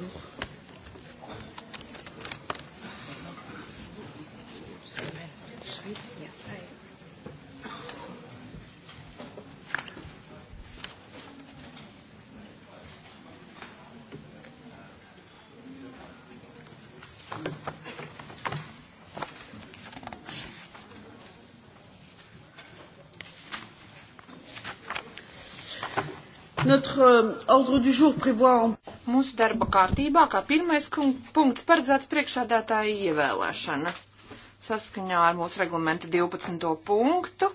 jour. Notre euh, ordre du jour prévoit Mūsu darba kārtībā kā pirmais punkts paredzēts priekšādātāja ievēlēšana. Saskaņā ar mūsu reglamenta 12. punktu,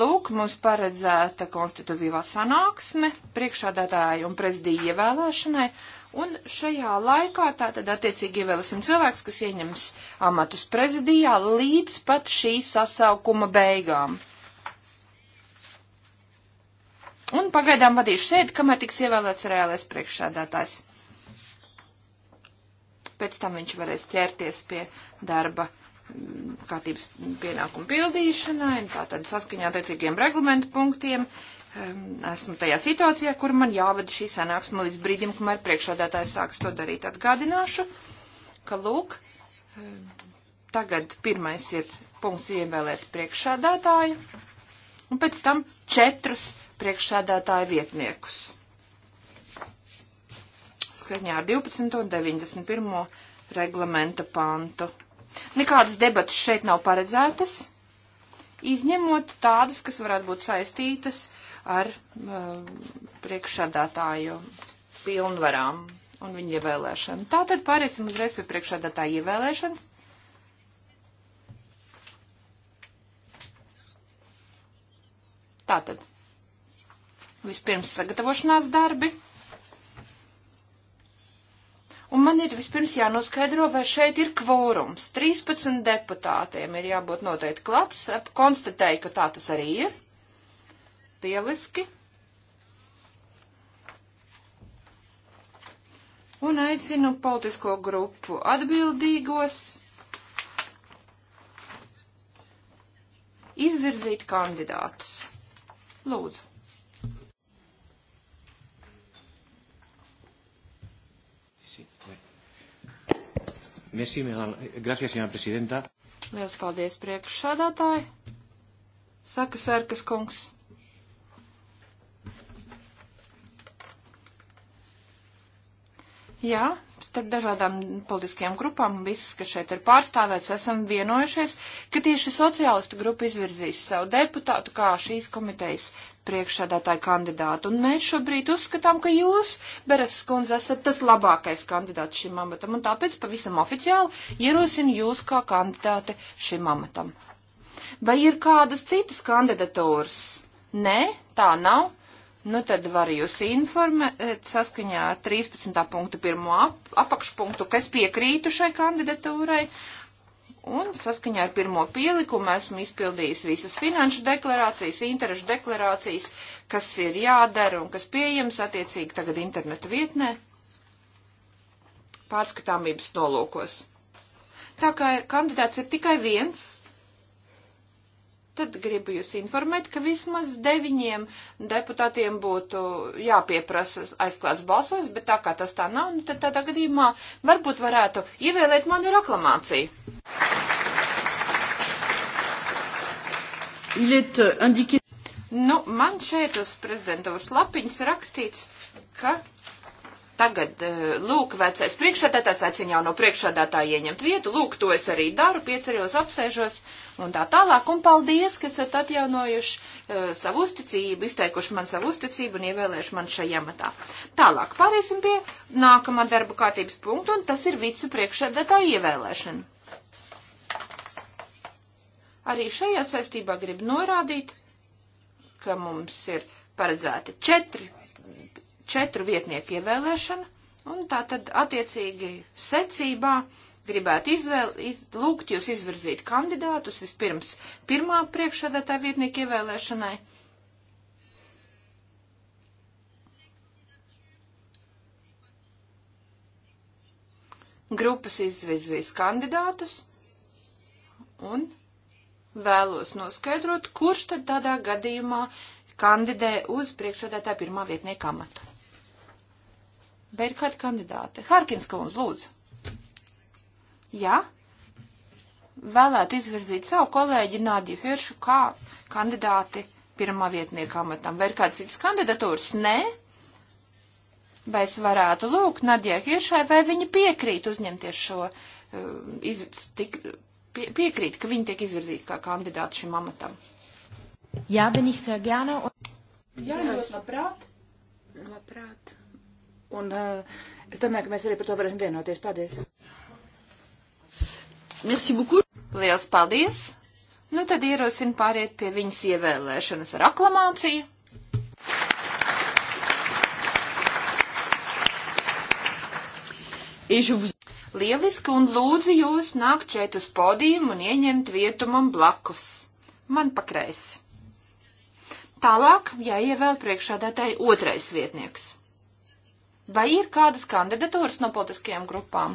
lūk, mums paredzēta konstitutīvā sanāksme priekšādātāja un prezidija ievēlēšanai, un šajā laikā tātad attiecīgi ievēlēsim cilvēks, kas ieņems amatus prezidijā līdz pat šī sasaukuma beigām. Un pagaidām vadīšu sēdi, kamēr tiks ievēlēts reālais priekšsēdētājs pēc tam viņš varēs ķerties pie darba mm, kārtības pienākumu pildīšanai, tātad saskaņā attiecīgiem reglamentu punktiem. Esmu tajā situācijā, kur man jāvada šī sanāksme līdz brīdim, kamēr priekšādātājs sāks to darīt. Atgādināšu, ka lūk, tagad pirmais ir punkts ievēlēt priekšādātāju un pēc tam četrus priekšādātāju vietniekus saskaņā ar 12. un 91. reglamenta pantu. Nekādas debatas šeit nav paredzētas, izņemot tādas, kas varētu būt saistītas ar uh, priekšsādātāju pilnvarām un viņa ievēlēšanu. Tātad pāriesim uzreiz pie priekšsādātāja ievēlēšanas. Tātad vispirms sagatavošanās darbi. Un man ir vispirms jānoskaidro, vai šeit ir kvorums. 13 deputātiem ir jābūt noteikti klats. Konstatēju, ka tā tas arī ir. Lieliski. Un aicinu politisko grupu atbildīgos izvirzīt kandidātus. Lūdzu. Merci, gracias, señora presidenta. Lielas paldies priekšsādātāji. Saka Sērkas kungs. Jā, starp dažādām politiskajām grupām, visas, kas šeit ir pārstāvēts, esam vienojušies, ka tieši sociālistu grupa izvirzīs savu deputātu kā šīs komitejas priekšsēdētāju kandidātu. Un mēs šobrīd uzskatām, ka jūs, Beres skundze, esat tas labākais kandidāts šim amatam, un tāpēc pavisam oficiāli ierosinu jūs kā kandidāti šim amatam. Vai ir kādas citas kandidatūras? Nē, tā nav. Nu, tad var jūs informēt saskaņā ar 13. punktu pirmo ap, apakšpunktu, kas piekrītu šai kandidatūrai. Un saskaņā ar pirmo pielikumu esmu izpildījis visas finanšu deklarācijas, interešu deklarācijas, kas ir jādara un kas pieejams attiecīgi tagad interneta vietnē pārskatāmības nolūkos. Tā kā ir, kandidāts ir tikai viens, tad gribu jūs informēt, ka vismaz deviņiem deputātiem būtu jāpieprasa aizklāts balsojums, bet tā kā tas tā nav, nu tad tādā gadījumā varbūt varētu ievēlēt mani ar aklamāciju. Euh, nu, man šeit uz prezidenta Urslapiņas rakstīts, ka Tagad, eh, lūk, vecais priekšsēdētājs aicina jau no priekšsēdētāja ieņemt vietu, lūk, to es arī daru, pieceļos, apsēžos un tā tālāk, un paldies, ka esat atjaunojuši uh, savu uzticību, izteikuši man savu uzticību un ievēlējuši man šajā matā. Tālāk pāriesim pie nākamā darba kārtības punkta, un tas ir vicepriekšsēdētāja ievēlēšana. Arī šajā saistībā gribu norādīt, ka mums ir paredzēti četri četru vietnieku ievēlēšana, un tā tad attiecīgi secībā gribētu izvēl, iz, lūgt jūs izvirzīt kandidātus vispirms pirmā priekšsēdētāja vietnieka ievēlēšanai. Grupas izvirzīs kandidātus un vēlos noskaidrot, kurš tad tādā gadījumā kandidē uz priekšsēdētāja pirmā vietnieka amatu. Vai ir kāda kandidāte? Harkins kundz, lūdzu. Jā? Vēlētu izvirzīt savu kolēģi Nādiju Firšu kā kandidāti pirmā vietnieka amatam. Vai ir kādas citas kandidatūras? Nē? Vai es varētu lūgt Nadijai Hiršai, vai viņa piekrīt uzņemties šo, eh, iz, tik, pie, piekrīt, ka viņa tiek izvirzīta kā kandidāta šim amatam? Jā, ben ich sehr gerne. Un... Jā, ļoti labprāt. Labprāt. Un uh, es domāju, ka mēs arī par to varēsim vienoties. Paldies! Merci beaucoup! Liels paldies! Nu tad ierosim pāriet pie viņas ievēlēšanas ar aklamāciju. Lieliski un lūdzu jūs nākt šeit uz podījumu un ieņemt vietu man blakus. Man pakreisi. Tālāk jāievēl priekšādātāji otrais vietnieks. Vai ir kādas kandidatūras no politiskajām grupām?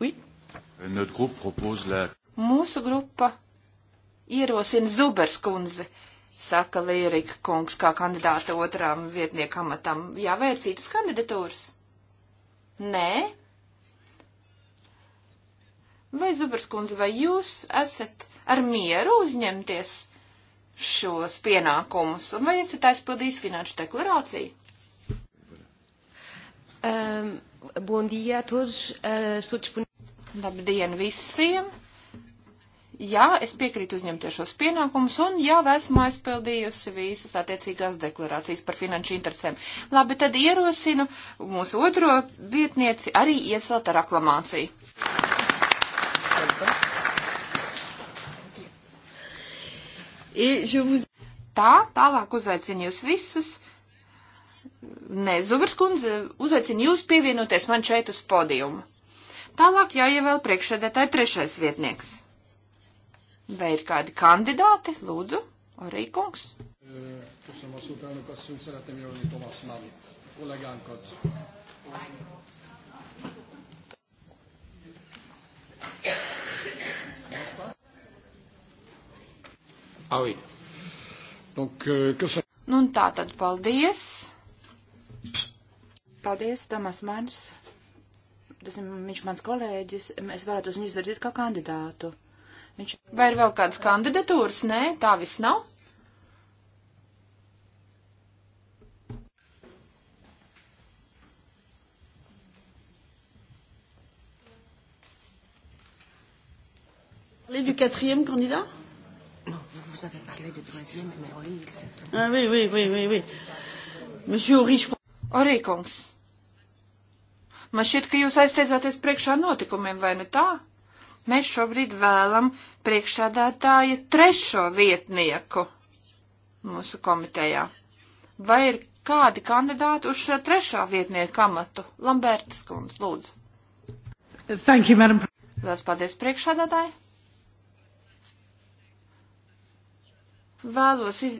Oui. Mūsu grupa ierosina Zubers kundzi, saka Lērika kungs, kā kandidāta otrām vietniekam amatam. Jā, vai ir citas kandidatūras? Nē? Vai Zubers kundze, vai jūs esat ar mieru uzņemties šos pienākumus, un vai esat aizpildījis finanšu deklarāciju? Um, bom dia a todos, uh, estou disponível. Labdien visiem! jā, es piekrītu uzņemties šos pienākumus, un jā, esmu aizpildījusi visas attiecīgās deklarācijas par finanšu interesēm. Labi, tad ierosinu mūsu otro vietnieci arī iesalt ar aklamāciju. Vous... Tā, tālāk uzaicinu jūs visus. Nē, Zubers kundze, uzaicinu jūs pievienoties man šeit uz podiumu. Tālāk jāievēl priekšsēdētāji trešais vietnieks. Vai ir kādi kandidāti? Lūdzu, arī kungs. Uh, Ah, oui. Donc, kas... Euh, nu, un tā tad paldies. Paldies, Tomas Mans. Tas ir viņš mans kolēģis. Es varētu uz viņu izvirzīt kā kandidātu. Viņš... Vai ir vēl kādas kandidatūras? Nē, tā viss nav. Les du quatrième candidat vous avez parlé du troisième, mais oui, exactement. Ah oui, oui, oui, oui, oui. Monsieur Orīš. Orīkungs. Man šķiet, ka jūs aizsteidzāties priekšā notikumiem, vai ne nu tā? Mēs šobrīd vēlam priekšādātāja trešo vietnieku mūsu komitejā. Vai ir kādi kandidāti uz šo trešā vietnieku amatu? Lambertas kundze, lūdzu. Thank you, madam. Lielas paldies priekšādātāji. vēlos iz,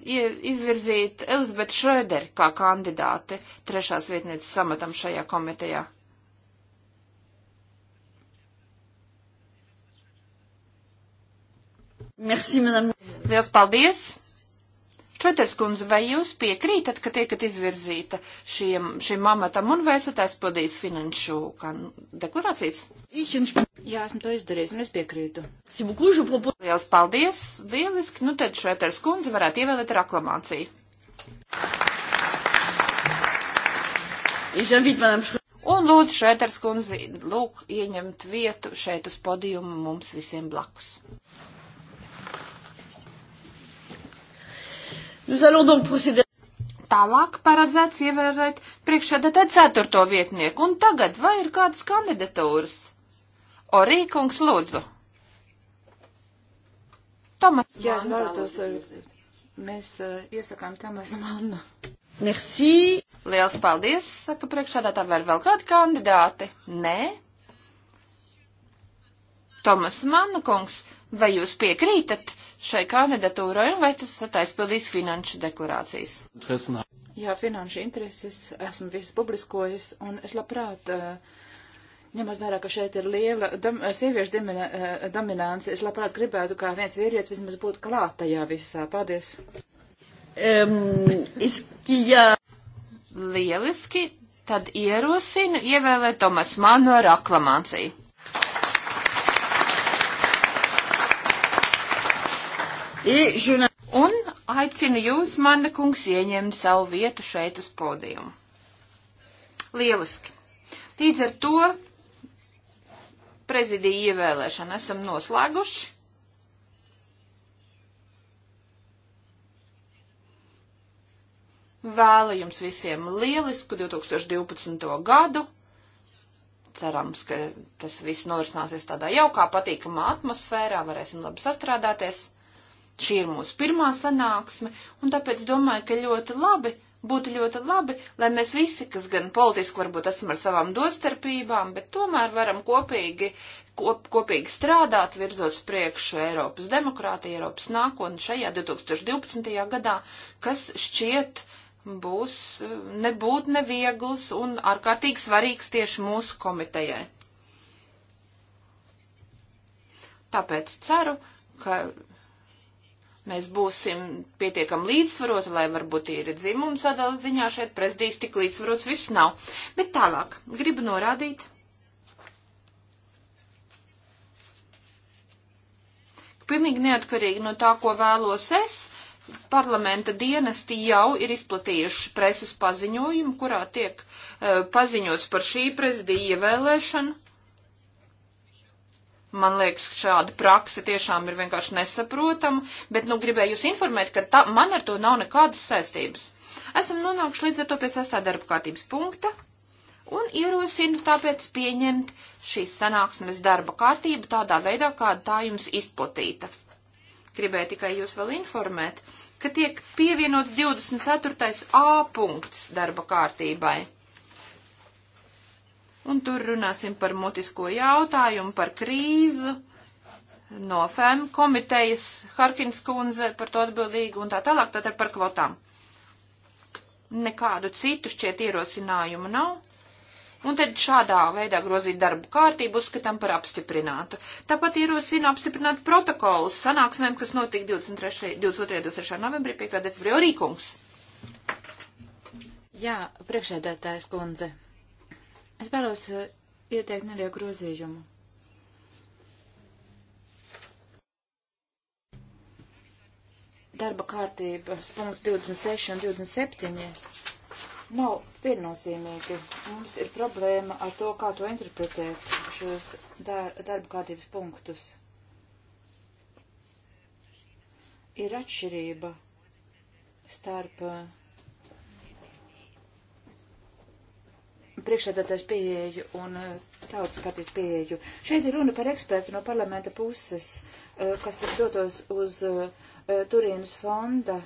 izvirzīt Elizabeti Šrēderi kā kandidāti trešās vietnieces samatam šajā komitejā. Merci, madame. Liels paldies! Šveters kundze, vai jūs piekrītat, ka tiekat izvirzīta šiem, šim amatam un vai esat aizpildījis finanšu kan, deklarācijas? Jā, esmu to izdarījis un es piekrītu. Lielas paldies, lieliski. Nu tad Šveters kundze varētu ievēlēt ar aklamāciju. Un lūdzu, Šēters kundzi, lūk, ieņemt vietu šeit uz podiumu mums visiem blakus. Tālāk paredzēts ievērēt priekšsēdētāju ceturto vietnieku, un tagad vai ir kādas kandidatūras? Orīkungs lūdzu. Tomas. Jā, es varu tos. Eh, mēs uh, iesakām Tomas Mannu. Merci. Liels paldies, saka priekšsādātā, vai ir vēl kādi kandidāti? Nē. Tomas Mannu kungs, Vai jūs piekrītat šai kandidatūrai un vai tas esat aizpildījis finanšu deklarācijas? Interesanā. Jā, finanšu intereses esmu viss publiskojis un es labprāt. Uh, ņemot vērā, ka šeit ir liela dom, sieviešu domina, eh, dominance, es labprāt gribētu, kā viens vīrietis vismaz būtu klāt tajā visā. Paldies! Um, iski, jā. Lieliski! Tad ierosinu ievēlēt Tomas Manu ar aklamāciju. Un aicinu jūs, mana kungs, ieņemt savu vietu šeit uz podiumu. Lieliski. Līdz ar to prezidija ievēlēšanu esam noslēguši. Vēlu jums visiem lielisku 2012. gadu. Cerams, ka tas viss norisināsies tādā jaukā, patīkamā atmosfērā, varēsim labi sastrādāties. Šī ir mūsu pirmā sanāksme, un tāpēc domāju, ka ļoti labi, būtu ļoti labi, lai mēs visi, kas gan politiski varbūt esam ar savām dostarpībām, bet tomēr varam kopīgi, kop, kopīgi strādāt, virzot priekšu Eiropas demokrātiju, Eiropas nākotni šajā 2012. gadā, kas šķiet būs nebūt neviegls un ārkārtīgi svarīgs tieši mūsu komitejai. Tāpēc ceru, ka mēs būsim pietiekami līdzsvaroti, lai varbūt ir dzimums sadalas ziņā šeit prezidijas tik līdzsvarots viss nav. Bet tālāk, gribu norādīt, ka pilnīgi neatkarīgi no tā, ko vēlos es, parlamenta dienesti jau ir izplatījuši preses paziņojumu, kurā tiek uh, paziņots par šī prezidija ievēlēšanu Man liekas, šāda praksa tiešām ir vienkārši nesaprotama, bet, nu, gribēju jūs informēt, ka tā, man ar to nav nekādas saistības. Esam nonākuši līdz ar to pie sastā darba kārtības punkta un ierosinu tāpēc pieņemt šīs sanāksmes darba kārtību tādā veidā, kāda tā jums izplatīta. Gribēju tikai jūs vēl informēt, ka tiek pievienots 24. A punkts darba kārtībai un tur runāsim par mutisko jautājumu, par krīzu no FEM komitejas, Harkins kundze par to atbildīgu un tā tālāk, tātad par kvotām. Nekādu citu šķiet ierosinājumu nav. Un tad šādā veidā grozīt darbu kārtību uzskatām par apstiprinātu. Tāpat ierosina apstiprināt protokolus sanāksmēm, kas notika 23. 22. 23. novembrī 5. decembrī Orīkungs. Jā, priekšēdētājs kundze. Es vēlos uh, ieteikt nelielu grozījumu. Darba kārtības punkts 26 un 27 nav viennozīmīgi. Mums ir problēma ar to, kā to interpretēt šos dar darba kārtības punktus. Ir atšķirība starp uh, priekšsēdētājs pieeju un eh, tautas partijas pieeju. Šeit ir runa par ekspertu no parlamenta puses, eh, kas dotos eh, uz Turīnas fonda.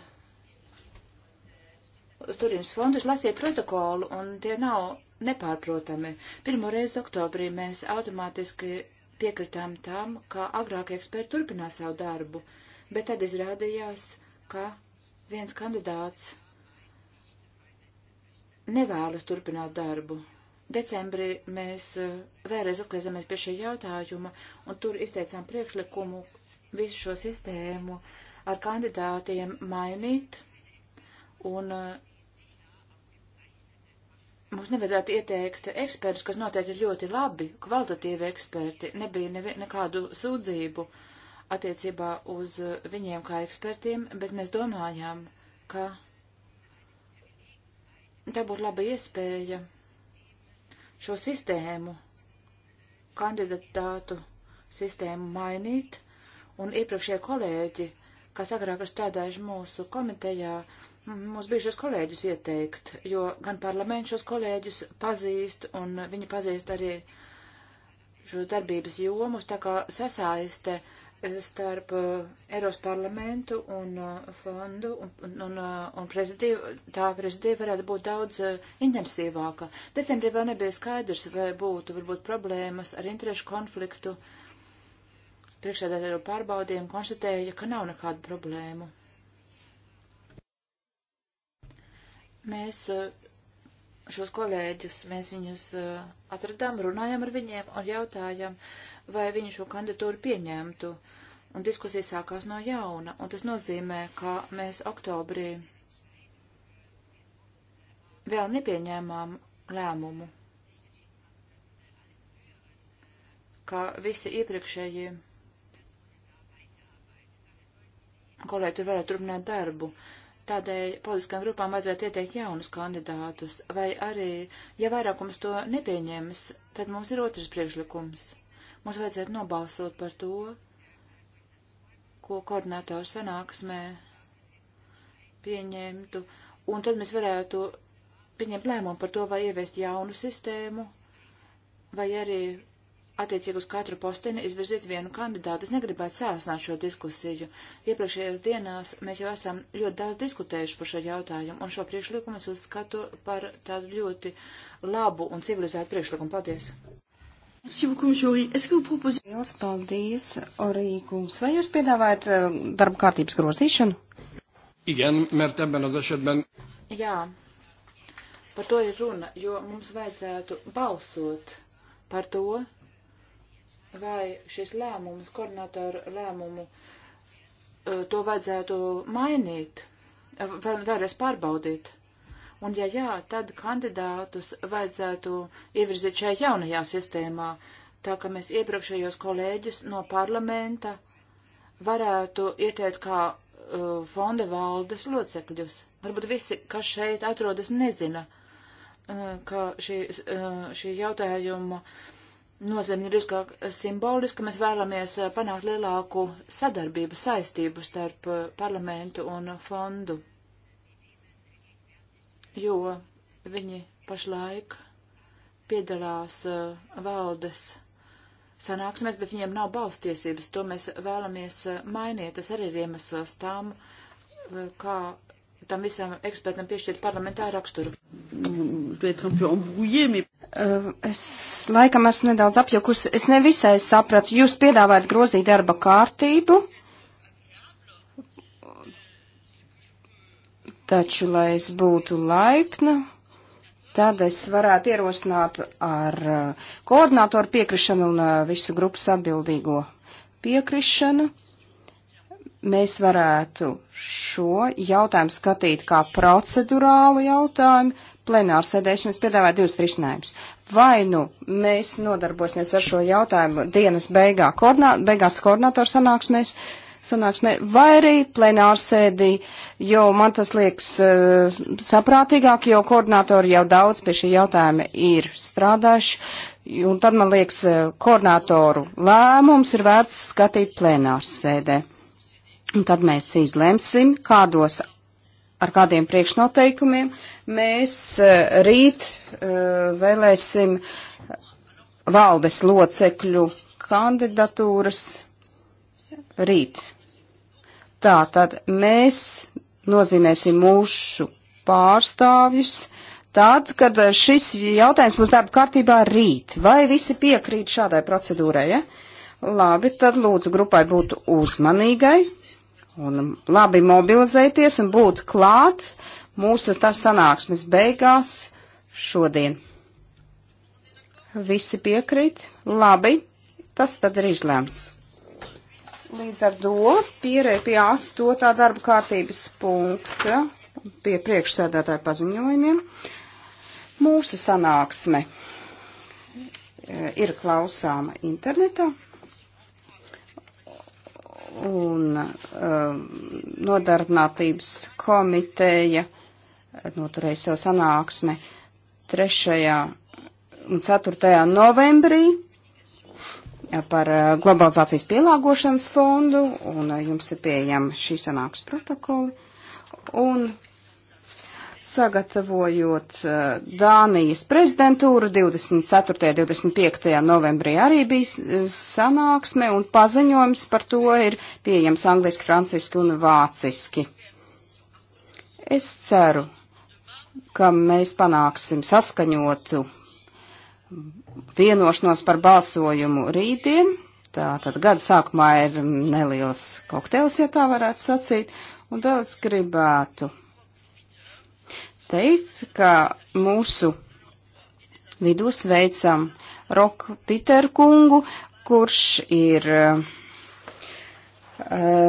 Uz Turīnas fondu es lasīju protokolu, un tie nav nepārprotami. Pirmo reizi oktobrī mēs automātiski piekritām tam, ka agrāk eksperti turpinās savu darbu, bet tad izrādījās, ka viens kandidāts nevēlas turpināt darbu. Decembrī mēs eh, vēlreiz atgriezāmies pie šī jautājuma, un tur izteicām priekšlikumu visu šo sistēmu ar kandidātiem mainīt, un eh, mums nevajadzētu ieteikt ekspertus, kas noteikti ir ļoti labi, kvalitatīvi eksperti. Nebija nevi, nekādu sūdzību attiecībā uz eh, viņiem kā ekspertiem, bet mēs domājām, ka tā būtu laba iespēja šo sistēmu, kandidatātu sistēmu mainīt, un iepriekšējie kolēģi, kas agrāk ir strādājuši mūsu komitejā, mūsu bijušos kolēģus ieteikt, jo gan parlaments šos kolēģus pazīst, un viņi pazīst arī šo darbības jomus, tā kā sasaiste uh, starp eh, Eiros parlamentu un eh, fondu un, un, eh, un prezidiju, tā prezidija varētu būt daudz intensīvāka. Decembrī vēl nebija skaidrs, vai būtu varbūt problēmas ar interešu konfliktu. Priekšsēdētāju pārbaudījumu konstatēja, ka nav nekādu problēmu. Mēs šos kolēģus, mēs viņus atradām, runājām ar viņiem un jautājām, uh, vai viņi šo kandidatūru pieņemtu. Un diskusija sākās no jauna, un tas nozīmē, ka mēs oktobrī vēl nepieņēmām lēmumu, ka visi iepriekšējie kolēģi tur varētu turpināt darbu. Tādēļ politiskām grupām vajadzētu ieteikt jaunus kandidātus, vai arī, ja vairākums to nepieņems, tad mums ir otrs priekšlikums. Mums vajadzētu nobalsot par to, ko koordinātoru sanāksmē pieņemtu, un tad mēs varētu pieņemt lēmumu par to, vai ieviest jaunu sistēmu, vai arī attiecīgi uz katru posteni izvirzīt vienu kandidātu. Es negribētu sāsnāt šo diskusiju. Iepriekšējās dienās mēs jau esam ļoti daudz diskutējuši par šo jautājumu, un šo priekšlikumu es uzskatu par tādu ļoti labu un civilizētu priekšlikumu. Paldies! Lielas paldies, Orīgums. Vai jūs piedāvājat eh, darba kārtības grozīšanu? Igen, mert ebben az esetben. Jā, par to ir runa, jo mums vajadzētu balsot par to, vai šis lēmums, koordinatoru lēmumu, eh, to vajadzētu mainīt, vēlreiz pārbaudīt. Un ja jā, tad kandidātus vajadzētu ievirzīt šajā jaunajā sistēmā, tā ka mēs iepriekšējos kolēģus no parlamenta varētu ieteikt kā uh, fonda valdes locekļus. Varbūt visi, kas šeit atrodas, nezina, uh, ka šī, uh, šī jautājuma nozīme ir izkāk simboliska. Mēs vēlamies uh, panākt lielāku sadarbību, saistību starp uh, parlamentu un fondu jo viņi pašlaik piedalās uh, valdes sanāksmēs, bet viņiem nav balstiesības. To mēs vēlamies uh, mainīt. Tas arī ir iemesls tam, uh, kā tam visam ekspertam piešķirt parlamentā raksturu. Uh, es laikam esmu nedaudz apjukusi. Es nevisai sapratu. Jūs piedāvājat grozīt darba kārtību Taču, lai es būtu laipna, tad es varētu ierosināt ar uh, koordinātoru piekrišanu un uh, visu grupas atbildīgo piekrišanu. Mēs varētu šo jautājumu skatīt kā procedurālu jautājumu. Plenāra sēdēšana es piedāvāju divus risinājumus. Vai nu mēs nodarbosimies ar šo jautājumu dienas beigā, koordinā, beigās koordinātoru sanāksmēs, uh, sanāksmē vai arī plenārsēdī, jo man tas liekas uh, saprātīgāk, jo koordinātori jau daudz pie šī jautājuma ir strādājuši, un tad man liekas, uh, koordinātoru lēmums ir vērts skatīt plenārsēdē. Un tad mēs izlemsim, kādos ar kādiem priekšnoteikumiem mēs uh, rīt vēlēsim valdes locekļu kandidatūras rīt. Tā tad mēs nozīmēsim mūsu pārstāvjus tad, kad šis jautājums būs darba kārtībā rīt. Vai visi piekrīt šādai procedūrai? Ja? Labi, tad lūdzu grupai būt uzmanīgai un labi mobilizēties un būt klāt mūsu tas sanāksmes beigās šodien. Visi piekrīt? Labi, tas tad ir izlēmts. Līdz ar to pierēja pie astotā darba kārtības punkta, pie priekšsēdētāja paziņojumiem. Mūsu sanāksme e, ir klausāma internetā un um, nodarbinātības komiteja e, noturēja sev sanāksmi 3. un 4. novembrī par eh, globalizācijas pielāgošanas fondu, un eh, jums ir pieejama šī sanāks protokoli. Un sagatavojot eh, Dānijas prezidentūru 24. un 25. novembrī arī bija sanāksme, un paziņojums par to ir pieejams angliski, franciski un vāciski. Es ceru, ka mēs panāksim saskaņotu vienošanos par balsojumu rītdien. Tātad gada sākumā ir neliels kokteils, ja tā varētu sacīt. Un vēl es gribētu teikt, ka mūsu vidū sveicam Roku Piterkungu, kurš ir uh,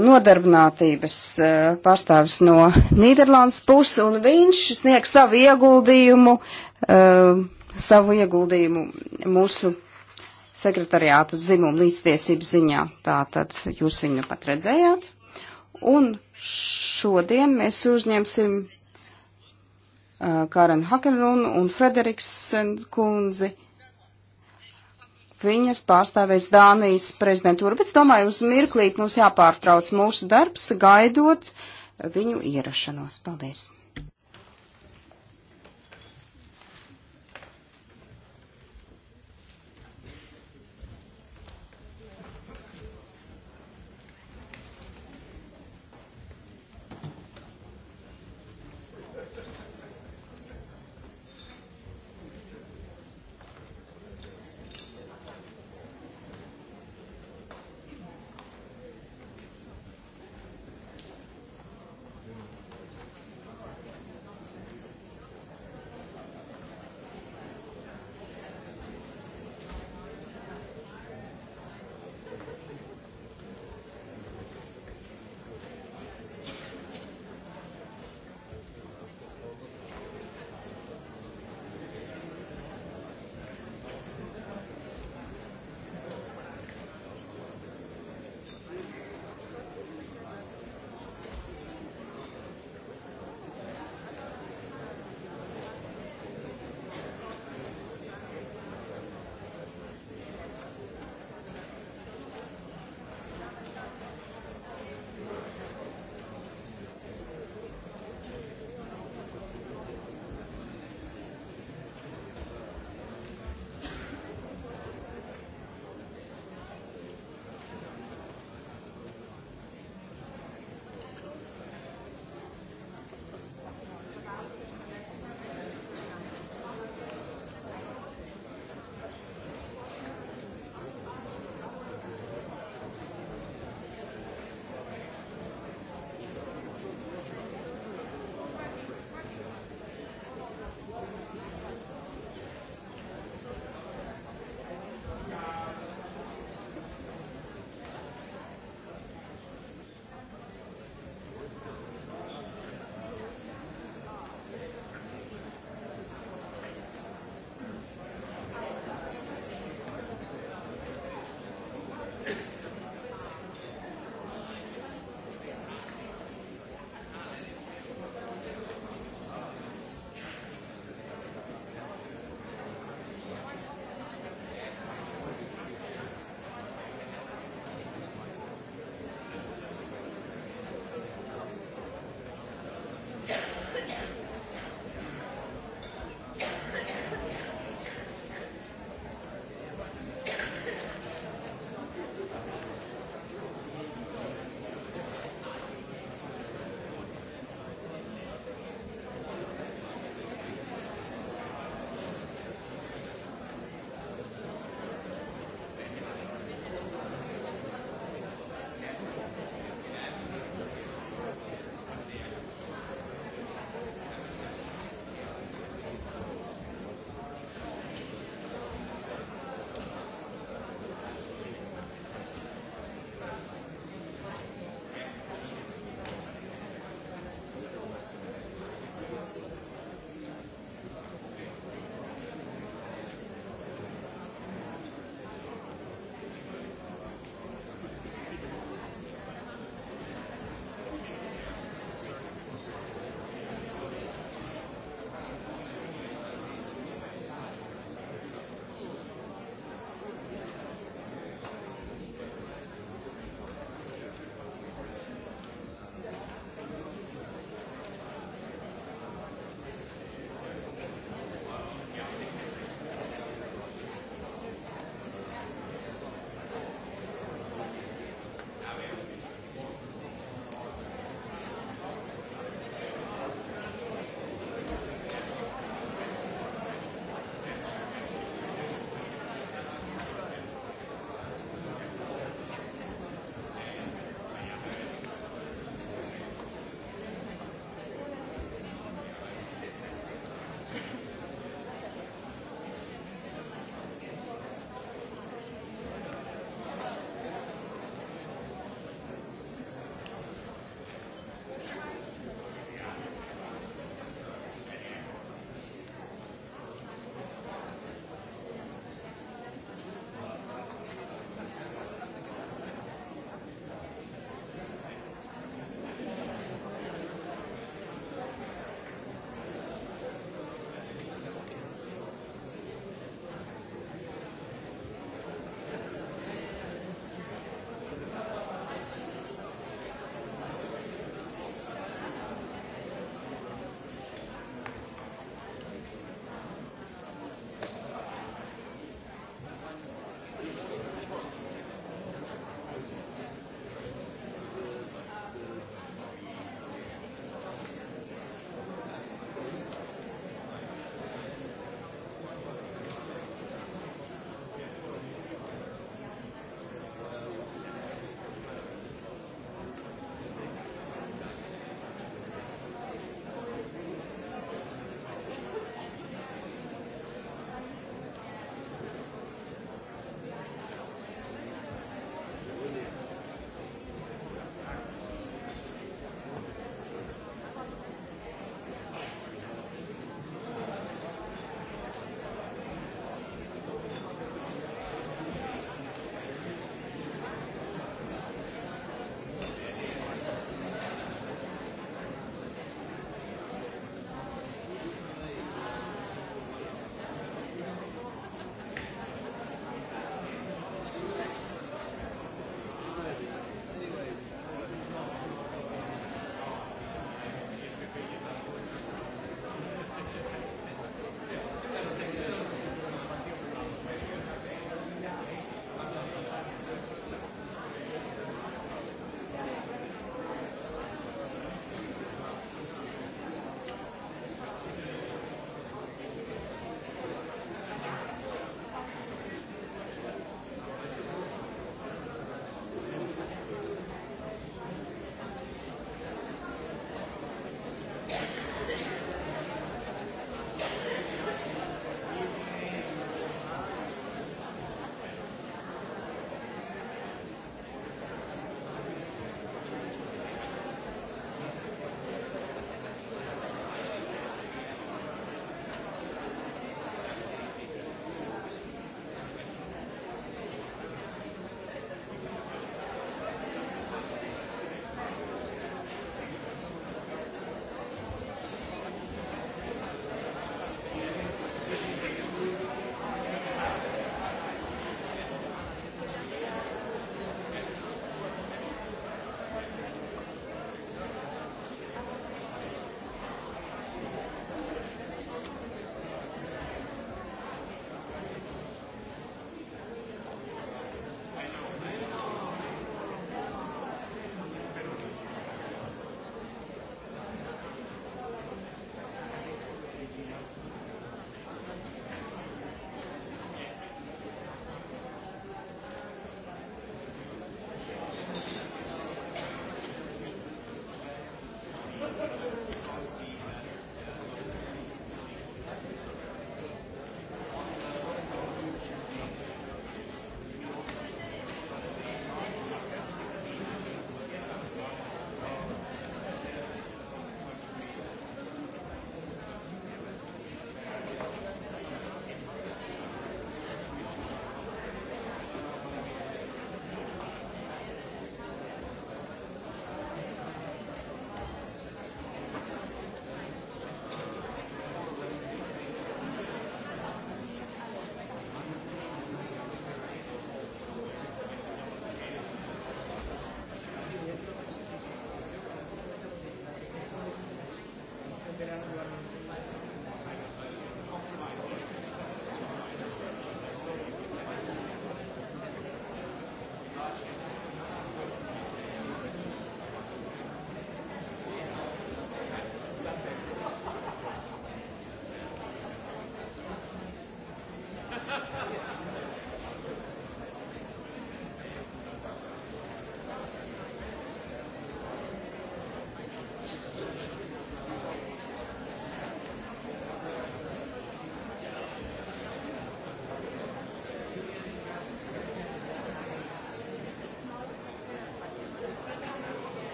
nodarbinātības eh, pārstāvis no Nīderlandes puses, un viņš sniegs savu ieguldījumu uh, savu ieguldījumu mūsu sekretariāta dzimumu līdztiesības ziņā. Tātad jūs viņu nu pat redzējāt. Un šodien mēs uzņemsim uh, Karen Hakelunu un Frederiks kundzi. Viņas pārstāvēs Dānijas prezidentūru, bet es domāju, uz mirklīt mums jāpārtrauc mūsu darbs, gaidot viņu ierašanos. Paldies!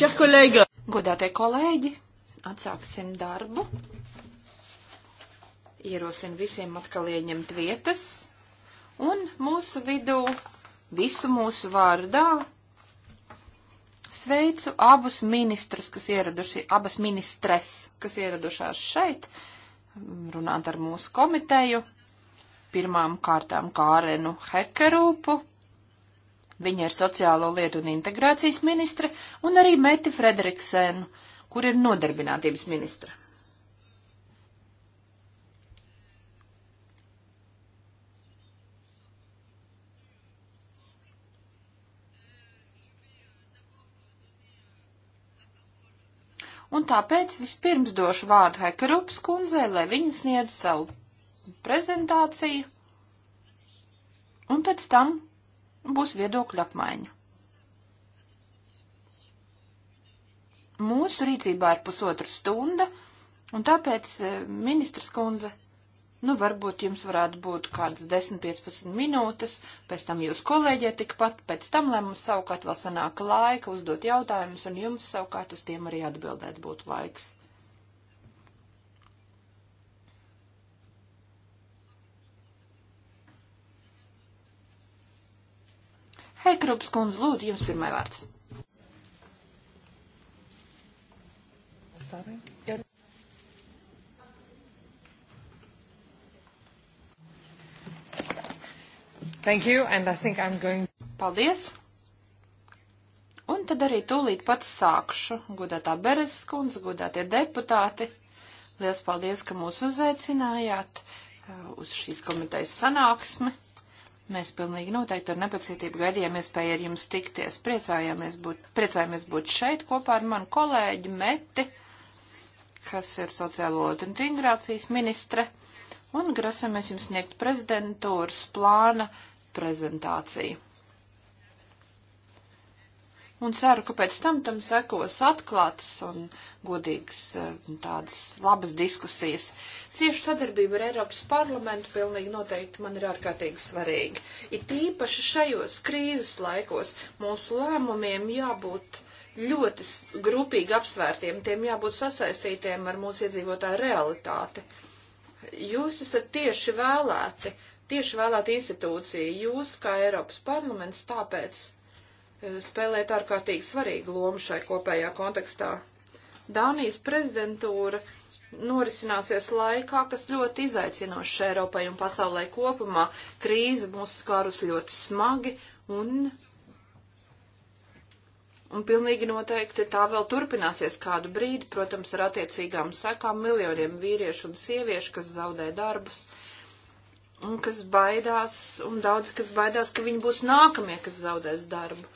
Chers collègues, godātie kolēģi, atsāksim darbu. Ierosim visiem atkal ieņemt vietas. Un mūsu vidū, visu mūsu vārdā, sveicu abus ministrus, kas ieraduši, abas ministres, kas ieradušās šeit, runāt ar mūsu komiteju. Pirmām kārtām Kārenu Hekerūpu Viņa ir sociālo lietu un integrācijas ministre, un arī Meti Frederiksēnu, kur ir nodarbinātības ministre. Un tāpēc vispirms došu vārdu Hekarups kundzei, lai viņa sniedz savu prezentāciju, un pēc tam Būs viedokļu apmaiņa. Mūsu rīcībā ir pusotra stunda, un tāpēc eh, ministrs kundze Nu, varbūt jums varētu būt kādas 10-15 minūtes, pēc tam jūs kolēģie tikpat, pēc tam, lai mums savukārt vēl sanāk laika uzdot jautājumus, un jums savukārt uz tiem arī atbildēt būtu laiks. Heikrups kundze, lūdzu, jums pirmai vārds. Thank you, and I think I'm going. Paldies. Un tad arī tūlīt pats sākšu. Godātā Beres kundze, godātie deputāti, liels paldies, ka mūs uzaicinājāt uh, uz šīs komitejas sanāksmi. Mēs pilnīgi noteikti ar nepacietību gaidījām iespēju ar jums tikties. Priecājāmies būt, priecājāmies būt šeit kopā ar manu kolēģi Meti, kas ir sociālo un integrācijas ministre, un grasamies jums sniegt prezidentūras plāna prezentāciju un ceru, ka pēc tam tam sekos atklāts un godīgs eh, tādas labas diskusijas. Cieša sadarbība ar Eiropas parlamentu pilnīgi noteikti man ir ārkārtīgi svarīga. It īpaši šajos krīzes laikos mūsu lēmumiem jābūt ļoti grupīgi apsvērtiem, tiem jābūt sasaistītiem ar mūsu iedzīvotāju realitāti. Jūs esat tieši vēlēti, tieši vēlēti institūcija, jūs kā Eiropas parlaments, tāpēc spēlēt ārkārtīgi svarīgu lomu šai kopējā kontekstā. Dānijas prezidentūra norisināsies laikā, kas ļoti izaicinošs Eiropai un pasaulē kopumā. Krīze mūs skārus ļoti smagi un, un pilnīgi noteikti tā vēl turpināsies kādu brīdi, protams, ar attiecīgām sekām miljoniem vīriešu un sieviešu, kas zaudē darbus un kas baidās, un daudz kas baidās, ka viņi būs nākamie, kas zaudēs darbu.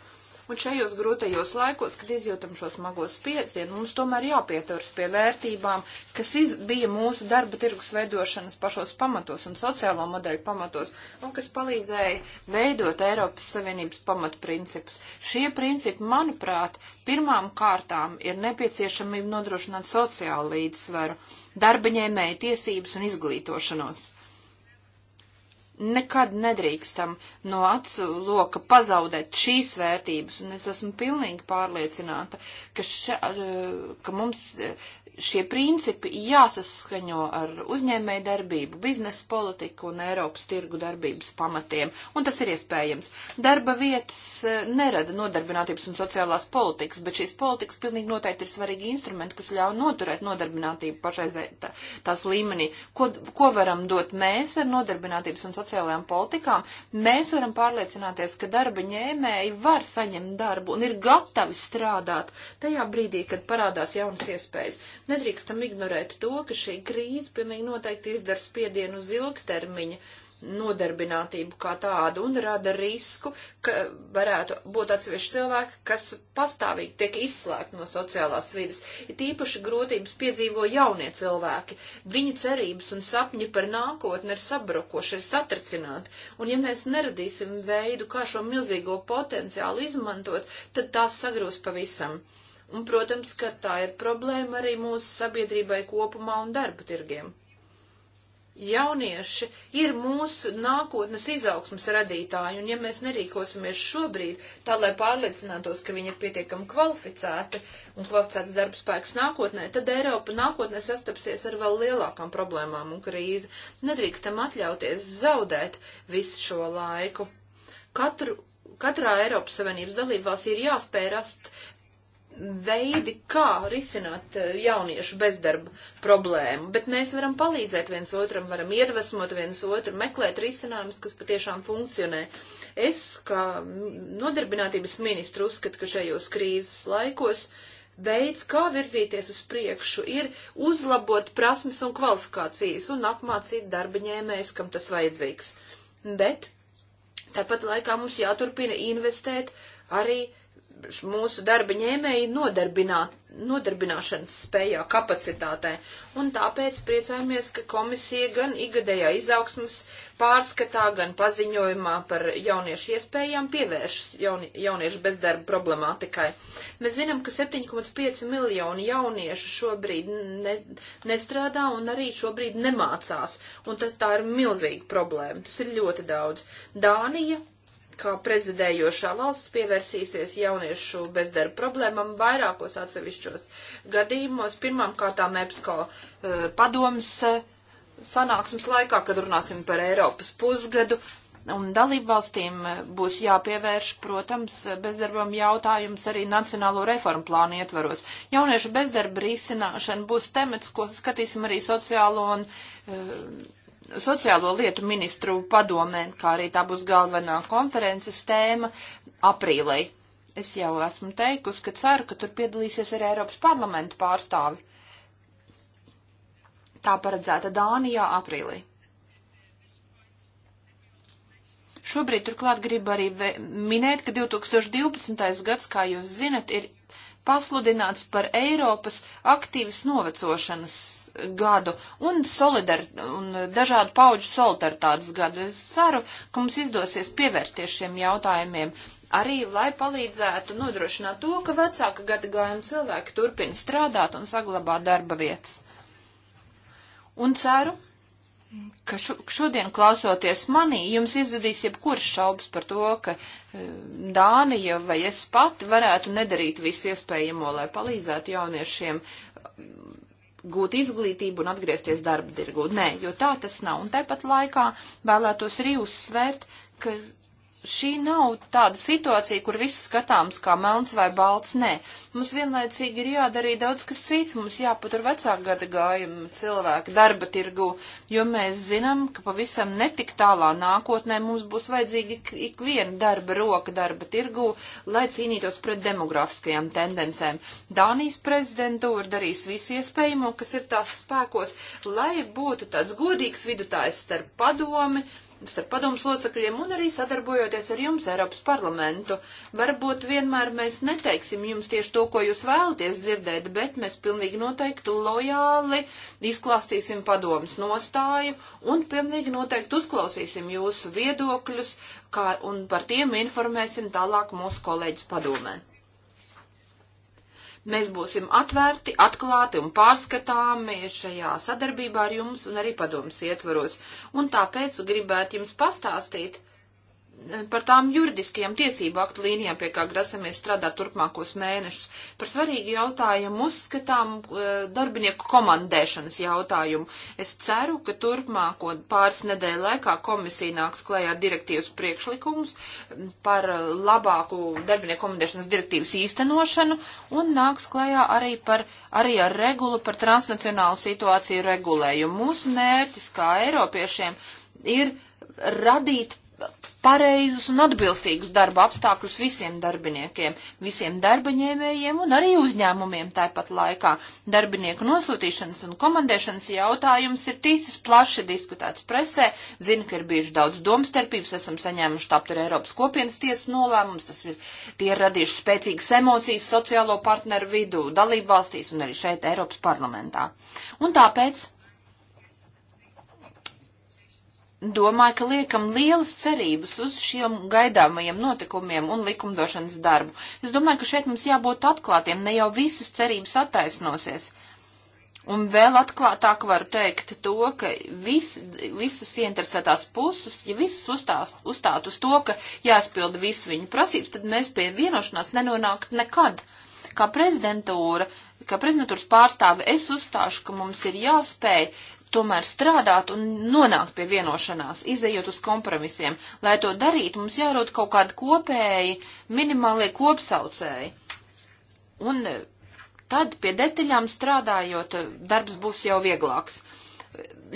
Un šajos grūtajos laikos, kad izjūtam šo smago spiedienu, mums tomēr jāpieturas pie vērtībām, kas iz, bija mūsu darba tirgus veidošanas pašos pamatos un sociālo modeļu pamatos, un kas palīdzēja veidot Eiropas Savienības pamatprincipus. Šie principi, manuprāt, pirmām kārtām ir nepieciešamība nodrošināt sociālu līdzsvaru darbaņēmēju tiesības un izglītošanos. Nekad nedrīkstam no acu loka pazaudēt šīs vērtības, un es esmu pilnīgi pārliecināta, ka, še, ka mums šie principi jāsaskaņo ar uzņēmēju darbību, biznesa politiku un Eiropas tirgu darbības pamatiem, un tas ir iespējams. Darba vietas e, nerada nodarbinātības un sociālās politikas, bet šīs politikas pilnīgi noteikti ir svarīgi instrumenti, kas ļauj noturēt nodarbinātību pašreizē tā, tās līmenī. Ko, ko varam dot mēs ar nodarbinātības un sociālajām politikām? Mēs varam pārliecināties, ka darba ņēmēji var saņemt darbu un ir gatavi strādāt tajā brīdī, kad parādās jaunas iespējas. Nedrīkstam ignorēt to, ka šī krīze pilnīgi noteikti izdara spiedienu uz ilgtermiņa nodarbinātību kā tādu un rada risku, ka varētu būt atsevišķi cilvēki, kas pastāvīgi tiek izslēgti no sociālās vidas. Ir tīpaši grūtības piedzīvo jaunie cilvēki. Viņu cerības un sapņi par nākotni ir sabrukoši, ir satricināti. Un ja mēs neradīsim veidu, kā šo milzīgo potenciālu izmantot, tad tās sagrūs pavisam. Un, protams, ka tā ir problēma arī mūsu sabiedrībai kopumā un darba tirgiem. Jaunieši ir mūsu nākotnes izaugsmas radītāji, un ja mēs nerīkosimies šobrīd tā, lai pārliecinātos, ka viņi ir pietiekami kvalificēti un kvalificēts darba spēks nākotnē, tad Eiropa nākotnē sastapsies ar vēl lielākām problēmām un krīzi. Nedrīkstam atļauties zaudēt visu šo laiku. Katru katrā Eiropas Savienības dalībvalstī ir jāspēj rast veidi, kā risināt eh, jauniešu bezdarba problēmu, bet mēs varam palīdzēt viens otram, varam iedvesmot viens otru, meklēt risinājumus, kas patiešām funkcionē. Es, kā nodarbinātības ministru, uzskatu, ka šajos krīzes laikos veids, kā virzīties uz priekšu, ir uzlabot prasmes un kvalifikācijas un apmācīt darbaņēmējus, kam tas vajadzīgs. Bet tāpat laikā mums jāturpina investēt arī uh, mūsu darba ņēmēji nodarbināšanas spējā, kapacitātē. Un tāpēc priecājamies, ka komisija gan igadējā izaugsmas pārskatā, gan paziņojumā par jauniešu iespējām pievēršas jauni, jauniešu bezdarba problemātikai. Mēs zinām, ka 7,5 miljoni jauniešu šobrīd ne, nestrādā un arī šobrīd nemācās. Un tā, tā ir milzīga problēma. Tas ir ļoti daudz. Dānija kā prezidējošā valsts pievērsīsies jauniešu bezdarba problēmam vairākos atsevišķos gadījumos. Pirmām kārtām EPSCO uh, padomas uh, sanāksmes laikā, kad runāsim par Eiropas pusgadu, un dalību valstīm eh, būs jāpievērš, protams, bezdarbam jautājums arī Nacionālo reformu plānu ietvaros. Jauniešu bezdarba risināšana būs temats, ko skatīsim arī sociālo un uh, sociālo lietu ministru padomē, kā arī tā būs galvenā konferences tēma aprīlī. Es jau esmu teikusi, ka ceru, ka tur piedalīsies arī Eiropas parlamenta pārstāvi. Tā paredzēta Dānijā aprīlī. Šobrīd turklāt gribu arī minēt, ka 2012. gads, kā jūs zinat, ir pasludināts par Eiropas aktīvas novecošanas gadu un, solidar, un dažādu pauģu solidaritātes gadu. Es ceru, ka mums izdosies pievērsties šiem jautājumiem arī, lai palīdzētu nodrošināt to, ka vecāka gadagājuma cilvēki turpina strādāt un saglabāt darba vietas. Un ceru, ka šodien klausoties manī, jums izzudīs jebkurš šaubas par to, ka e, Dānija vai es pati varētu nedarīt visu iespējamo, lai palīdzētu jauniešiem e, gūt izglītību un atgriezties darba dirgu. Nē, jo tā tas nav. Un tāpat laikā vēlētos arī uzsvērt, ka šī nav tāda situācija, kur viss skatāms kā melns vai balts, nē. Mums vienlaicīgi ir jādara daudz kas cits, mums jāpatur vecāku gada gājumu cilvēku darba tirgu, jo mēs zinām, ka pavisam netik tālā nākotnē mums būs vajadzīga ik, ik viena darba roka darba tirgu, lai cīnītos pret demografiskajām tendencēm. Dānijas prezidentūra darīs visu iespējamo, kas ir tās spēkos, lai būtu tāds godīgs vidutājs starp padomi, starp padomus locekļiem un arī sadarbojoties ar jums, Eiropas parlamentu. Varbūt vienmēr mēs neteiksim jums tieši to, ko jūs vēlaties dzirdēt, bet mēs pilnīgi noteikti lojāli izklāstīsim padomus nostāju un pilnīgi noteikti uzklausīsim jūsu viedokļus kā, un par tiem informēsim tālāk mūsu kolēģis padomē. Mēs būsim atvērti, atklāti un pārskatāmi šajā sadarbībā ar jums un arī padomas ietvaros. Un tāpēc gribētu jums pastāstīt, uh, par tām juridiskajām tiesību aktu līnijām, pie kā grasamies strādāt turpmākos mēnešus, par svarīgu jautājumu uzskatām eh, darbinieku komandēšanas jautājumu. Es ceru, ka turpmāko pāris nedēļu laikā komisija nāks klajā ar direktīvas priekšlikumus par labāku darbinieku komandēšanas direktīvas īstenošanu un nāks klajā arī, par, arī ar regulu par transnacionālu situāciju regulējumu. Mūsu mērķis kā Eiropiešiem ir radīt pareizus un atbilstīgus darba apstākļus visiem darbiniekiem, visiem darbaņēmējiem un arī uzņēmumiem tāpat laikā. Darbinieku nosūtīšanas un komandēšanas jautājums ir ticis plaši diskutēts presē, zinu, ka ir bijuši daudz domstarpības, esam saņēmuši tāpat arī Eiropas kopienas tiesas nolēmums, tas ir, tie ir radījuši spēcīgas emocijas sociālo partneru vidū, dalību valstīs un arī šeit Eiropas parlamentā. Un tāpēc domāju, ka liekam lielas cerības uz šiem gaidāmajiem notikumiem un likumdošanas darbu. Es domāju, ka šeit mums jābūt atklātiem, ne jau visas cerības attaisnosies. Un vēl atklātāk varu teikt to, ka vis, visas ieinteresētās puses, ja visas uzstās, uzstāt uz to, ka jāspilda visu viņu prasības, tad mēs pie vienošanās nenonākt nekad. Kā prezidentūra, kā prezidentūras pārstāve, es uzstāšu, ka mums ir jāspēj tomēr strādāt un nonākt pie vienošanās, izējot uz kompromisiem. Lai to darītu, mums jārod kaut kādi kopēji, minimālie kopsaucēji. Un eh, tad pie detaļām strādājot, eh, darbs būs jau vieglāks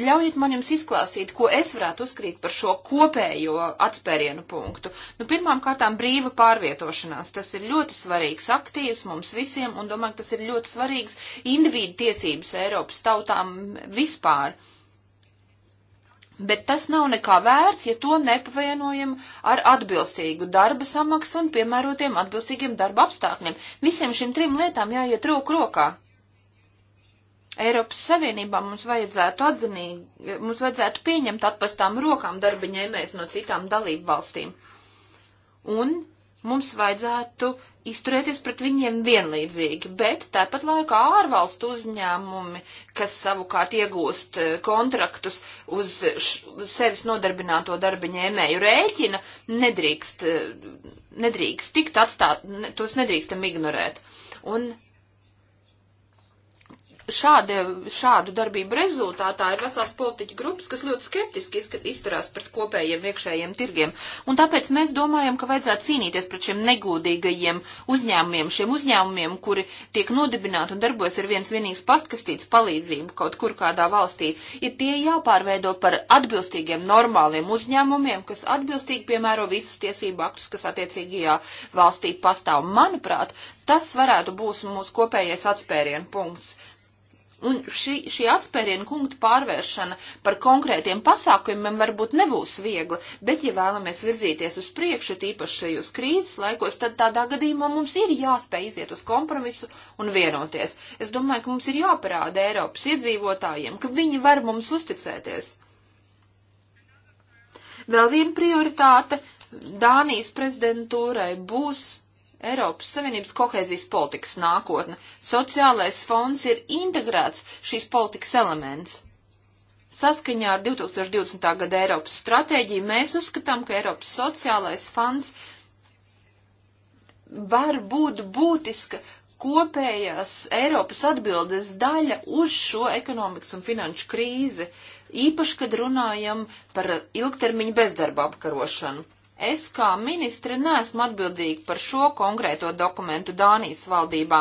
ļaujiet man jums izklāstīt, ko es varētu uzskatīt par šo kopējo atspērienu punktu. Nu, pirmām kārtām brīva pārvietošanās. Tas ir ļoti svarīgs aktīvs mums visiem, un domāju, tas ir ļoti svarīgs individu tiesības Eiropas tautām vispār. Bet tas nav nekā vērts, ja to nepavienojam ar atbilstīgu darba samaksu un piemērotiem atbilstīgiem darba apstākļiem. Visiem šim trim lietām jāiet roku rokā. Eiropas Savienībā mums vajadzētu atzinīgi, mums vajadzētu pieņemt atpastām rokām darba ņēmējs no citām dalību valstīm. Un mums vajadzētu izturēties pret viņiem vienlīdzīgi, bet tāpat laikā ārvalstu uzņēmumi, kas savukārt iegūst eh, kontraktus uz sevis nodarbināto darba ņēmēju rēķina, nedrīkst, eh, nedrīkst tikt atstāt, tos nedrīkstam ignorēt. Un šādi, šādu darbību rezultātā ir vesels politiķu grupas, kas ļoti skeptiski izturās pret kopējiem iekšējiem tirgiem. Un tāpēc mēs domājam, ka vajadzētu cīnīties pret šiem negūdīgajiem uzņēmumiem, šiem uzņēmumiem, kuri tiek nodibināti un darbojas ar viens vienīgs pastkastīts palīdzību kaut kur kādā valstī. Ir tie jāpārveido par atbilstīgiem, normāliem uzņēmumiem, kas atbilstīgi piemēro visus tiesību aktus, kas attiecīgajā valstī pastāv. Manuprāt, tas varētu būt mūsu kopējais atspērienu punkts Un šī, šī atspērienu punktu pārvēršana par konkrētiem pasākumiem varbūt nebūs viegli, bet ja vēlamies virzīties uz priekšu, tīpaši šajos krīzes laikos, tad tādā gadījumā mums ir jāspēj iziet uz kompromisu un vienoties. Es domāju, ka mums ir jāparāda Eiropas iedzīvotājiem, ka viņi var mums uzticēties. Vēl viena prioritāte Dānijas prezidentūrai būs Eiropas Savienības kohēzijas politikas nākotne. Sociālais fonds ir integrēts šīs politikas elements. Saskaņā ar 2020. gada Eiropas stratēģiju mēs uzskatām, ka Eiropas sociālais fonds var būt būtiska kopējās Eiropas atbildes daļa uz šo ekonomikas un finanšu krīzi, īpaši, kad runājam par ilgtermiņu bezdarba apkarošanu. Es kā ministre neesmu atbildīga par šo konkrēto dokumentu Dānijas valdībā,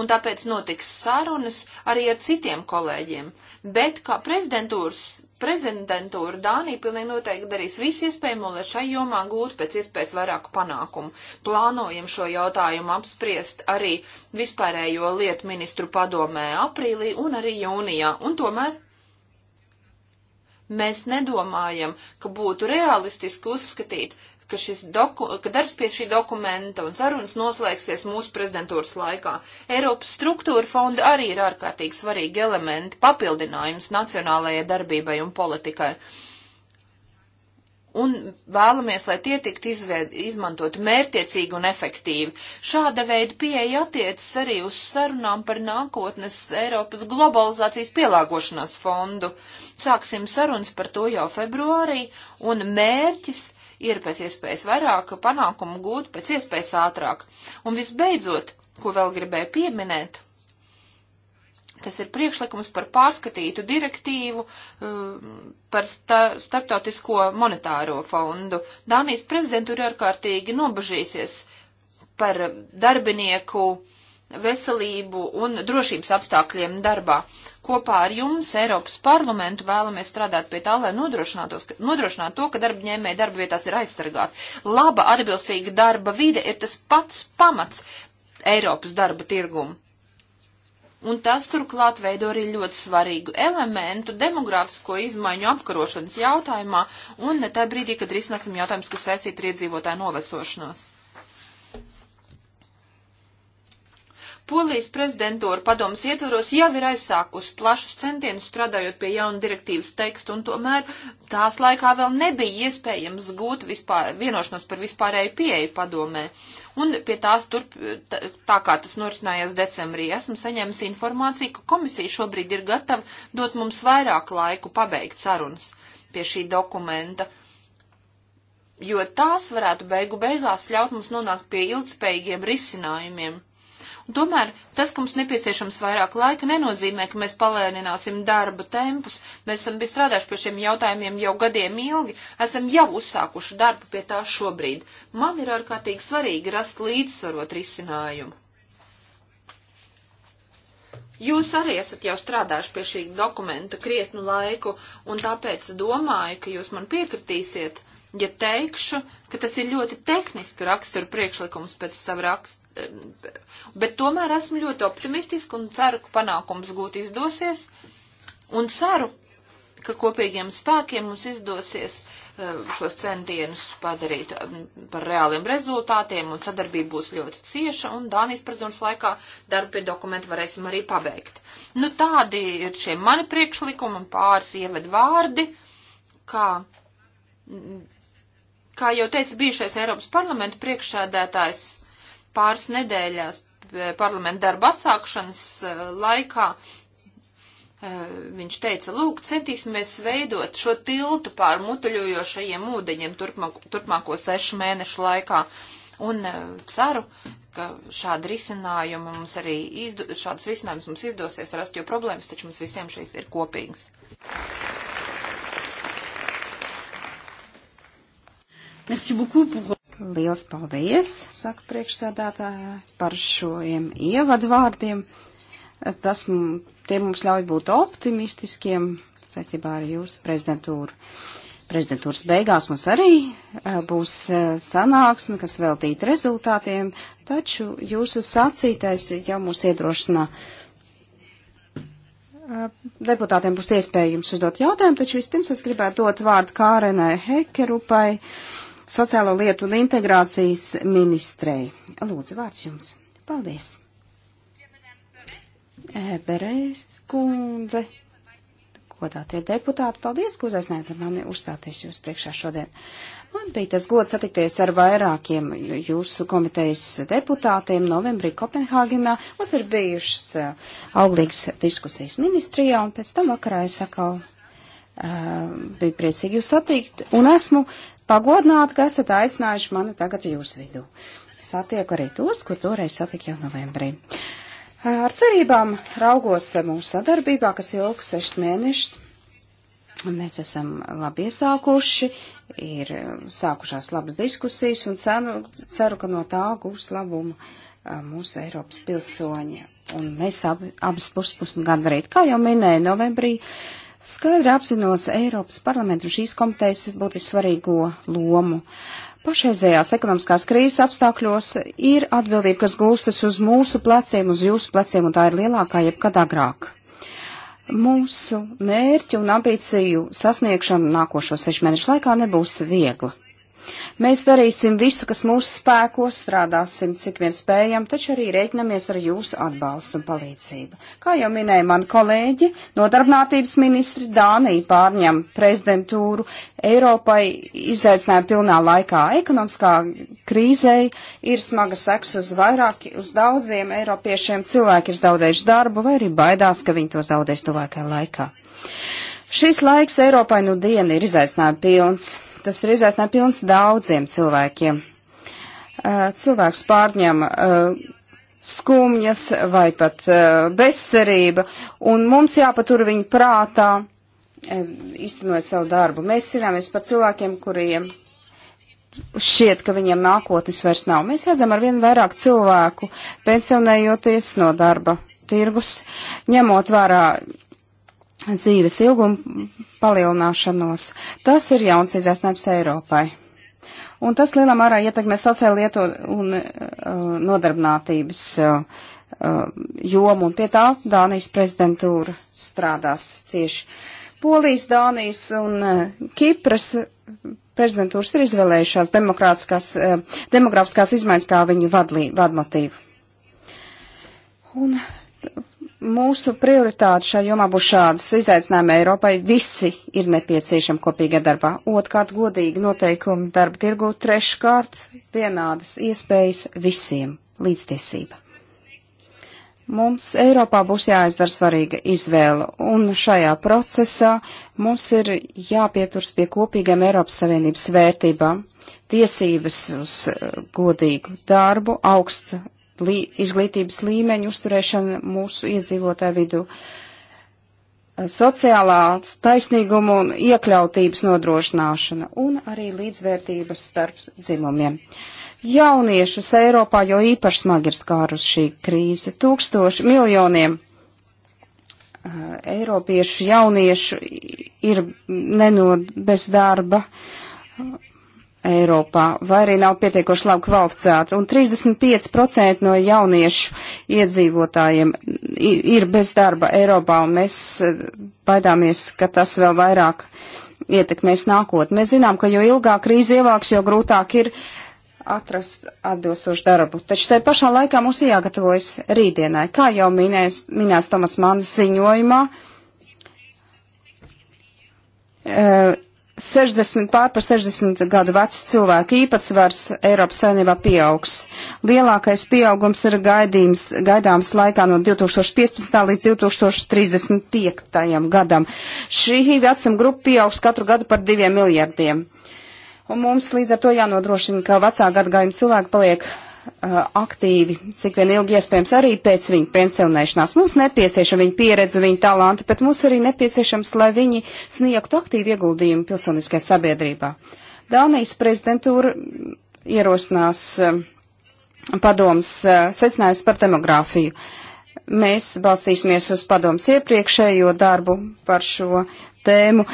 un tāpēc notiks sarunas arī ar citiem kolēģiem. Bet kā prezidentūras, prezidentūra Dānija pilnīgi noteikti darīs visu iespējamo, lai šai jomā gūtu pēc iespējas vairāk panākumu. Plānojam šo jautājumu apspriest arī vispārējo lietu ministru padomē aprīlī un arī jūnijā, un tomēr mēs nedomājam, ka būtu realistiski uzskatīt, ka, doku, ka darbs pie šī dokumenta un sarunas noslēgsies mūsu prezidentūras laikā. Eiropas struktūra fonda arī ir ārkārtīgi svarīgi elementi papildinājums nacionālajai darbībai un politikai. Un vēlamies, lai tie tiktu izmantot mērtiecīgi un efektīvi. Šāda veida pieeja attiecas arī uz sarunām par nākotnes Eiropas globalizācijas pielāgošanās fondu. Sāksim sarunas par to jau februārī, un mērķis – ir pēc iespējas vairāk panākumu gūt pēc iespējas ātrāk. Un visbeidzot, ko vēl gribēju pieminēt, Tas ir priekšlikums par pārskatītu direktīvu um, par sta starptautisko monetāro fondu. Dānijas prezidentūra ārkārtīgi nobažīsies par darbinieku uh, veselību un drošības apstākļiem darbā. Kopā ar jums, Eiropas parlamentu, vēlamies strādāt pie tā, lai nodrošinātu to, ka darba ņēmēji darba vietās ir aizsargāti. Laba, atbilstīga darba vide ir tas pats pamats Eiropas darba tirgumu. Un tas turklāt veido arī ļoti svarīgu elementu demografisko izmaiņu apkarošanas jautājumā un ne tajā brīdī, kad risināsim jautājumus, kas saistīti ar iedzīvotāju novecošanos. Polijas prezidentūra padomas ietvaros jau ir aizsākusi plašus centienus strādājot pie jauna direktīvas teksta, un tomēr tās laikā vēl nebija iespējams gūt vispār, vienošanos par vispārēju pieeju padomē. Un pie tās turp, tā kā tas norisinājās decembrī, esmu saņēmusi informāciju, ka komisija šobrīd ir gatava dot mums vairāk laiku pabeigt sarunas pie šī dokumenta jo tās varētu beigu beigās ļaut mums nonākt pie ilgspējīgiem risinājumiem Tomēr tas, ka mums nepieciešams vairāk laika, nenozīmē, ka mēs palēnināsim darba tempus. Mēs esam bijis strādājuši pie šiem jautājumiem jau gadiem ilgi, esam jau uzsākuši darbu pie tā šobrīd. Man ir ārkārtīgi svarīgi rast līdzsvarot risinājumu. Jūs arī esat jau strādājuši pie šī dokumenta krietnu laiku, un tāpēc domāju, ka jūs man piekritīsiet, ja teikšu, ka tas ir ļoti tehniski rakstura priekšlikums pēc savu rakstu, eh, bet tomēr esmu ļoti optimistiski un ceru, ka panākums gūt izdosies, un ceru, ka kopīgiem spēkiem mums izdosies eh, šos centienus padarīt eh, par reāliem rezultātiem, un sadarbība būs ļoti cieša, un Dānijas prezidents laikā darbu pie dokumentu varēsim arī pabeigt. Nu, tādi ir šie mani priekšlikumi un pāris ieved vārdi, kā mm, Kā jau teica bijušais Eiropas parlamenta priekšsēdētājs pāris nedēļās eh, parlamenta darba atsākšanas eh, laikā, eh, viņš teica, lūk, centīsimies veidot šo tiltu pār mutaļojošajiem ūdeņiem turpmāk, turpmāko sešu mēnešu laikā. Un ceru, ka šādi risinājumi mums arī izdo, šādus risinājumus mums izdosies rast, jo problēmas taču mums visiem šīs ir kopīgas. Merci beaucoup pour. Liels paldies, saka priekšsēdētāja, par šiem ievadvārdiem. Tas, tie mums ļauj būt optimistiskiem saistībā ar jūsu prezidentūru. Prezidentūras beigās mums arī e, būs e, sanāksme, kas veltīta rezultātiem, taču jūsu sacītais jau mūs iedrošinā. E, deputātiem būs iespēja jums uzdot jautājumu, taču vispirms es gribētu dot vārdu Kārenai Hekerupai. Uh, sociālo lietu un integrācijas ministrei. Lūdzu, vārds jums. Paldies. Eberēs eh, kundze, godātie deputāti, paldies, ka uzaicinājāt mani uzstāties jūs priekšā šodien. Man bija tas gods satikties ar vairākiem jūsu komitejas deputātiem novembrī Kopenhāgenā. Mums ir bijušas eh, auglīgas diskusijas ministrijā, un pēc tam vakarā es atkal uh, biju priecīgi jūs satikt, un esmu pagodināti, ka esat aicinājuši mani tagad jūsu vidū. Es attieku arī tos, kur toreiz satiku jau novembrī. Ar cerībām raugos mūsu sadarbībā, kas ilgs sešas mēnešus. Mēs esam labi iesākuši, ir sākušās labas diskusijas un ceru, ceru ka no tā gūs labumu mūsu Eiropas pilsoņi. Un mēs abi, abas puses pusgadu arī, kā jau minēju, novembrī uh, Skaidri apzinos Eiropas parlamentu un šīs komitejas būtu svarīgo lomu. Pašreizējās ekonomiskās krīzes apstākļos ir atbildība, kas gūstas uz mūsu pleciem, uz jūsu pleciem, un tā ir lielākā jebkad agrāk. Mūsu mērķu un ambīciju sasniegšana nākošo sešu mēnešu laikā nebūs viegla. Mēs darīsim visu, kas mūsu spēkos, strādāsim, cik vien spējam, taču arī rēķinamies ar jūsu atbalstu un palīdzību. Kā jau minēja man kolēģi, nodarbinātības ministri Dānija pārņem prezidentūru Eiropai izaicinājuma pilnā laikā. Ekonomiskā krīzei ir smaga seks uz vairāk, uz daudziem eiropiešiem cilvēki ir zaudējuši darbu vai arī baidās, ka viņi to zaudēs tuvākajā laikā. Šis laiks Eiropai nu diena ir izaicinājuma pilns Tas ir izaicinājums daudziem cilvēkiem. Cilvēks pārņem skumjas vai pat bezcerība, un mums jāpatur viņu prātā, iztenojot savu darbu. Mēs cīnāmies par cilvēkiem, kuriem šķiet, ka viņiem nākotnes vairs nav. Mēs redzam ar vien vairāk cilvēku pensionējoties no darba tirgus, ņemot vērā dzīves ilguma palielināšanos. Tas ir jauns izaicinājums Eiropai. Un tas lielā mērā ietekmē sociālo lietu un uh, nodarbinātības uh, uh, jomu, un pie tā Dānijas prezidentūra strādās cieši. Polijas, Dānijas un uh, Kipras prezidentūras ir izvēlējušās demokrātiskās, uh, demografiskās izmaiņas kā viņu vadlī, vadmotīvu. Un Mūsu prioritāte šajā jomā būs šādas. Izaicinājumi Eiropai visi ir nepieciešami kopīgā darbā. Otkārt, godīgi noteikumi darba tirgu. Treškārt, vienādas iespējas visiem. Līdztiesība. Mums Eiropā būs jāizdara svarīga izvēle, un šajā procesā mums ir jāpieturs pie kopīgiem Eiropas Savienības vērtībām - tiesības uz eh, godīgu darbu, augstu lī, izglītības līmeņu uzturēšana mūsu iedzīvotāju vidū. Sociālā taisnīguma un iekļautības nodrošināšana un arī līdzvērtības starp dzimumiem. Jauniešus Eiropā jau īpaši smagi ir skārus šī krīze. Tūkstoši miljoniem Eiropiešu jauniešu ir nenod bez darba, Eiropā, vai arī nav pietiekoši labi kvalificēti, un 35% no jauniešu iedzīvotājiem ir bez darba Eiropā, un mēs eh, baidāmies, ka tas vēl vairāk ietekmēs nākotnē. Mēs zinām, ka jo ilgāk krīze ievāks, jo grūtāk ir atrast atbilstošu darbu. Taču tajā pašā laikā mums jāgatavojas rītdienai, kā jau minēs, minēs Tomas Manas ziņojumā. Uh, 60 pār par 60 gadu vecu cilvēku īpatsvars Eiropas saimnībā pieaugs. Lielākais pieaugums ir gaidījums, gaidāms laikā no 2015. līdz 2035. gadam. Šī vecuma grupa pieaugs katru gadu par diviem miljardiem. Un mums līdz ar to jānodrošina, ka vecā gadagājuma cilvēki paliek Uh, aktīvi, cik vien ilgi iespējams arī pēc viņa pensionēšanās. Mums nepieciešama viņa pieredze, viņa talanti, bet mums arī nepieciešams, lai viņi sniegtu aktīvu ieguldījumu pilsoniskajā sabiedrībā. Dānijas prezidentūra ierosinās uh, padoms uh, secinājums par demogrāfiju. Mēs balstīsimies uz padoms iepriekšējo darbu par šo tēmu,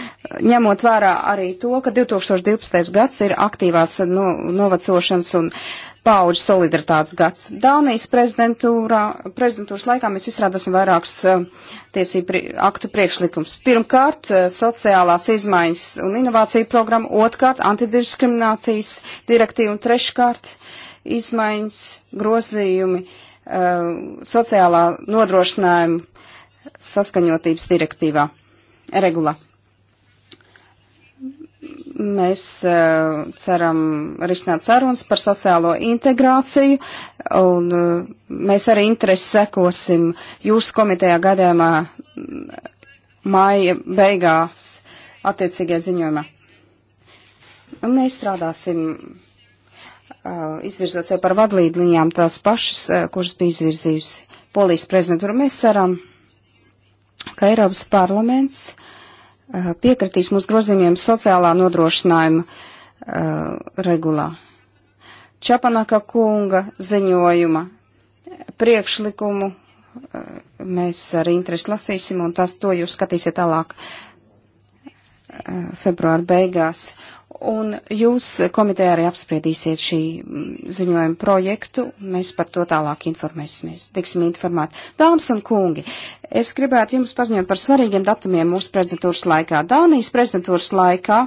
ņemot vērā arī to, ka 2012. gads ir aktīvās no, novacošanas un pauģu solidaritātes gads. Daunijas prezidentūras laikā mēs izstrādāsim vairākus eh, tiesību aktu priekšlikums. Pirmkārt, eh, sociālās izmaiņas un inovāciju programma, otrkārt, antidiskriminācijas direktīva un treškārt, izmaiņas, grozījumi, eh, sociālā nodrošinājuma saskaņotības direktīvā regula. Mēs uh, ceram risināt sarunas par sociālo integrāciju, un uh, mēs arī interesi sekosim jūsu komitejā gadījumā mm, māja beigās attiecīgajā ziņojumā. Un mēs strādāsim uh, izvirzot sev par vadlīdliņām tās pašas, uh, kuras bija izvirzījusi Polijas prezidentūra. Mēs ceram. Uh, ka Eiropas parlaments eh, piekritīs mūsu grozījumiem sociālā nodrošinājuma uh, regulā. Čapanaka kunga ziņojuma priekšlikumu uh, mēs ar interesi lasīsim, un tas to jūs skatīsiet tālāk uh, februāra beigās. Un jūs komitejā arī apspriedīsiet šī mm, ziņojuma projektu, mēs par to tālāk informēsimies, tiksim informēt. Dāmas un kungi, es gribētu jums paziņot par svarīgiem datumiem mūsu prezidentūras laikā. Dānijas prezidentūras laikā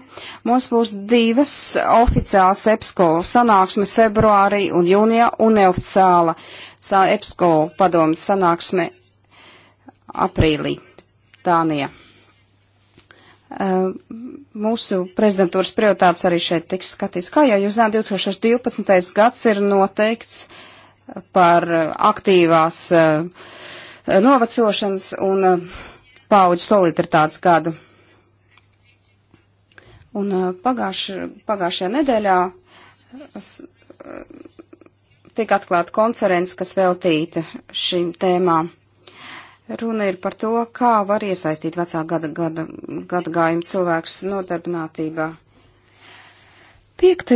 mums būs divas oficiālas EPSCO sanāksmes februārī un jūnijā un neoficiāla EPSCO padomas sanāksme aprīlī Dānijā. Eh, mūsu prezidentūras prioritātes arī šeit tiks skatīts. Kā jau jūs zināt, 2012. gads ir noteikts par aktīvās eh, novecošanas un eh, pauģu solidaritātes gadu. Un pagāš, pagājušajā nedēļā tika atklāta konference, kas veltīta šīm tēmām. Runa ir par to, kā var iesaistīt vecā gada, gada, gada gājuma cilvēks nodarbinātībā. 5.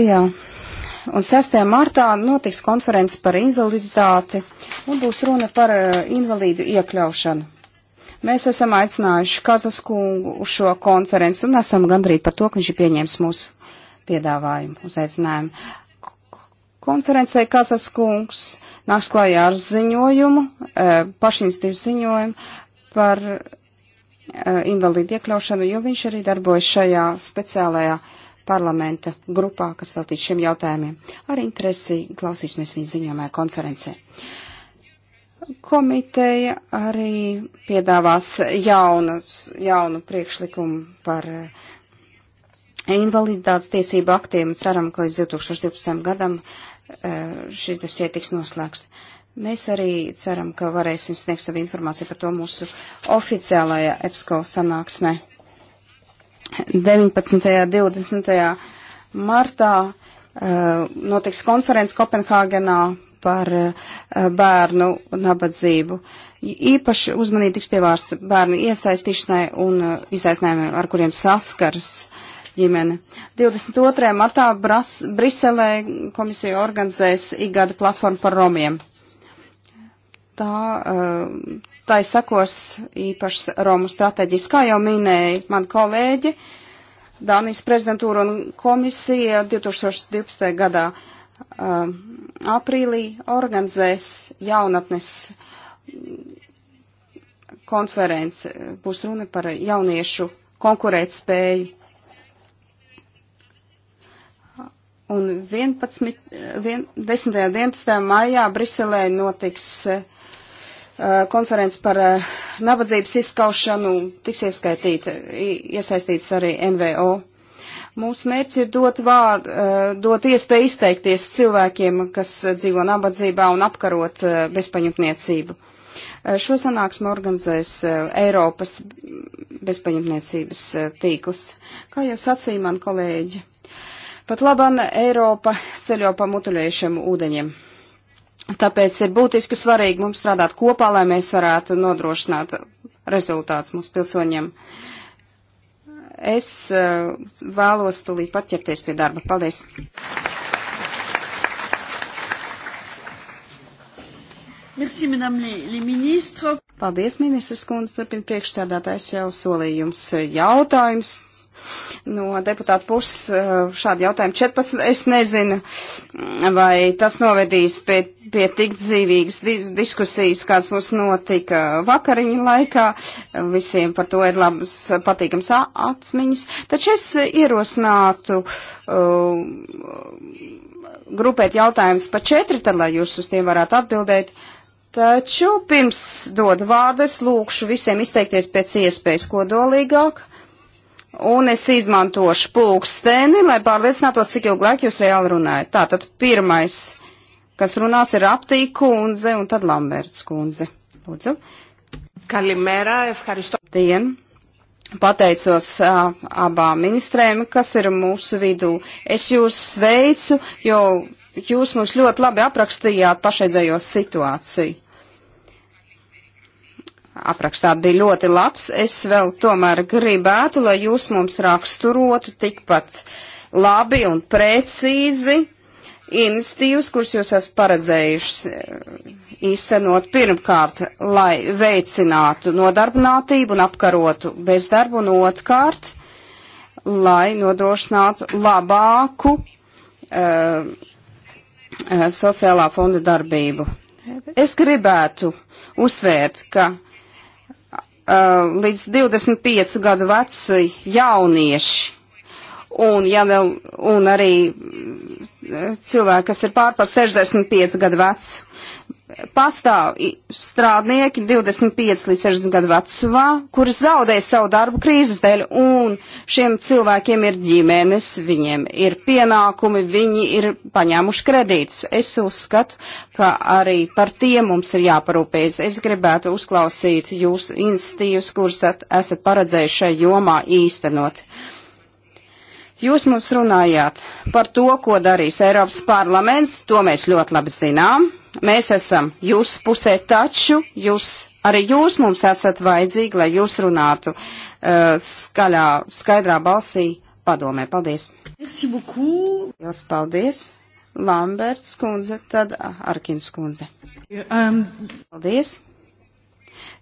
un 6. martā notiks konferences par invaliditāti un būs runa par eh, invalīdu iekļaušanu. Mēs esam aicinājuši Kazaskungu uz šo konferenci un esam gandrīz par to, ka viņš ir pieņēmis mūsu piedāvājumu, uzaicinājumu. Konferencē Kazaskungs nāks klājā ar ziņojumu, e, pašinstīvu ziņojumu par e, invalīdu iekļaušanu, jo viņš arī darbojas šajā speciālajā parlamenta grupā, kas veltīts šiem jautājumiem. Ar interesi klausīsimies viņa ziņojumā konferencē. Komiteja arī piedāvās jaunas, jaunu priekšlikumu par e, invaliditātes tiesību aktiem. Ceram, ka līdz 2012. gadam E, šis dosie tiks noslēgts. Mēs arī ceram, ka varēsim sniegt savu informāciju par to mūsu oficiālajā EPSCO sanāksmē. 19. un 20. martā e, notiks konferences Kopenhāgenā par e, bērnu nabadzību. Īpaši uzmanīgi tiks pievērsta bērnu iesaistīšanai un izaicinājumiem, ar kuriem saskars uh, ģimene. 22. martā Bras Briselē komisija organizēs ikgada platformu par romiem. Tā, eh, tā ir sakos īpašs Romu stratēģis, kā jau minēja man kolēģi, Dānijas prezidentūra un komisija 2012. gadā eh, aprīlī organizēs jaunatnes konference, būs runa par jauniešu konkurētspēju. Un 11, 10. un 11. maijā Briselē notiks eh, eh, konferences par eh, nabadzības izskaušanu, tiks ieskaitīta, iesaistīts arī NVO. Mūsu mērķis ir dot, vārdu, dot iespēju izteikties cilvēkiem, kas dzīvo nabadzībā un apkarot bezpaņemtniecību. Šo sanāksmu organizēs Eiropas bezpaņemtniecības tīkls. Kā jau sacīja man kolēģi, Pat labam Eiropa ceļo pa mutuļējušiem ūdeņiem. Tāpēc ir būtiski svarīgi mums strādāt kopā, lai mēs varētu nodrošināt rezultāts mūsu pilsoņiem. Es uh, vēlos tulīt pat ķerties pie darba. Paldies! Merci, madame, les, les ministres. Paldies, ministrs kundze, turpina priekšstādātājs jau solījums jautājums no deputāta puses eh, šādi jautājumi 14. Es nezinu, vai tas novedīs pie, pie tik dzīvīgas diskusijas, kāds mums notika vakariņu laikā. Visiem par to ir labas, patīkams atmiņas. Taču es ierosinātu. Uh, grupēt jautājumus pa četri, tad lai jūs uz tiem varētu atbildēt. Taču pirms dod vārdu es lūkšu visiem izteikties pēc iespējas kodolīgāk. Un es izmantošu pulksteni, lai pārliecinātos, cik ilgu laiku jūs reāli runājat. Tātad pirmais, kas runās, ir aptī kundze un tad Lamberts kundze. Lūdzu. Kalimērā, evharisto. Dien. Pateicos uh, abām ministrēm, kas ir mūsu vidū. Es jūs sveicu, jo jūs mums ļoti labi aprakstījāt pašreizējo situāciju aprakstā bija ļoti labs. Es vēl tomēr gribētu, lai jūs mums raksturotu tikpat labi un precīzi inicitīvas, kuras jūs esat paredzējuši eh, īstenot pirmkārt, lai veicinātu nodarbinātību un apkarotu bezdarbu, un otrkārt, lai nodrošinātu labāku uh, sociālā fonda darbību. Es gribētu uzsvērt, ka uh, uh, līdz 25 gadu veci jaunieši. Un, ja vēl, un arī uh, cilvēki, kas ir pār par 65 gadu veci pastāv strādnieki 25 līdz 60 gadu vecumā, kuri zaudēja savu darbu krīzes dēļ, un šiem cilvēkiem ir ģimenes, viņiem ir pienākumi, viņi ir paņēmuši kredītus. Es uzskatu, ka arī par tiem mums ir jāparūpējas. Es gribētu uzklausīt jūsu institīvas, kuras esat paredzējuši šai jomā īstenot. Jūs mums runājāt par to, ko darīs Eiropas parlaments, to mēs ļoti labi zinām. Mēs esam jūsu pusē, taču jūs, arī jūs mums esat vajadzīgi, lai jūs runātu uh, skaļā, skaidrā balsī padomē. Paldies! Jūs paldies! Lamberts kundze, tad Arkins kundze. Um, paldies!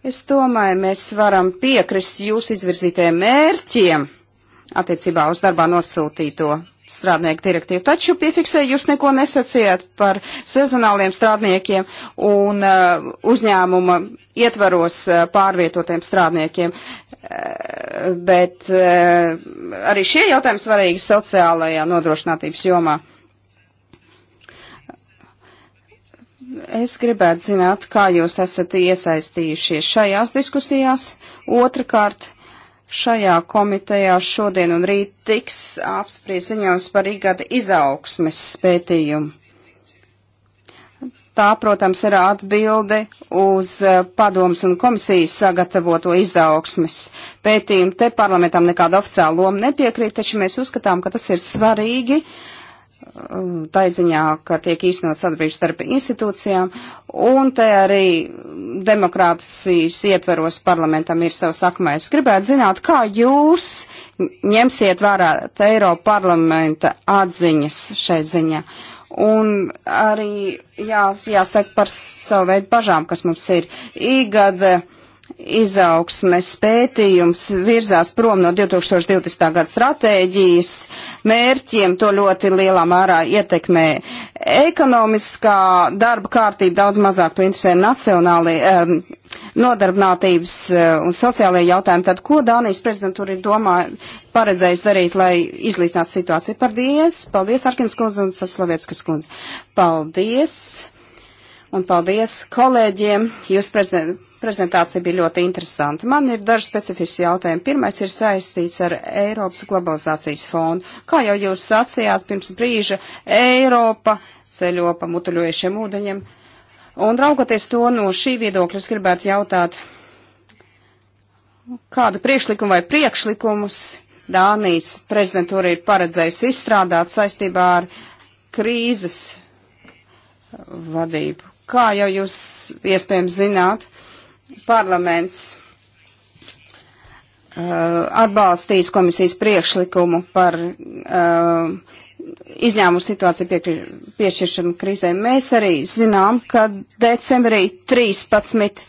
Es domāju, mēs varam piekrist jūsu izvirzītajiem mērķiem attiecībā uz darbā nosūtīto strādnieku direktīvu. Taču piefiksēju, jūs neko nesacījāt par sezonāliem strādniekiem un uh, uzņēmuma ietvaros uh, pārvietotiem strādniekiem. Uh, bet uh, arī šie jautājumi svarīgi sociālajā nodrošinātības jomā. Es gribētu zināt, kā jūs esat iesaistījušies šajās diskusijās. Otrakārt, uh, Šajā komitejā šodien un rīt tiks apspriest ziņojums par igada izaugsmes pētījumu. Tā, protams, ir atbilde uz eh, padomus un komisijas sagatavoto izaugsmes pētījumu. Te parlamentam nekāda oficiāla loma nepiekrīt, taču mēs uzskatām, ka tas ir svarīgi. Uh, tā ziņā, ka tiek īstenot sadarbības starp institūcijām, un te arī demokrātisīs ietveros parlamentam ir savs akmējs. Gribētu zināt, kā jūs ņemsiet vērā Eiropa parlamenta atziņas šai ziņā. Un arī jā, jāsaka par savu veidu bažām, kas mums ir. Īgada izaugsmes pētījums virzās prom no 2020. gada stratēģijas mērķiem, to ļoti lielā mērā ietekmē ekonomiskā darba kārtība, daudz mazāk to interesē nacionāli um, nodarbinātības um, un sociālajie jautājumi. Tad ko Dānijas prezidentūra ir domā paredzējis darīt, lai izlīdzinātu situāciju? Paldies! Paldies, Arkins kundze un Saslovieckas kundze! Paldies! Un paldies kolēģiem! Jūs prezidentūra! Prezentācija bija ļoti interesanta. Man ir daži specifiski jautājumi. Pirmais ir saistīts ar Eiropas globalizācijas fondu. Kā jau jūs sacījāt pirms brīža, Eiropa ceļo pa mutuļojušiem ūdeņiem. Un raugoties to no šī viedokļa, es gribētu jautāt, kādu priekšlikumu vai priekšlikumus Dānijas prezidentūra ir paredzējusi izstrādāt saistībā ar krīzes vadību. Kā jau jūs iespējams zināt, uh, parlaments uh, atbalstīs komisijas priekšlikumu par uh, izņēmumu situāciju piekri, piešķiršanu krizēm. Mēs arī zinām, ka decembrī 13 uh,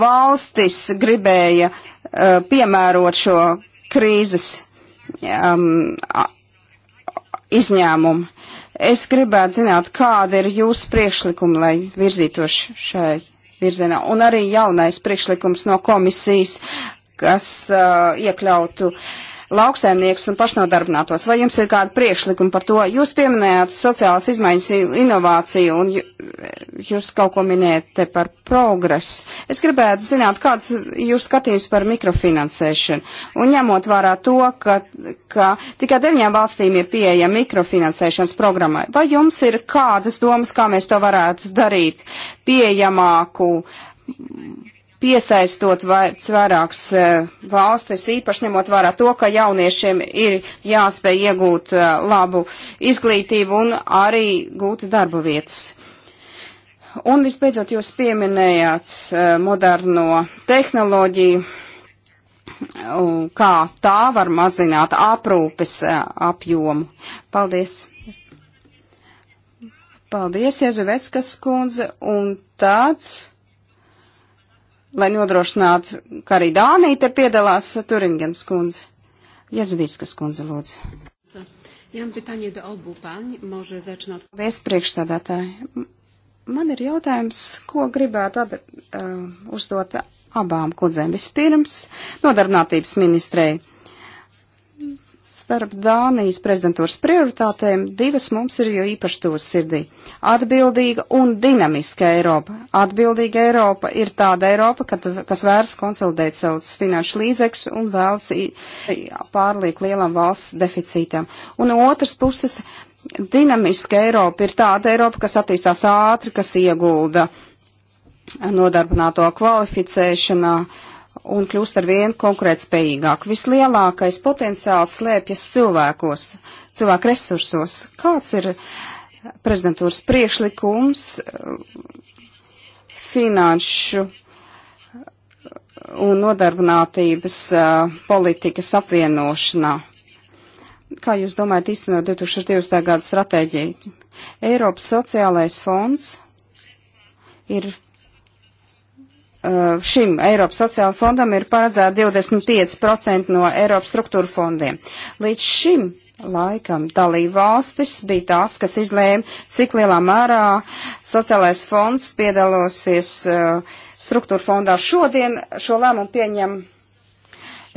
valstis gribēja uh, piemērot šo krīzes um, izņēmumu. Es gribētu zināt, kāda ir jūsu priekšlikuma, lai virzītos šai virzienā. Un arī jaunais priekšlikums no komisijas, kas uh, iekļautu uh, lauksēmniekus un pašnodarbinātos. Vai jums ir kāda priekšlikuma par to? Jūs pieminējāt sociālas izmaiņas inovāciju un jūs kaut ko minējat te par progresu. Es gribētu zināt, kāds jūs skatījums par mikrofinansēšanu. Un ņemot vērā to, ka, ka tikai deviņām valstīm ir pieeja mikrofinansēšanas programmai, vai jums ir kādas domas, kā mēs to varētu darīt pieejamāku? piesaistot vairākas e, valstis, īpaši ņemot vērā to, ka jauniešiem ir jāspēj iegūt e, labu izglītību un arī gūt darba vietas. Un visbeidzot, jūs pieminējāt e, moderno tehnoloģiju, kā tā var mazināt aprūpes apjomu. Paldies! Paldies, Jezuvetskas kundze, un tad lai nodrošinātu, ka arī Dānija te piedalās Turingens kundze. Jezubīskas kundze, lūdzu. Jā, pitanie do obu paņi, može začināt. Paldies, priekšstādātāji. Man ir jautājums, ko gribētu at, uh, uzdot abām kundzēm. Vispirms, nodarbinātības ministrei. Uh, Starp Dānijas prezidentūras prioritātēm divas mums ir jo īpaši tūs sirdī. Atbildīga un dinamiska Eiropa. Atbildīga Eiropa ir tāda Eiropa, kad, kas vērs konsolidēt savus finanšu līdzekļus un vēlas pārliek lielam valsts deficītam. Un otrs puses, dinamiska Eiropa ir tāda Eiropa, kas attīstās ātri, kas iegulda nodarbināto kvalificēšanā. Uh, un kļūst ar vienu konkurētspējīgāk. Vislielākais potenciāls slēpjas cilvēkos, cilvēku resursos. Kāds ir prezidentūras priekšlikums finanšu un nodarbinātības politikas apvienošanā? Kā jūs domājat īstenot 2020. gada stratēģiju? Eiropas sociālais fonds ir Eh, šim Eiropas sociāla fondam ir paredzēta 25% no Eiropas struktūra fondiem. Līdz šim laikam dalība valstis bija tās, kas izlēma, cik lielā mērā sociālais fonds piedalosies eh, struktūra fondā. Šodien šo lēmumu pieņem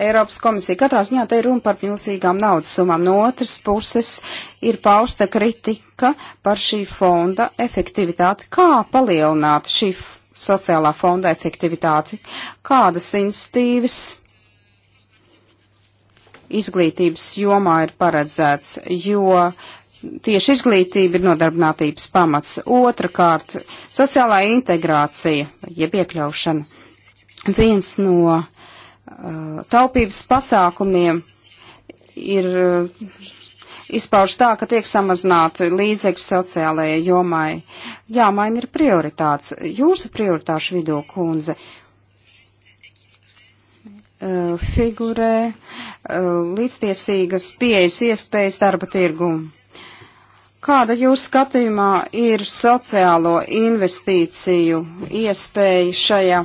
Eiropas komisija. Katrā ziņā te ir runa par milzīgām naudas summām. No otras puses ir pausta kritika par šī fonda efektivitāti. Kā palielināt šī fonda? sociālā fonda efektivitāti. Kādas institīvas izglītības jomā ir paredzēts, jo tieši izglītība ir nodarbinātības pamats. Otrakārt, sociālā integrācija, jeb iekļaušana. Viens no uh, taupības pasākumiem ir uh, izpauž tā, ka tiek samazināti līdzekļi sociālajai jomai. Jāmaina ir prioritāts. Jūsu prioritāšu vidū, kundze, e, figurē e, līdztiesīgas pieejas iespējas darba tirgumu. Kāda jūs skatījumā ir sociālo investīciju iespēja šajā?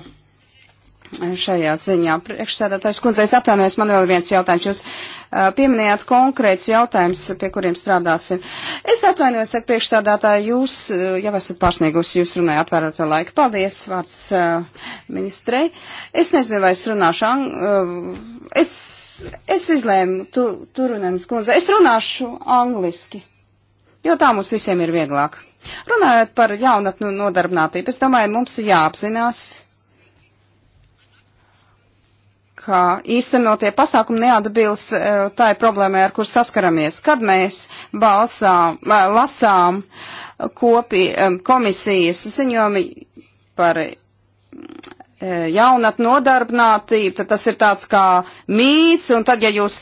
šajā ziņā. Priekšsēdētājs kundze, es atvainojos, man vēl viens jautājums. Jūs uh, pieminējāt konkrēts jautājums, pie kuriem strādāsim. Es atvainojos, saka priekšsēdētāji, jūs uh, jau esat pārsniegusi, jūs runājat atvērto laiku. Paldies, vārds uh, ministrei. Es nezinu, vai es runāšu. Ang... Es, es izlēmu, tu, tu runānis kundze, es runāšu angliski, jo tā mums visiem ir vieglāk. Runājot par jaunatnu nodarbinātību, es domāju, mums ir jāapzinās ka īstenotie pasākumi neatbilst e, tai problēmai, ar kur saskaramies. Kad mēs balsām, e, lasām kopi e, komisijas ziņojumi par jaunat nodarbinātību, tad tas ir tāds kā mīts, un tad, ja jūs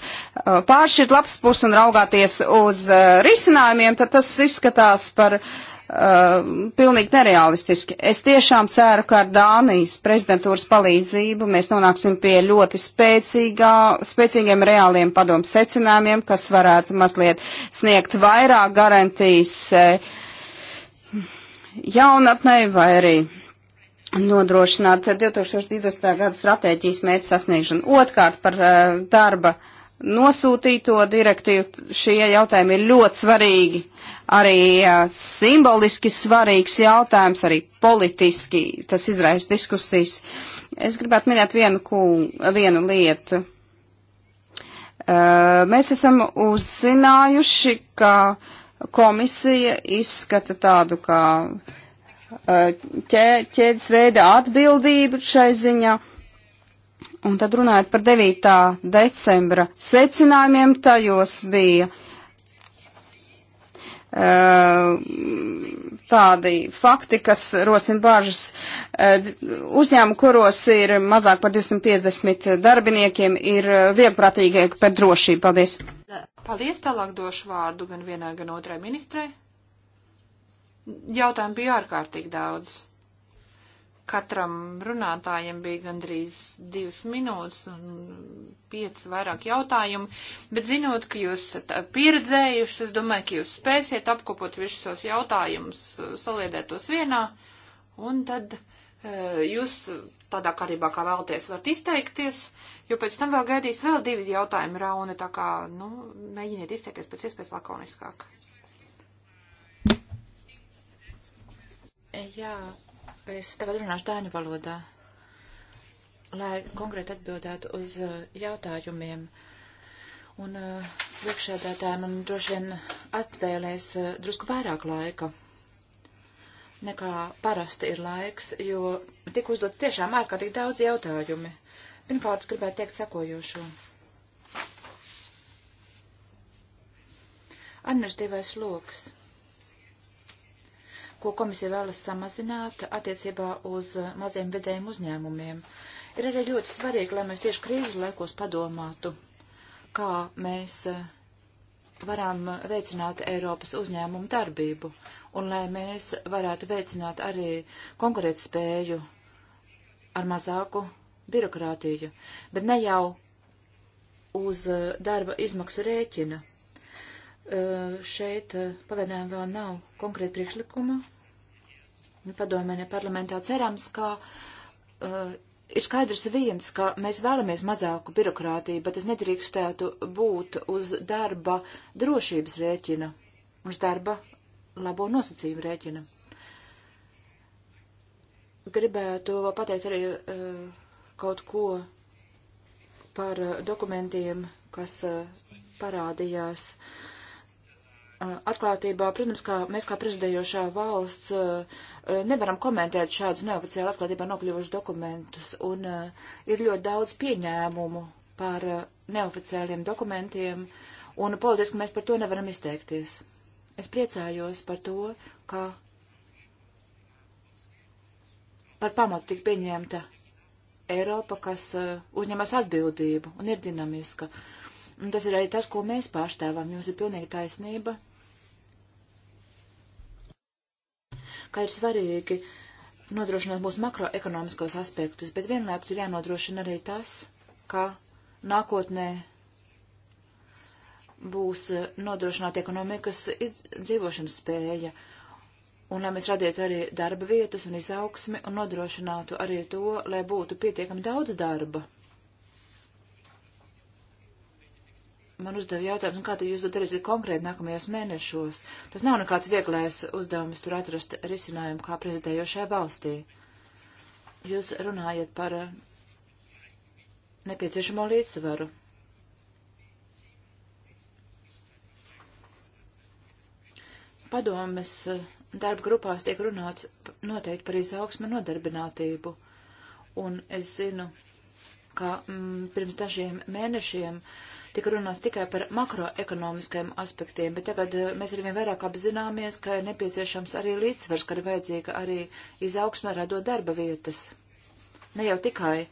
pāršķirt labs pus un raugāties uz risinājumiem, tad tas izskatās par uh, Uh, pilnīgi nereālistiski. Es tiešām ceru, ka ar Dānijas prezidentūras palīdzību mēs nonāksim pie ļoti spēcīgā, spēcīgiem reāliem padomu secinājumiem, kas varētu mazliet sniegt vairāk garantijas eh, jaunatnei vai arī nodrošināt 2020. gada stratēģijas mērķu sasniegšanu. Otkārt par uh, darba uh, nosūtīto direktīvu. Šie jautājumi ir ļoti svarīgi. Arī uh, simboliski svarīgs jautājums, arī politiski tas izraisa diskusijas. Es gribētu minēt vienu, kung, vienu lietu. Uh, mēs esam uzzinājuši, ka komisija izskata tādu kā ķē, ķēdes veida atbildību šai ziņā. Uh, Un tad runājot par 9. decembra secinājumiem, tajos bija uh, tādi fakti, kas rosina bāžas uh, eh, uzņēmumu, kuros ir mazāk par 250 darbiniekiem, ir vieglprātīgāk par drošību. Paldies! Paldies, tālāk došu vārdu gan vienai, gan otrai ministrei. Jautājumu bija ārkārtīgi daudz. Katram runātājam bija gandrīz divas minūtes un pieci vairāk jautājumu, bet zinot, ka jūs esat pieredzējuši, es domāju, ka jūs spēsiet apkopot visus jautājumus, saliedēt tos vienā, un tad eh, jūs tādā kārībā, kā vēlaties, varat izteikties, jo pēc tam vēl gaidīs vēl divi jautājumi rauni, tā kā, nu, mēģiniet izteikties pēc iespējas lakoniskāk. Jā, Es tagad runāšu dāņu valodā, lai konkrēti atbildētu uz uh, jautājumiem. Un uh, priekšsēdētāji man droši vien atvēlēs uh, drusku vairāk laika nekā parasti ir laiks, jo tik uzdot tiešām ārkārtīgi daudz jautājumi. Pirmkārt, gribētu teikt sekojošo. Administratīvais sloks ko komisija vēlas samazināt attiecībā uz maziem vidējiem uzņēmumiem. Ir arī ļoti svarīgi, lai mēs tieši krīzes laikos padomātu, kā mēs eh, varam veicināt Eiropas uzņēmumu darbību un lai mēs varētu veicināt arī konkurētspēju ar mazāku birokrātiju, bet ne jau uz eh, darba izmaksu rēķina šeit pagaidām vēl nav konkrēta priekšlikuma. Nu, padomē, ne parlamentā cerams, ka uh, ir skaidrs viens, ka mēs vēlamies mazāku birokrātiju, bet tas nedrīkstētu būt uz darba drošības rēķina, uz darba labo nosacījumu rēķina. Gribētu vēl pateikt arī uh, kaut ko par uh, dokumentiem, kas uh, parādījās. Uh, atklātībā, protams, kā mēs kā prezidējošā valsts nevaram komentēt šādus neoficiāli atklātībā nokļuvušus dokumentus, un ir ļoti daudz pieņēmumu par neoficiāliem dokumentiem, un politiski mēs par to nevaram izteikties. Es priecājos par to, ka par pamatu tika pieņemta Eiropa, kas uzņemas atbildību un ir dinamiska. Un tas ir arī tas, ko mēs pārstāvam. Jums ir pilnīgi taisnība ka ir svarīgi nodrošināt mūsu makroekonomiskos aspektus, bet vienlaikus ir jānodrošina arī tas, ka nākotnē būs nodrošināta ekonomikas dzīvošanas spēja, un lai mēs radītu arī darba vietas un izaugsmi un nodrošinātu arī to, lai būtu pietiekami daudz darba man uzdeva jautājumu, nu, kā jūs to darīsiet konkrēti nākamajos mēnešos. Tas nav nekāds vieglais uzdevums tur atrast risinājumu kā prezidējošai valstī. Jūs runājat par eh, nepieciešamo līdzsvaru. Padomes eh, darba grupās tiek runāts noteikti par izaugsmu nodarbinātību. Un es zinu, ka mm, pirms dažiem mēnešiem uh, tika runāts tikai par makroekonomiskajiem aspektiem, bet tagad eh, mēs arvien vairāk apzināmies, ka ir nepieciešams arī līdzsvars, ka ir vajadzīga arī izaugsme radot darba vietas. Ne jau tikai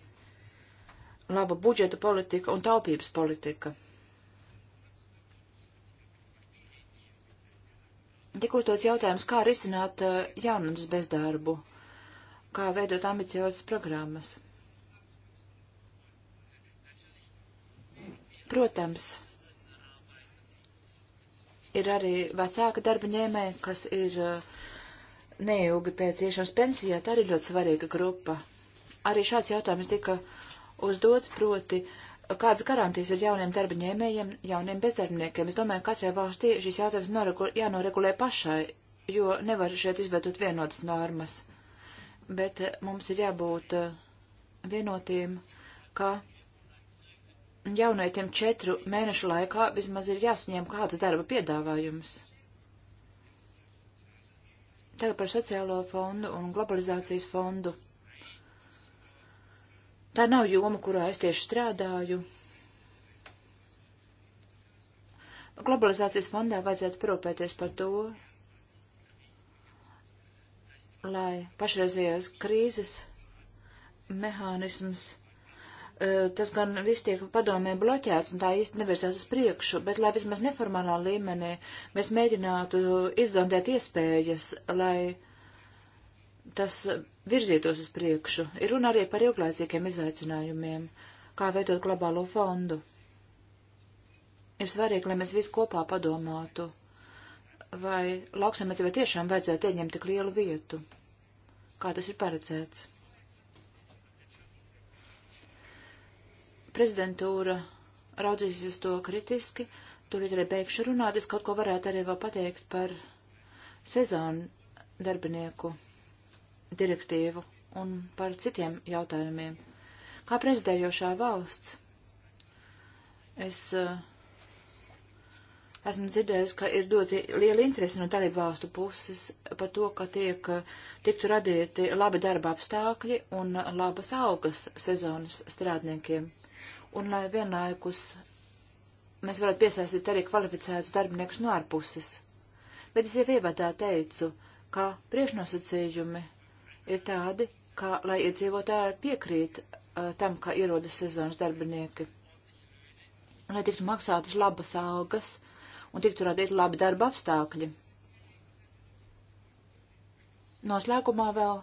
laba budžeta politika un taupības politika. Tik uzdots jautājums, kā risināt eh, jaunums bezdarbu, kā veidot ambiciozas programmas. Protams, ir arī vecāka darba ņēmēja, kas ir uh, neilgi pēc iešanas pensijā, tā arī ļoti svarīga grupa. Arī šāds jautājums tika uzdots, proti, kādas garantijas ir jauniem darba ņēmējiem, jauniem bezdarbniekiem. Es domāju, katrai valstī šis jautājums noregul, jānoregulē pašai, jo nevar šeit izveidot vienotas normas. Bet uh, mums ir jābūt uh, vienotiem, ka. Kā jaunietiem četru mēnešu laikā vismaz ir jāsņem kāds darba piedāvājums. Tagad par sociālo fondu un globalizācijas fondu. Tā nav joma, kurā es tieši strādāju. Globalizācijas fondā vajadzētu parūpēties par to, lai pašreizējās krīzes mehānisms E, tas gan viss tiek padomē bloķēts un tā īsti nevirzās uz priekšu, bet lai vismaz neformālā līmenī mēs mēģinātu izdomāt iespējas, lai tas virzītos uz priekšu. Ir runa arī par ilglaicīgiem izaicinājumiem, kā veidot globālo fondu. Ir svarīgi, lai mēs visi kopā padomātu, vai lauksamniecībai tiešām vajadzētu ieņemt tik lielu vietu, kā tas ir paredzēts. prezidentūra raudzīsies uz to kritiski. Tur ir arī beigšu runāt, es kaut ko varētu arī vēl pateikt par sezonu darbinieku direktīvu un par citiem jautājumiem. Kā prezidējošā valsts, es uh, esmu dzirdējusi, ka ir ļoti liela interese no dalību valstu puses par to, ka tiek eh, tiktu radīti labi darba apstākļi un eh, labas algas sezonas strādniekiem. Uh, un lai vienlaikus mēs varētu piesaistīt arī kvalificētus darbiniekus no ārpuses. Bet es jau ievadā teicu, ka priekšnosacījumi ir tādi, ka, lai iedzīvotāji piekrīt uh, tam, ka ierodas sezonas darbinieki, lai tiktu maksātas labas algas un tiktu radīti labi darba apstākļi. Noslēgumā vēl,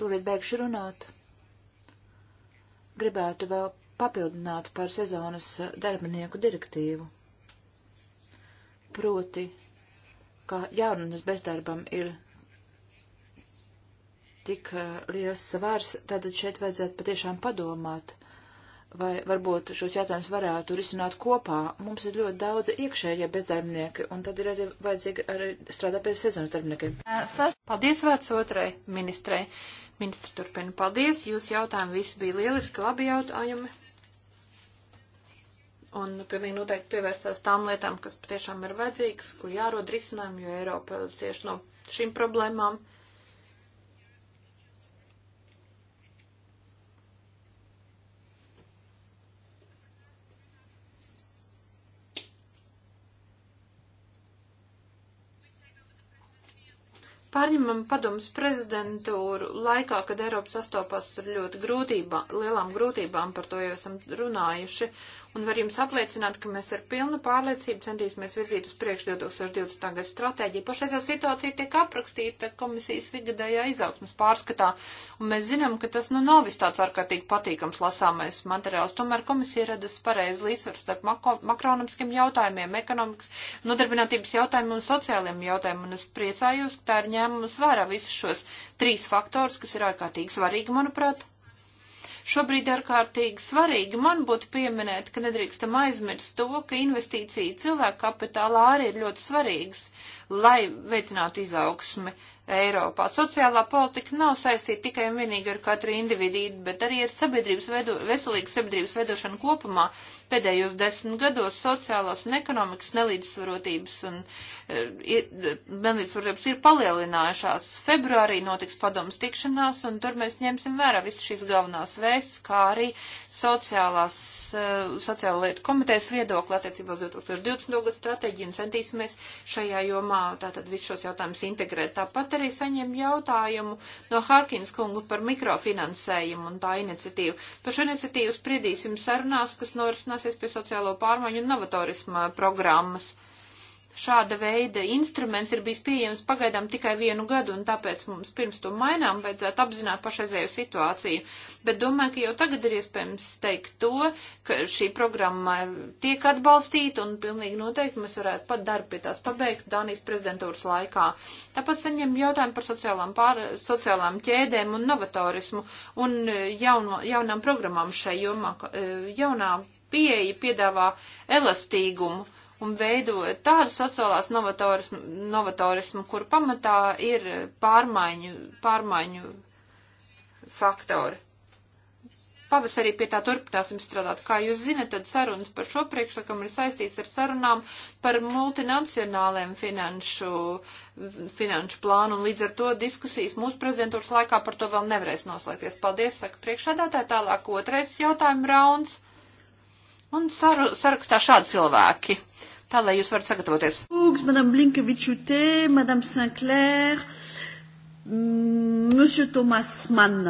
tūlīt beigšu runāt, gribētu vēl papildināt par sezonas darbinieku direktīvu. Proti, ka jaunas bezdarbam ir tik eh, liels svars, tad šeit vajadzētu patiešām padomāt, vai varbūt šos jautājumus varētu risināt kopā. Mums ir ļoti daudz iekšējie bezdarbnieki, un tad ir arī vajadzīgi arī strādāt pie sezonas darbiniekiem. Uh, Paldies vārds otrai ministrei. Ministra turpina. Paldies, jūs jautājumi visi bija lieliski, labi jautājumi un pilnīgi noteikti pievērsās tām lietām, kas patiešām ir vajadzīgas, kur jārod risinājumi, jo Eiropa cieši no šīm problēmām. Pārņemam padomus prezidentūru laikā, kad Eiropa sastopas ar ļoti grūtībā, lielām grūtībām, par to jau esam runājuši. Uh, un var jums apliecināt, ka mēs ar pilnu pārliecību centīsimies virzīt uz priekšu 2020. gada stratēģiju. Pašreizā situācija tiek aprakstīta komisijas ikgadējā izaugsmas pārskatā, un mēs zinām, ka tas nu nav viss tāds ārkārtīgi patīkams lasāmais materiāls. Tomēr komisija redz pareizi līdzsvaru starp makronomiskiem jautājumiem, ekonomikas, nodarbinātības jautājumiem un sociālajiem jautājumiem, un es priecājos, ka tā ir ņēmumus vērā visus šos trīs faktors, kas ir ārkārtīgi svarīgi, manuprāt. Šobrīd ārkārtīgi svarīgi man būtu pieminēt, ka nedrīkstam aizmirst to, ka investīcija cilvēku kapitālā arī ir ļoti svarīgas, lai veicinātu izaugsmi Eiropā. Sociālā politika nav saistīta tikai un vienīgi ar katru individu, bet arī ar sabiedrības vedo, veselīgas sabiedrības vedošanu kopumā. Pēdējos desmit gados sociālās un ekonomikas nelīdzsvarotības un e, nelīdzsvarotības ir palielinājušās. Februārī notiks padomas tikšanās, un tur mēs ņemsim vērā visu šīs galvenās vēsts, kā arī sociālās, e, sociāla lietu komitejas viedokli attiecībā uz 2020. gadu stratēģiju un centīsimies šajā jomā tātad visus šos jautājumus integrēt. Tāpat arī saņēmu jautājumu no Harkins kungu par mikrofinansējumu un tā iniciatīvu. Par šo iniciatīvu spriedīsim sarunās, kas norisināsies pie sociālo pārmaiņu un novatorisma programmas. Uh, šāda veida instruments ir bijis pieejams pagaidām tikai vienu gadu, un tāpēc mums pirms to mainām vajadzētu apzināt pašreizēju situāciju. Bet domāju, ka jau tagad ir iespējams teikt to, ka šī programma tiek atbalstīta, un pilnīgi noteikti mēs varētu pat darbu pie tās pabeigt Dānijas prezidentūras laikā. Tāpat saņem jautājumu par sociālām, pār, sociālām ķēdēm un novatorismu un jauno, jaunām programmām šai jomā. E, jaunā pieeja piedāvā elastīgumu un veidojot tādu sociālās novatorismu, novatorismu kur pamatā ir pārmaiņu, pārmaiņu faktori pavasarī pie tā turpināsim strādāt. Kā jūs zinat, tad sarunas par šo priekšlikumu ir saistīts ar sarunām par multinacionāliem finanšu, finanšu plānu, un līdz ar to diskusijas mūsu prezidentūras laikā par to vēl nevarēs noslēgties. Paldies, saka priekšādātāji, tālāk otrais jautājuma rauns. Un saru, sarakstā šādi cilvēki. Tā, lai jūs varat sagatavoties. Lūgs, madam Blinkevičutē, madam Sinclair, mm, monsieur Thomas Mann,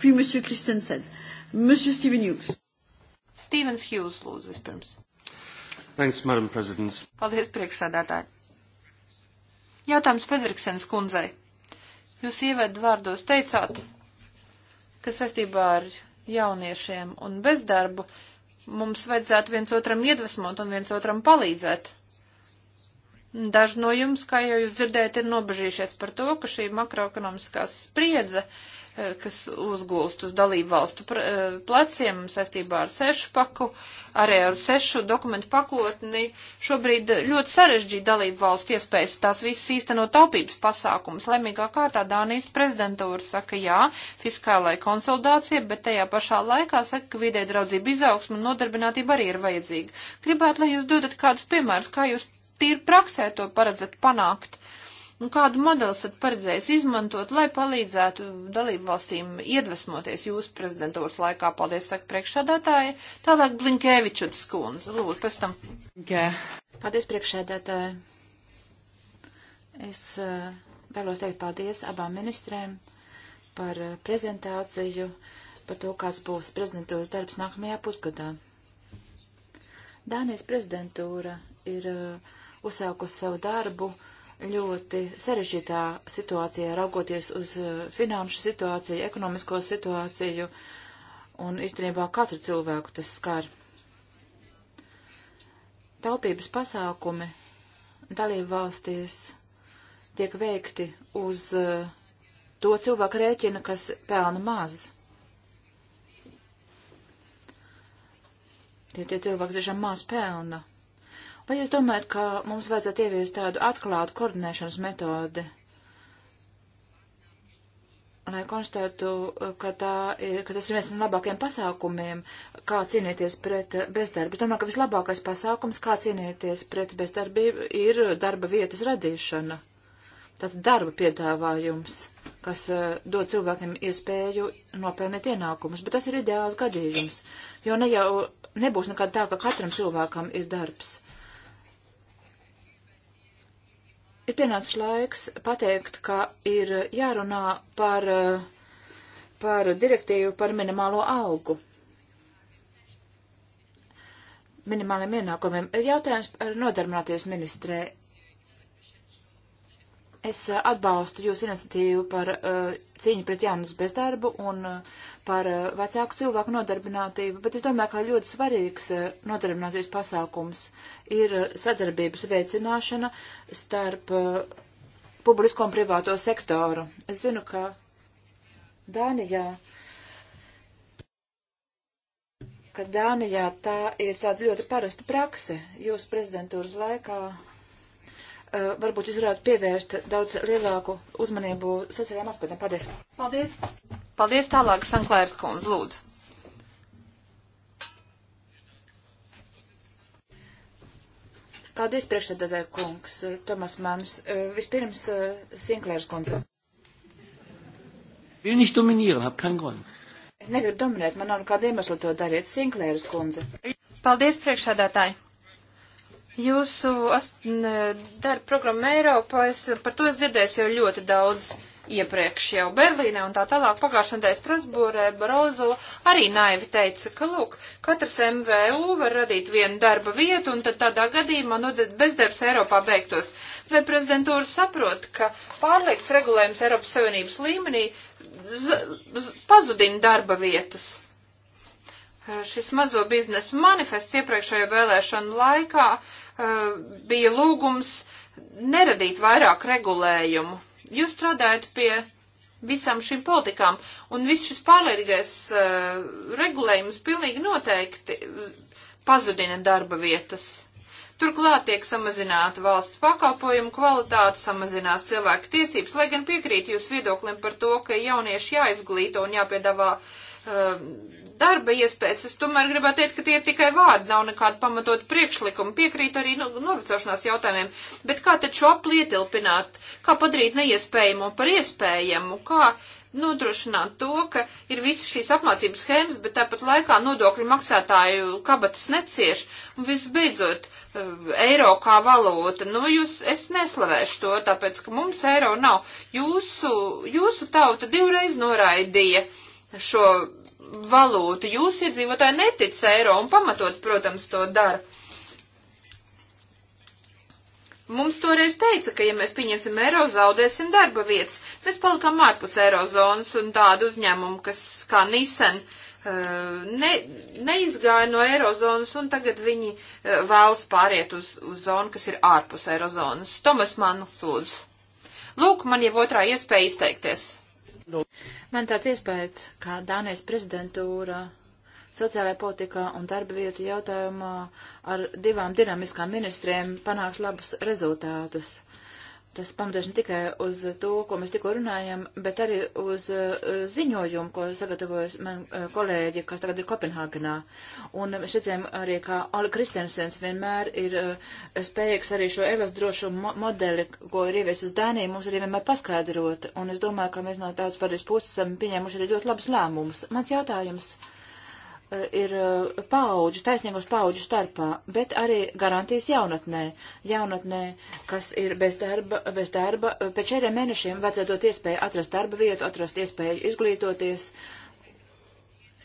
puis monsieur Christensen, monsieur Steven Hughes. Stevens Hughes, lūdzu, vispirms. Thanks, madam president. Paldies, priekšsādātāji. Jautājums Fedriksenes kundzei. Jūs ievedu vārdos teicāt, ka saistībā ar jauniešiem un bezdarbu Mums vajadzētu viens otram iedvesmot un viens otram palīdzēt. Daži no jums, kā jau jūs dzirdējat, ir nobežījušies par to, ka šī makroekonomiskā spriedze uh, Eh, kas uzgulst uz dalību valstu eh, pleciem saistībā ar sešu paku, arī ar sešu dokumentu pakotni. Šobrīd ļoti sarežģīta dalību valstu iespējas tās visas īsteno taupības pasākums. Lemīgā kārtā Dānijas prezidentūra saka jā fiskālai konsolidācija, bet tajā pašā laikā saka, ka vidē draudzība izaugsma un nodarbinātība arī ir vajadzīga. Gribētu, lai jūs dodat kādus piemērus, kā jūs tīri praksē to paredzat panākt Un nu, kādu modeli esat paredzējis izmantot, lai palīdzētu dalību valstīm iedvesmoties jūsu prezidentūras laikā? Paldies, saka priekšsādātāja. Tālāk Blinkēvičuts kundze. Lūdzu, pēc tam. Jā. Paldies, priekšsēdētāji. Es eh, vēlos teikt paldies abām ministrēm par eh, prezentāciju, par to, kāds būs prezidentūras darbs nākamajā pusgadā. Dānijas prezidentūra ir eh, uzsākusi savu darbu ļoti sarežģītā situācijā, raugoties uz eh, finanšu situāciju, ekonomisko situāciju, un īstenībā katru cilvēku tas skar. Taupības pasākumi dalību valstīs tiek veikti uz eh, to cilvēku rēķina, kas pelna maz. Tie tie cilvēki tiešām maz pelna. Vai jūs domājat, ka mums vajadzētu ieviest tādu atklātu koordinēšanas metodi, lai konstatētu, ka, tā, ka tas ir viens no labākajiem pasākumiem, kā cīnīties pret bezdarbu? Es domāju, ka vislabākais pasākums, kā cīnīties pret bezdarbību, ir darba vietas radīšana. Tātad darba piedāvājums, kas eh, dod cilvēkiem iespēju nopelnīt ienākumus, bet tas ir ideāls gadījums, jo ne jau nebūs nekāda tā, ka katram cilvēkam ir darbs. ir pienācis laiks pateikt, ka ir jārunā par, par direktīvu par minimālo algu. Minimāliem ienākumiem. Jautājums par nodarbināties ministrē. Es eh, atbalstu jūsu iniciatīvu par uh, cīņu pret jaunas bezdarbu un uh, par uh, vecāku cilvēku nodarbinātību, bet es domāju, ka ļoti svarīgs uh, nodarbinātības pasākums ir uh, sadarbības veicināšana starp uh, publisko un privāto sektoru. Es zinu, ka Dānijā, ka Dānijā tā ir tāda ļoti parasta prakse jūsu prezidentūras laikā Uh, varbūt jūs varētu pievērst daudz lielāku uzmanību sociālajām aspektiem. Paldies. Paldies. Paldies tālāk, Sanklērs Kunz, lūdzu. Paldies, priekšsēdētāja kungs, uh, Tomas Mans. Uh, vispirms, Sinklērs kundze. Will nicht dominieren, hab keinen Grund. Es negribu dominēt, man nav nekāda iemesla to darīt. Sinklērs kundze. Paldies, priekšsēdētāji. Jūsu darba programma Eiropā, es par to es dzirdēju jau ļoti daudz iepriekš jau Berlīnē un tā tālāk pagājušā nedēļa Strasbūrē Barozo arī naivi teica, ka, lūk, katrs MVU var radīt vienu darba vietu un tad tādā gadījumā, nu, bezdarbs Eiropā beigtos. Vai prezidentūra saprot, ka pārlieks regulējums Eiropas Savienības līmenī pazudina darba vietas? Šis mazo biznesu manifests iepriekšējo vēlēšanu laikā uh, Eh, bija lūgums neradīt vairāk regulējumu. Jūs strādājat pie visām šīm politikām, un viss šis pārliedzīgais uh, eh, regulējums pilnīgi noteikti pazudina darba vietas. Turklāt tiek samazināta valsts pakalpojumu kvalitāte, samazinās cilvēku tiesības, lai gan piekrīt jūs viedoklim par to, ka jaunieši jāizglīto un jāpiedāvā uh, darba iespējas. Es tomēr gribētu teikt, ka tie ir tikai vārdi, nav nekāda pamatot priekšlikuma. Piekrīt arī nu, novecošanās jautājumiem. Bet kā tad šo aplietilpināt? Kā padarīt neiespējamo par iespējamu? Kā nodrošināt to, ka ir visas šīs apmācības schēmas, bet tāpat laikā nodokļu maksātāju kabatas necieš. Un visbeidzot, eh, eiro kā valūta, nu jūs, es neslavēšu to, tāpēc, ka mums eiro nav. Jūsu, jūsu tauta divreiz noraidīja šo valūtu. Jūs iedzīvotāji netic eiro un pamatot, protams, to dara. Mums toreiz teica, ka ja mēs pieņemsim eiro, zaudēsim darba vietas. Mēs palikām ārpus eirozonas un tādu uzņēmumu, kas kā nisen eh, ne, neizgāja no eirozonas un tagad viņi eh, vēlas pāriet uz, uz zonu, kas ir ārpus eirozonas. Tomas Manns lūdzu. Lūk, man jau otrā iespēja izteikties. Man tāds iespējas, ka Dānijas prezidentūra sociālajā politikā un darba vietu jautājumā ar divām dinamiskām ministriem panāks labus rezultātus tas pamatais ne tikai uz to, ko mēs tikko runājam, bet arī uz uh, ziņojumu, ko sagatavojas man uh, kolēģi, kas tagad ir Kopenhāgenā. Un mēs redzējām arī, ka Oli Kristensens vienmēr ir uh, spējīgs arī šo Evas drošumu mo modeli, ko ir ievies uz Dāniju, mums arī vienmēr paskaidrot. Un es domāju, ka mēs no tādas pārējais puses esam pieņēmuši arī ļoti labus lēmumus. Mans jautājums. Uh, ir eh, paauģi, taisnīgos paauģu starpā, bet arī garantijas jaunatnē, jaunatnē, kas ir bez darba, bez darba. Pēc četriem mēnešiem vajadzētu dot iespēju atrast darba vietu, atrast iespēju izglītoties.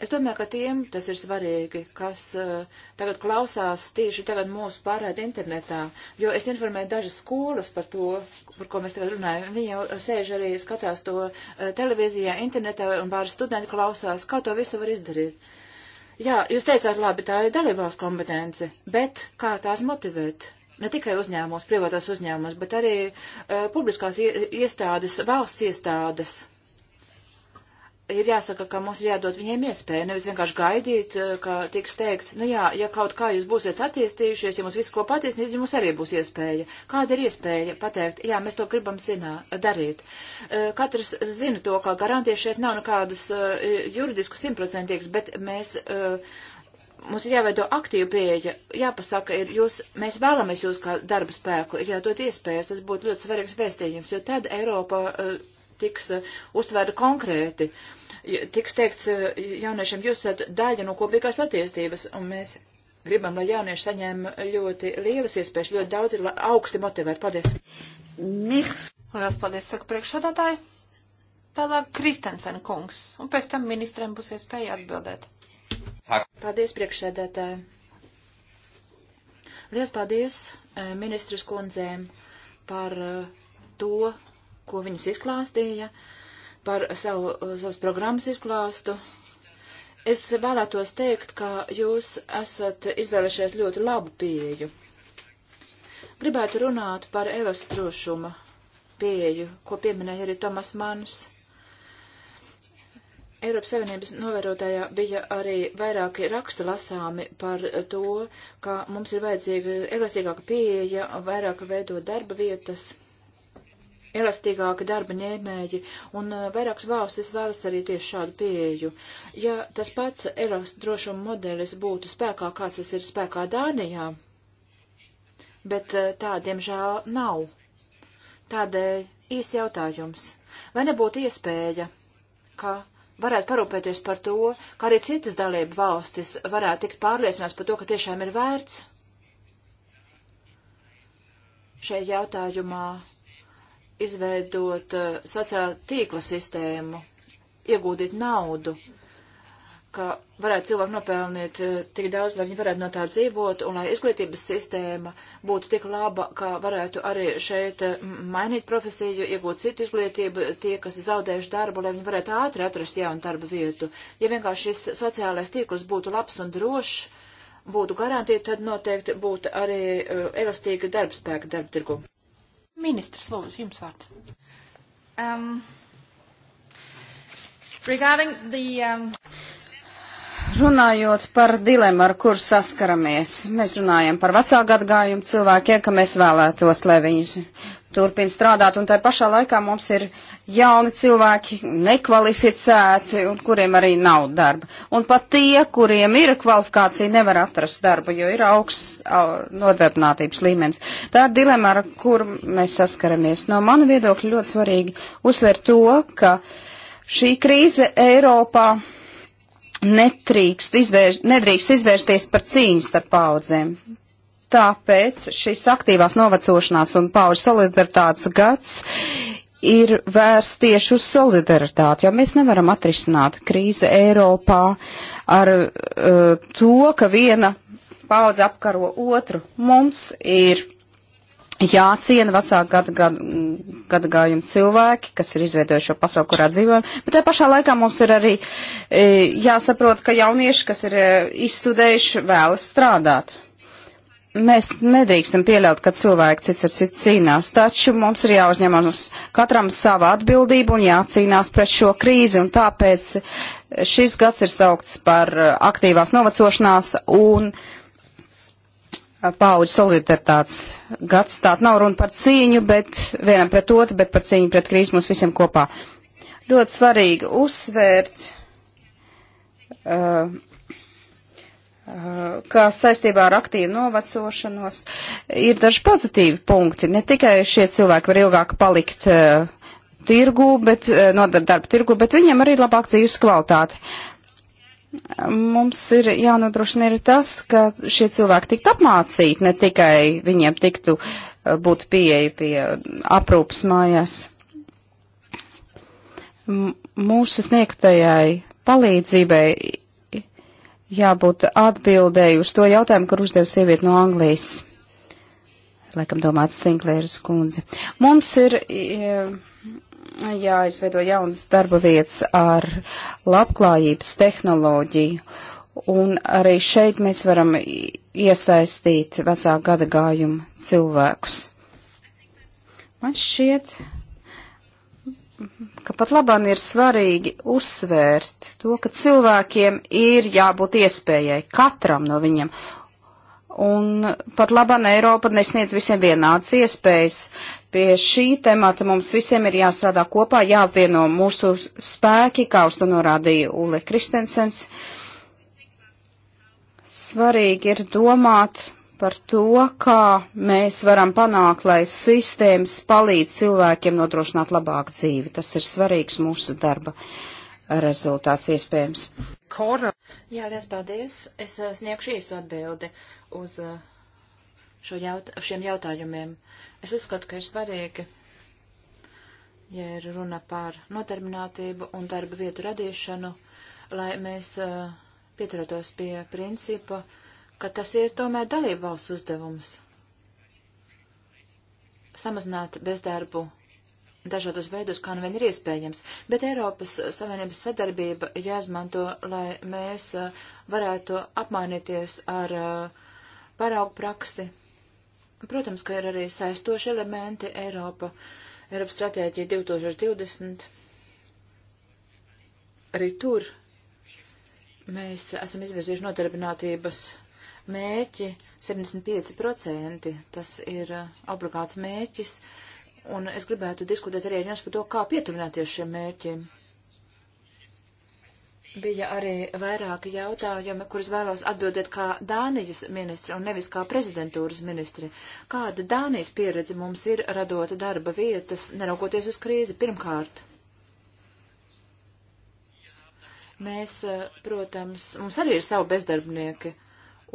Es domāju, ka tiem tas ir svarīgi, kas uh, tagad klausās tieši tagad mūsu pārēd internetā, jo es informēju dažas skolas par to, par ko mēs tagad runājam. Viņi jau sēž arī, skatās to uh, televīzijā, internetā, un pāris studenti klausās, kā to visu var izdarīt. Uh, Jā, jūs teicāt, labi, tā ir dalībās kompetence, bet kā tās motivēt? Ne tikai uzņēmumos, privātās uzņēmumos, bet arī uh, publiskās iestādes, valsts iestādes ir jāsaka, ka mums ir jādod viņiem iespēju, nevis vienkārši gaidīt, eh, ka tiks teikts, nu jā, ja kaut kā jūs būsiet attīstījušies, ja mums viss ko patiesnīt, tad mums arī būs iespēja. Kāda ir iespēja pateikt, jā, mēs to gribam zinā, darīt? Eh, katrs zina to, ka garantijas šeit nav nekādas eh, juridiskas simtprocentīgas, bet mēs. Mums ir jāveido aktīva pieeja, jāpasaka, ir jūs, mēs vēlamies jūs kā darba spēku, ir jādod iespējas, tas būtu ļoti svarīgs vēstījums, jo tad Eiropa uh, tiks eh, uztvērta konkrēti. Tiks teikts eh, jauniešiem, jūs esat daļa no kopīgās attīstības, un mēs gribam, lai jaunieši saņem ļoti lielas iespējas, ļoti daudz ir augsti motivēti. Paldies! Mirs! Lielas paldies, saka priekšsādātāji! Tālāk Kristensen kungs, un pēc tam ministriem būs iespēja atbildēt. Paldies, priekšsēdētāji. Lielas paldies eh, ministras kundzēm par to, ko viņas izklāstīja, par savu, savas programmas izklāstu. Es vēlētos teikt, ka jūs esat izvēlējušies ļoti labu pieeju. Gribētu runāt par Evas drošuma pieeju, ko pieminēja arī Tomas Mans. Eiropas Savienības novērotājā bija arī vairāki raksti lasāmi par to, ka mums ir vajadzīga elastīgāka pieeja, vairāk veidot darba vietas elastīgāki darba ņēmēji, un uh, vairākas valstis vēlas arī tieši šādu pieeju. Ja tas pats elast drošuma modelis būtu spēkā, kāds tas ir spēkā Dānijā, bet uh, tā, diemžēl, nav. Tādēļ īsi jautājums. Vai nebūtu iespēja, ka varētu parūpēties par to, kā arī citas dalību valstis varētu tikt pārliecināts par to, ka tiešām ir vērts šajā jautājumā izveidot uh, eh, sociālā tīkla sistēmu, iegūdīt naudu, ka varētu cilvēki nopelnīt uh, tik daudz, lai viņi varētu no tā dzīvot, un lai izglītības sistēma būtu tik laba, ka varētu arī šeit uh, mainīt profesiju, iegūt citu izglītību, tie, kas zaudējuši darbu, lai viņi varētu ātri atrast jaunu darbu vietu. Ja vienkārši šis sociālais tīkls būtu labs un drošs, būtu garantīti, tad noteikti būtu arī elastīga darbspēka darba tirgu. Ministrs, lūdzu, jums vārds. Um, regarding the... Um... Runājot par dilemu, ar kur saskaramies, mēs runājam par vecāku atgājumu cilvēkiem, ka mēs vēlētos, lai viņas turpina strādāt, un tā pašā laikā mums ir jauni cilvēki, nekvalificēti, un kuriem arī nav darba. Un pat tie, kuriem ir kvalifikācija, nevar atrast darbu, jo ir augsts nodarbinātības līmenis. Tā ir dilemma, ar kur mēs saskaramies. No mana viedokļa ļoti svarīgi uzsvērt to, ka šī krīze Eiropā netrīkst izvērst, nedrīkst izvērsties par cīņu starp paudzēm. Tāpēc šis aktīvās novecošanās un paužu solidaritātes gads ir vērsts tieši uz solidaritāti, jo mēs nevaram atrisināt krīzi Eiropā ar uh, to, ka viena paudze apkaro otru. Mums ir jāciena vecāku gadu, gadu, gadagājumu cilvēki, kas ir izveidojuši šo pasauli, kurā dzīvojam, bet tajā pašā laikā mums ir arī e, jāsaprot, ka jaunieši, kas ir e, izstudējuši, vēlas strādāt. Mēs nedrīkstam pieļaut, ka cilvēki cits ar citu cīnās, taču mums ir jāuzņemas katram sava atbildība un jācīnās pret šo krīzi, un tāpēc šis gads ir saukts par uh, aktīvās novecošanās un uh, pauģu solidaritātes gads. Tā nav runa par cīņu, bet vienam pret otru, bet par cīņu pret krīzi mums visiem kopā. Ļoti svarīgi uzsvērt. Uh, Eh, kā saistībā ar aktīvu novecošanos, ir daži pozitīvi punkti. Ne tikai šie cilvēki var ilgāk palikt uh, tirgu, bet, uh, no darba tirgu, bet viņiem arī ir labāk dzīves kvalitāte. Mums ir jānodrošina arī tas, ka šie cilvēki tiktu apmācīti, ne tikai viņiem tiktu uh, būt pieeja pie aprūpas mājās. M mūsu sniegtajai palīdzībai jābūt atbildēju uz to jautājumu, kur uzdev sievieti no Anglijas. Laikam domāts Sinklēras kundze. Mums ir e, jāizveido jaunas darba vietas ar labklājības tehnoloģiju. Un arī šeit mēs varam iesaistīt vecā gada gājumu cilvēkus. Man šķiet, ka pat labāk ir svarīgi uzsvērt to, ka cilvēkiem ir jābūt iespējai katram no viņiem. Un pat labāk Eiropa nesniedz visiem vienādas iespējas. Pie šī temata mums visiem ir jāstrādā kopā, jāapvieno mūsu spēki, kā uz to norādīja Ule Kristensens. Svarīgi ir domāt par to, kā mēs varam panākt, lai sistēmas palīdz cilvēkiem nodrošināt labāku dzīvi. Tas ir svarīgs mūsu darba rezultāts iespējams. Kora. Jā, liels paldies. Es uh, sniegšu īsu atbildi uz uh, jaut šiem jautājumiem. Es uzskatu, ka ir svarīgi, ja ir runa par nodarbinātību un darba vietu radīšanu, lai mēs uh, pieturētos pie principa, uh, ka tas ir tomēr dalību valsts uzdevums samazināt bezdarbu dažādos veidos, kā nu vien ir iespējams, bet Eiropas Savienības sadarbība jāizmanto, lai mēs uh, varētu apmainīties ar uh, paraugu praksi. Protams, ka ir arī saistoši elementi Eiropa, Eiropas stratēģija 2020. Arī tur mēs esam izvirzījuši nodarbinātības mērķi 75%, tas ir uh, obligāts mērķis, un es gribētu diskutēt arī ar jums par to, kā pieturināties šiem mērķiem. Bija arī vairāki jautājumi, kurus vēlos atbildēt kā Dānijas ministra un nevis kā prezidentūras ministri. Kāda Dānijas pieredze mums ir radot darba vietas, neraugoties uz krīzi pirmkārt? Mēs, uh, protams, mums arī ir savi bezdarbnieki,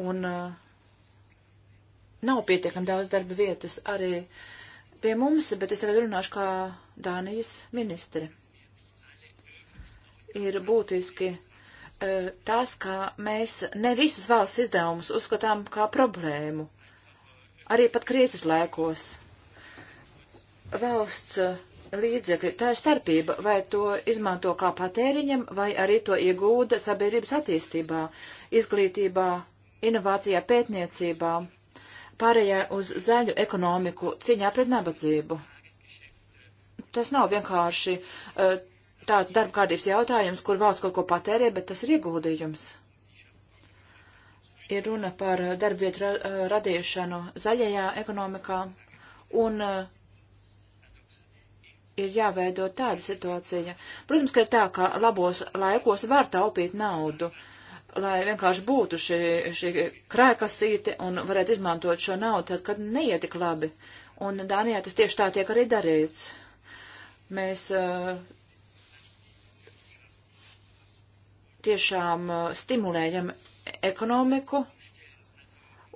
un uh, nav pietiekami daudz darba vietas arī pie mums, bet es tagad runāšu kā Dānijas ministri. Ir būtiski uh, tās, ka mēs ne visus valsts izdevumus uzskatām kā problēmu, arī pat krīzes laikos. Valsts uh, līdzekļi, tā ir starpība, vai to izmanto kā patēriņam, vai arī to iegūda sabiedrības attīstībā, izglītībā, inovācijā pētniecībā, pārējai uz zaļu ekonomiku, cīņā pret nabadzību. Tas nav vienkārši uh, tāds darba kārtības jautājums, kur valsts kaut ko patērē, bet tas ir ieguldījums. Ir runa par darba vietu ra eh, radīšanu zaļajā ekonomikā un uh, ir jāveido tāda situācija. Protams, ka ir tā, ka labos laikos var taupīt naudu, uh, lai vienkārši būtu šī, šī krēkasīte un varētu izmantot šo naudu, tad, kad neiet tik labi. Un Dānijā tas tieši tā tiek arī darīts. Mēs uh, tiešām uh, stimulējam ekonomiku,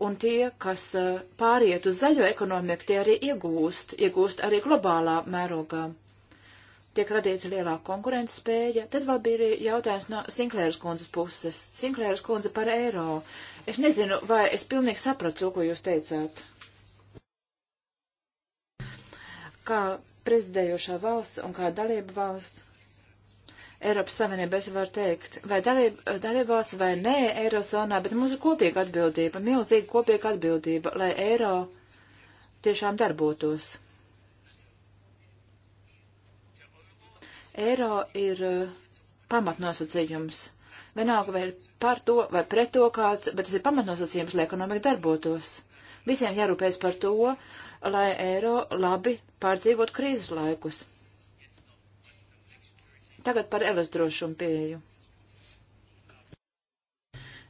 un tie, kas uh, pāriet uz zaļo ekonomiku, tie arī iegūst, iegūst arī globālā mērogā tiek radīta lielāka konkurences spēja. Tad vēl bija jautājums no Sinklēras kundzes puses. Sinklēras kundze par eiro. Es nezinu, vai es pilnīgi sapratu to, ko jūs teicāt. Kā prezidējošā valsts un kā dalība valsts. Eiropas Savienība es varu teikt, vai dalība, dalība valsts vai nē Eirozonā, bet mums ir kopīga atbildība, milzīga kopīga atbildība, lai Eiro tiešām darbotos Eiro ir eh, pamatnosacījums. Vienalga vai ir par to vai pret to kāds, bet tas ir pamatnosacījums, lai ekonomika darbotos. Visiem jārūpēs par to, lai eiro labi pārdzīvot krīzes laikus. Tagad par elas drošumu pieeju.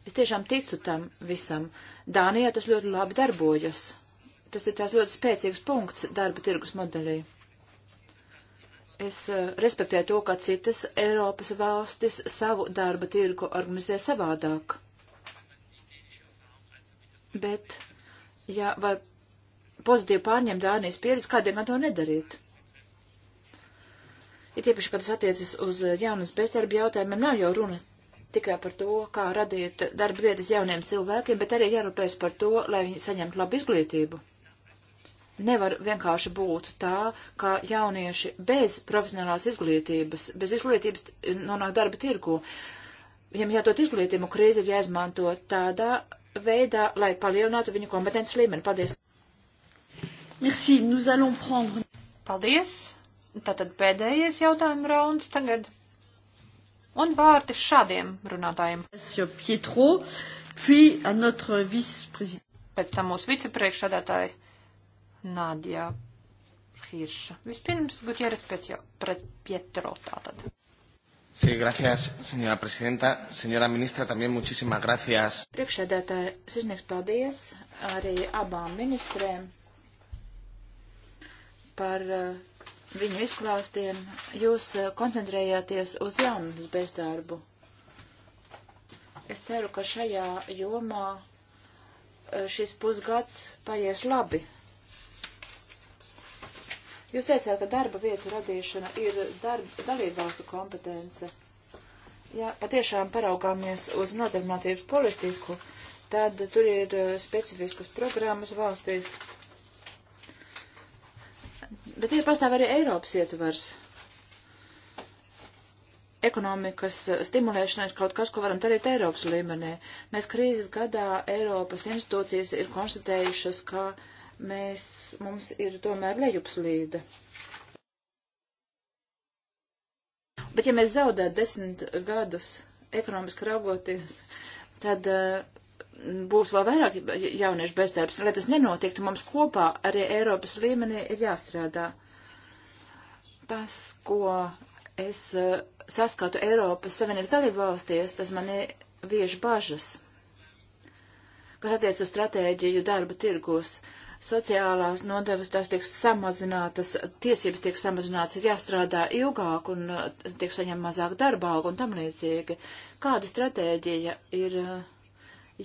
Es tiešām ticu tam visam. Dānijā tas ļoti labi darbojas. Tas ir tās ļoti spēcīgs punkts darba tirgus modelī. Es uh, respektēju to, ka citas Eiropas valstis savu darba tirgu organizē savādāk. Bet, ja var pozitīvi pārņemt Dānijas pieredzi, kādēļ gan to nedarīt? Ir tiepaši, kad tas attiecas uz eh, jaunas bezdarba jautājumiem, nav jau runa tikai par to, kā radīt darba vietas jauniem cilvēkiem, bet arī jārūpēs par to, lai viņi saņemtu labu izglītību nevar vienkārši būt tā, ka jaunieši bez profesionālās izglītības, bez izglītības nonāk darba tirgu. Viņam jātot izglītību krīzi ir jāizmanto tādā veidā, lai palielinātu viņu kompetences līmeni. Paldies! Merci, nous allons prendre. Paldies! Tātad pēdējais jautājuma rauns tagad. Un vārti šādiem runātājiem. Pietro, puis à notre vice-prezident. Pēc tam mūsu vicepriekšādātāji. Nādja Hirša. Vispirms Gutieres pret Pietro tātad. Sí, gracias, señora presidenta. Señora ministra, también muchísimas gracias. Priekšsēdētāji, sirsnieks paldies arī abām ministrēm par uh, viņu izklāstiem. Jūs uh, koncentrējāties uz jaunas bezdarbu. Es ceru, ka šajā jomā uh, šis pusgads paies labi Jūs teicāt, ka darba vietu radīšana ir darba, dalībvalstu kompetence. Ja patiešām paraugāmies uz nodarbinātības politiku, tad tur ir eh, specifiskas programmas valstīs. Bet ir pastāv arī Eiropas ietvars ekonomikas eh, stimulēšana ir kaut kas, ko varam darīt Eiropas līmenī. Mēs krīzes gadā Eiropas institūcijas ir konstatējušas, ka mēs, mums ir tomēr lejupslīde. Bet ja mēs zaudētu desmit gadus ekonomiski raugoties, tad uh, būs vēl vairāk jauniešu bezdarbs. Lai tas nenotiktu, mums kopā arī Eiropas līmenī ir jāstrādā. Tas, ko es uh, saskatu Eiropas Savienības dalību valstīs, tas man vieši bažas, kas attiec uz stratēģiju darba tirgus. Uh, sociālās nodevas tās tiek samazinātas, tiesības tiek samazinātas, ir jāstrādā ilgāk un uh, tiek saņem mazāk darba algu un tam līdzīgi. Kāda stratēģija ir uh,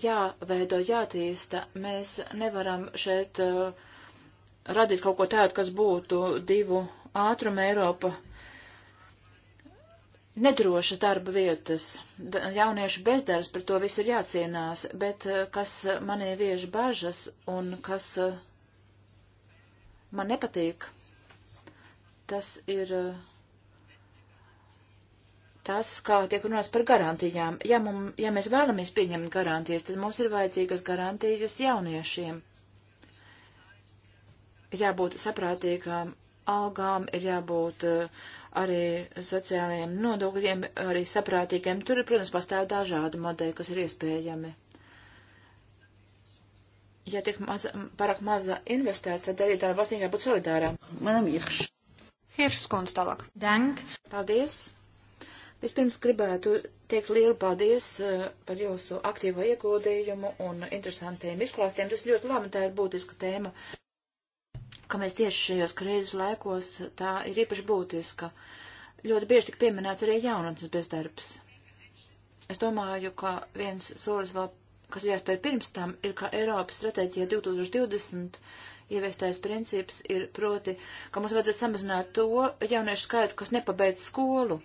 jāveido, jātīsta? Mēs nevaram šeit uh, radīt kaut ko tādu, kas būtu divu ātrumu Eiropa. Nedrošas darba vietas, jauniešu bezdarbs, par to viss ir jācīnās, bet kas manī viež bažas un kas uh, man nepatīk, tas ir eh, tas, kā tiek runāts par garantijām. Ja, mum, ja mēs vēlamies pieņemt garantijas, tad mums ir vajadzīgas garantijas jauniešiem. Ir jābūt saprātīgām algām, ir jābūt eh, arī sociālajiem nodokļiem, arī saprātīgiem. Tur, protams, pastāv dažādi modeļi, kas ir iespējami ja tik maz, parāk maz investēts, tad arī tā valstī jābūt solidārām. Manam irš. Hiršs kundze tālāk. Dank. Paldies. Vispirms gribētu teikt lielu paldies eh, par jūsu aktīvo ieguldījumu un interesantiem izklāstiem. Tas ļoti labi, tā ir būtiska tēma, ka mēs tieši šajos krīzes laikos tā ir īpaši būtiska. Ļoti bieži tik pieminēts arī jaunatnes bezdarbs. Es domāju, ka viens solis vēl kas jāspēj pirms tam, ir, ka Eiropas stratēģija 2020 ieviestais princips ir proti, ka mums vajadzētu samazināt to jauniešu skaitu, kas nepabeidz skolu.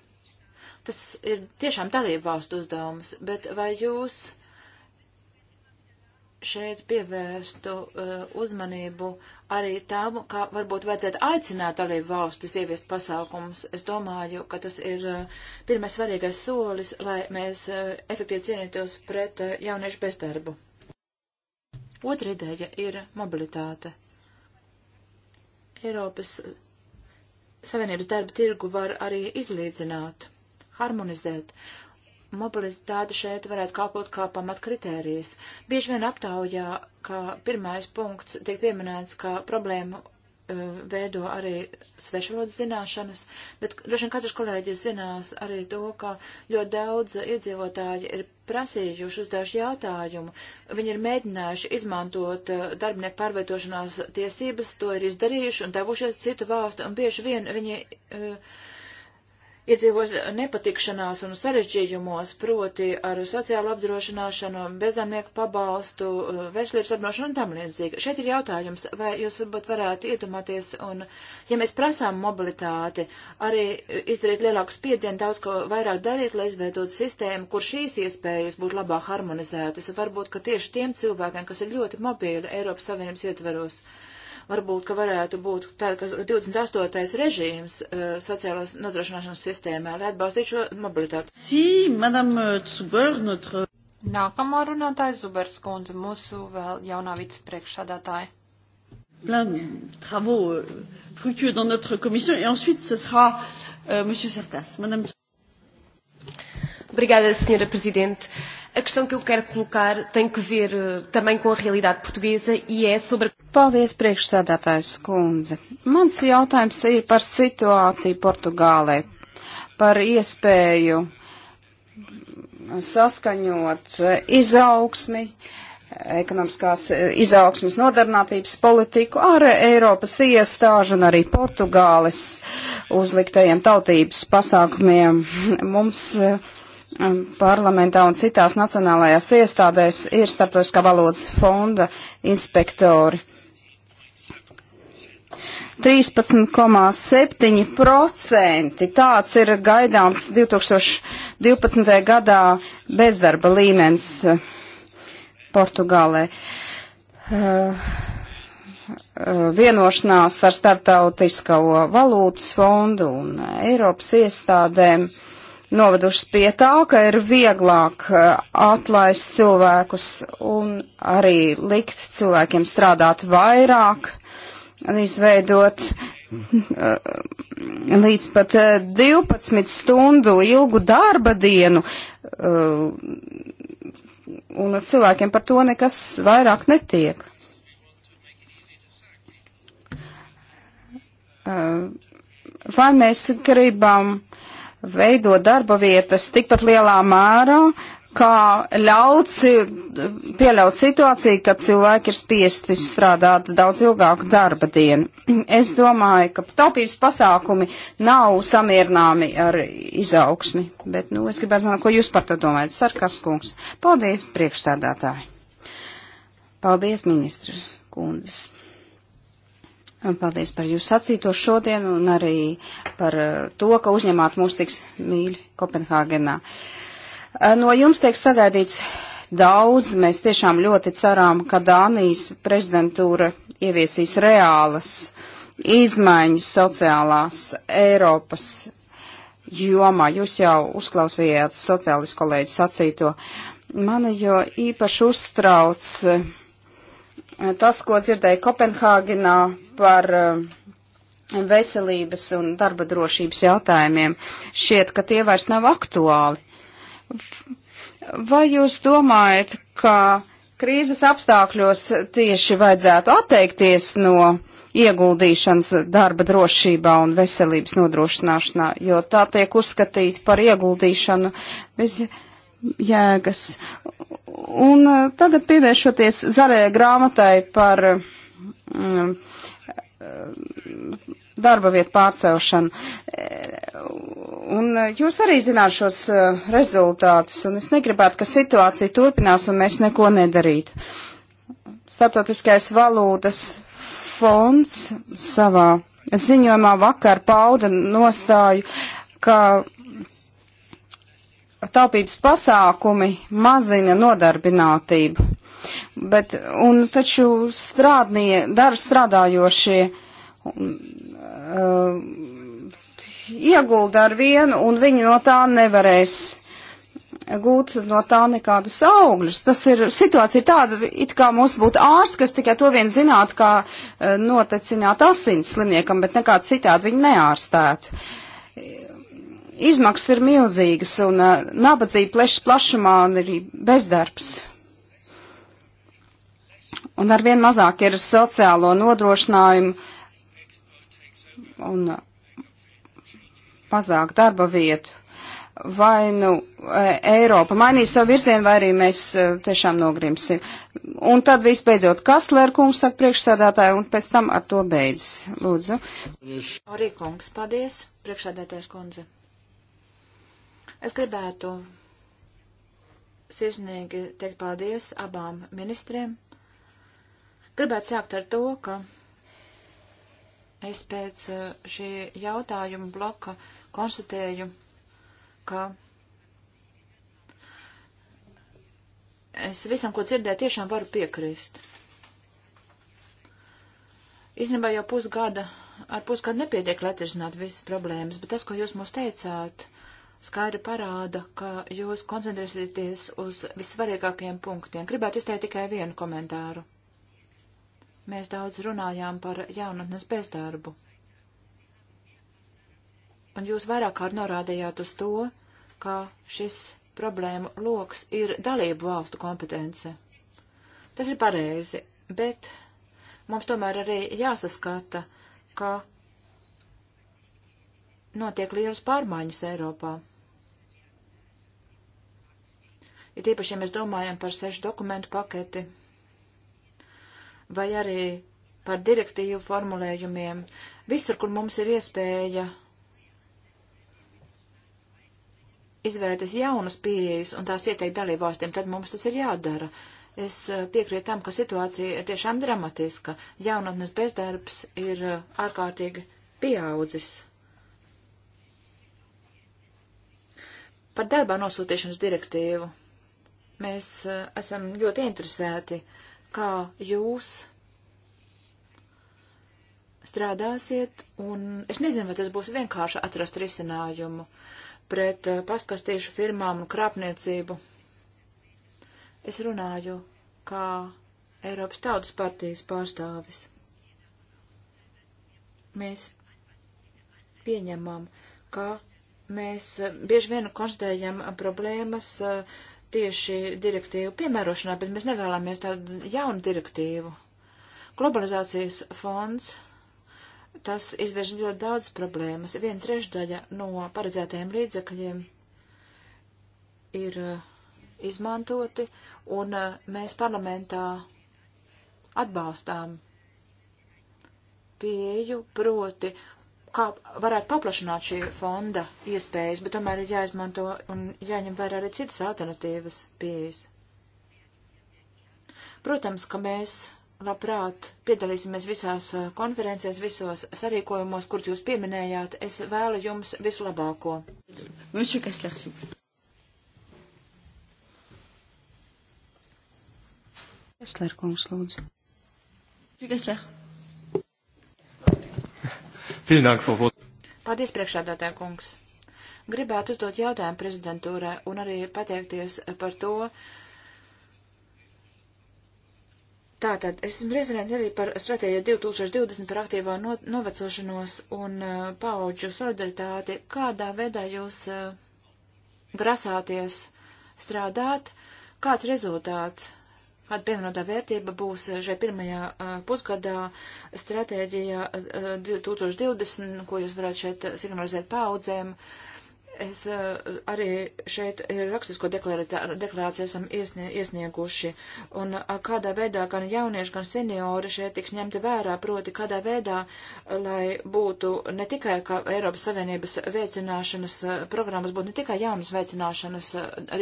Tas ir tiešām dalību valstu uzdevums, bet vai jūs šeit pievērstu uh, uzmanību arī tam, ka varbūt vajadzētu aicināt dalību valstis ieviest pasākumus. Es domāju, ka tas ir eh, pirmais svarīgais solis, lai mēs eh, efektīvi cīnītos pret eh, jauniešu bezdarbu. Otra ideja ir mobilitāte. Eiropas Savienības darba tirgu var arī izlīdzināt, harmonizēt. Uh, mobilitāte šeit varētu kalpot kā pamatkritērijas. Bieži vien aptaujā, ka pirmais punkts tiek pieminēts, ka problēmu uh, veido arī svešvalodas zināšanas, bet droši vien katrs kolēģis zinās arī to, ka ļoti daudz iedzīvotāji ir prasījuši, uzdevuši jautājumu. Viņi ir mēģinājuši izmantot e, darbinieku pārvietošanās tiesības, to ir izdarījuši un devušies citu valstu, un bieži vien viņi uh, iedzīvos nepatikšanās un sarežģījumos, proti ar sociālu apdrošināšanu, bezdamnieku pabalstu, eh, veselības apdrošināšanu un tam līdzīgi. Šeit ir jautājums, vai jūs varbūt varētu iedomāties, un ja mēs prasām mobilitāti, arī izdarīt lielāku spiedienu, daudz ko vairāk darīt, lai izveidot sistēmu, kur šīs iespējas būtu labāk harmonizētas. Varbūt, ka tieši tiem cilvēkiem, kas ir ļoti mobīli Eiropas Savienības ietveros, uh, varbūt, ka varētu būt tāda, ka 28. režīms uh, sociālās nodrošināšanas sistēmā, lai atbalstītu šo mobilitāti. Si, madame eh, Zuber, notre... Nākamā runātāja Zubers kundze, mūsu vēl jaunā vicepriekšādātāja. Plein de travaux euh, fructueux dans notre commission et ensuite ce sera euh, monsieur Cercas, madame Obrigada, senhora presidente. A questão que eu quero colocar tem que ver uh, também com a realidade portuguesa e é sobre a Paldies, priekšsēdētājs kundze. Mans jautājums ir par situāciju Portugālē, par iespēju saskaņot eh, izaugsmi, ekonomiskās eh, izaugsmas nodarbinātības politiku ar Eiropas iestāžu un arī Portugāles uzliktajiem tautības pasākumiem. Mums eh, parlamentā un citās nacionālajās iestādēs ir starptautiskā valodas fonda inspektori. 13,7%. Tāds ir gaidāms 2012. gadā bezdarba līmenis eh, Portugālē. Eh, eh, vienošanās ar Startautisko valūtas fondu un Eiropas iestādēm novedušas pie tā, ka ir vieglāk atlaist cilvēkus un arī likt cilvēkiem strādāt vairāk izveidot eh, līdz pat 12 eh, stundu ilgu darba dienu, eh, un cilvēkiem par to nekas vairāk netiek. Vai mēs gribam veidot darba vietas tikpat lielā mērā, uh, kā ļauts, pieļaut situāciju, ka cilvēki ir spiesti strādāt daudz ilgāku darba dienu. Es domāju, ka taupības pasākumi nav samierināmi ar izaugsmi, bet, nu, es gribētu zināt, ko jūs par to domājat, Sarkas kungs. Paldies, priekšsēdētāji. Paldies, ministra kundas. Un paldies par jūsu sacīto šodien un arī par eh, to, ka uzņemāt mūs tiks mīļi Kopenhāgenā. Uh, No jums tiek sagaidīts daudz. Mēs tiešām ļoti ceram, ka Dānijas prezidentūra ieviesīs reālas izmaiņas sociālās Eiropas jomā. Jūs jau uzklausījāt sociālis kolēģi sacīto. Mani jo īpaši uztrauc eh, tas, ko dzirdēju Kopenhāgenā par eh, veselības un darba drošības jautājumiem. Šiet, ka tie vairs nav aktuāli. Vai jūs domājat, ka krīzes apstākļos tieši vajadzētu atteikties no ieguldīšanas darba drošībā un veselības nodrošināšanā, jo tā tiek uzskatīta par ieguldīšanu bez jēgas. Un uh, tagad pievēršoties zaļajai grāmatai par mm, darba vietu pārcelšanu. E, un e, jūs arī zināt šos e, rezultātus, un es negribētu, ka situācija turpinās un mēs neko nedarītu. Startautiskais valūtas fonds savā ziņojumā vakar pauda nostāju, ka taupības pasākumi mazina nodarbinātību. Bet, un taču strādnie, darba strādājošie uh, iegulda ar vienu, un viņi no tā nevarēs gūt no tā nekādus augļus. Tas ir situācija ir tāda, it kā mums būtu ārsts, kas tikai to vien zinātu, kā uh, notecināt asins slimniekam, bet nekāds citādi viņu neārstētu. Izmaksas ir milzīgas, un uh, nabadzība plešas plašumā un ir bezdarbs un arvien mazāk ir sociālo nodrošinājumu un mazāk darba vietu. Vai nu e, Eiropa mainīs savu virzienu, vai arī mēs e, tiešām nogrimsim. Un tad visbeidzot Kaslēra kungs saka priekšsēdētāju, un pēc tam ar to beidzas. Lūdzu. Arī kungs, paldies, priekšsēdētājs kundze. Es gribētu sirsnīgi teikt paldies abām ministriem. Gribētu sākt ar to, ka Es pēc eh, šī jautājuma bloka konstatēju, ka es visam, ko dzirdēju, tiešām varu piekrist. Īstenībā jau pusgada, ar pusgadu nepietiek, lai atrisinātu visas problēmas, bet tas, ko jūs mums teicāt, skaidri parāda, ka jūs koncentrēsieties uz vissvarīgākajiem punktiem. Gribētu izteikt tikai vienu komentāru. Mēs daudz runājām par jaunatnes bezdarbu. Un jūs vairāk kārt norādījāt uz to, ka šis problēmu loks ir dalību valstu kompetence. Tas ir pareizi, bet mums tomēr arī jāsaskata, ka notiek lielas pārmaiņas Eiropā. Ir ja tīpaši, ja mēs domājam par sešu dokumentu paketi vai arī par direktīvu formulējumiem. Visur, kur mums ir iespēja izvērties jaunas pieejas un tās ieteikt dalībvalstīm, tad mums tas ir jādara. Es eh, piekrītu tam, ka situācija ir tiešām dramatiska. Jaunatnes bezdarbs ir eh, ārkārtīgi pieaudzis. Par darbā nosūtīšanas direktīvu. Mēs eh, esam ļoti interesēti uh, kā jūs strādāsiet, un es nezinu, vai tas būs vienkārši atrast risinājumu pret eh, paskastīšu firmām un krāpniecību. Es runāju kā Eiropas Tautas partijas pārstāvis. Mēs pieņemam, ka mēs eh, bieži vien konstatējam eh, problēmas uh, tieši direktīvu piemērošanā, bet mēs nevēlamies tādu jaunu direktīvu. Globalizācijas fonds, tas izvērš ļoti daudz problēmas. Viena trešdaļa no paredzētajiem līdzekļiem ir uh, izmantoti, un uh, mēs parlamentā atbalstām pieju proti kā varētu paplašināt šī fonda iespējas, bet tomēr ir jāizmanto un jāņem vērā arī citas alternatīvas pieejas. Protams, ka mēs labprāt piedalīsimies visās uh, konferencēs, visos sarīkojumos, kurus jūs pieminējāt. Es vēlu jums visu labāko. Kessler, kungs, lūdzu. Kessler. Paldies, priekšādātā kungs. Gribētu uzdot jautājumu prezidentūrai un arī pateikties par to. Tātad, es esmu referents arī par stratēģiju 2020 par aktīvā no, novecošanos un uh, paauģu solidaritāti. Kādā veidā jūs uh, grasāties strādāt? Kāds rezultāts Kāda pievienotā vērtība būs šajā pirmajā pusgadā stratēģija 2020, ko jūs varētu šeit signalizēt paudzēm? Es arī šeit rakstisko deklarāciju esam iesnie, iesnieguši, un kādā veidā gan jaunieši, gan seniori šeit tiks ņemti vērā, proti kādā veidā, lai būtu ne tikai, ka Eiropas Savienības veicināšanas programmas būtu ne tikai jaunas veicināšanas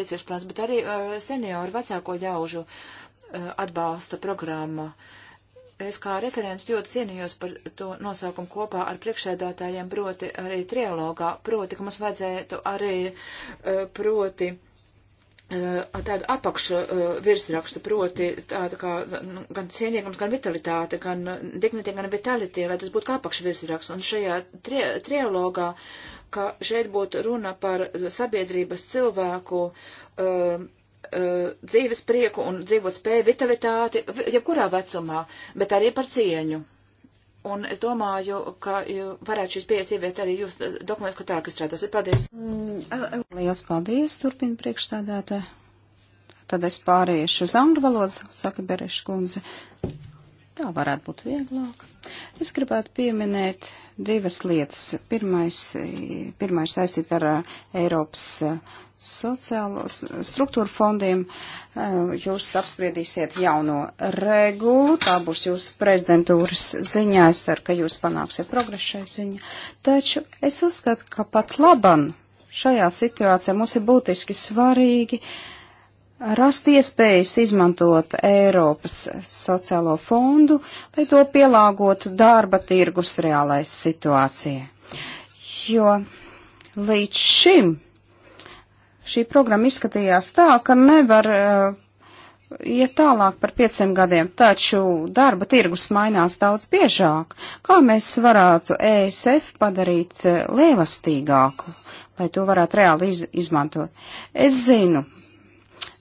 rīcības plāns, bet arī seniori vecāko ļaužu. Uh, Eh, atbalsta programma. Es kā referents ļoti cienījos par to nosaukumu kopā ar priekšsēdātājiem, proti arī trialogā, proti, ka mums vajadzētu arī eh, proti eh, tādu apakšu virsrakstu, proti tādu kā nu, gan cienīgums, gan vitalitāte, gan dignitī, gan vitalitāte, lai tas būtu kā apakšu virsraksts. Un šajā tri trialogā, ka šeit būtu runa par sabiedrības cilvēku uh, uh, dzīves prieku un dzīvot spēju vitalitāti, jebkurā vecumā, bet arī par cieņu. Un es domāju, ka varētu šīs pieejas ieviet arī jūs uh, dokumentus, ko tā, kas strādās. Paldies. Mm, liels paldies, turpina priekšstādātāja. Tad es pāriešu uz angļu valodu, saka Bereša kundze. Tā varētu būt vieglāk. Es gribētu pieminēt divas lietas. Pirmais, eh, pirmais saistīt ar eh, Eiropas eh, sociālo struktūru fondiem. E, jūs apspriedīsiet jauno regulu, tā būs jūsu prezidentūras ziņā, es ceru, ka jūs panāksiet progresu šai ziņā. Taču es uzskatu, ka pat laban šajā situācijā mums ir būtiski svarīgi rast iespējas izmantot Eiropas sociālo fondu, lai to pielāgotu darba tirgus reālais situācijai. Jo līdz šim šī programma izskatījās tā, ka nevar uh, iet tālāk par pieciem gadiem, taču darba tirgus mainās daudz biežāk. Kā mēs varētu ESF padarīt uh, lēlastīgāku, lai to varētu reāli iz izmantot? Es zinu,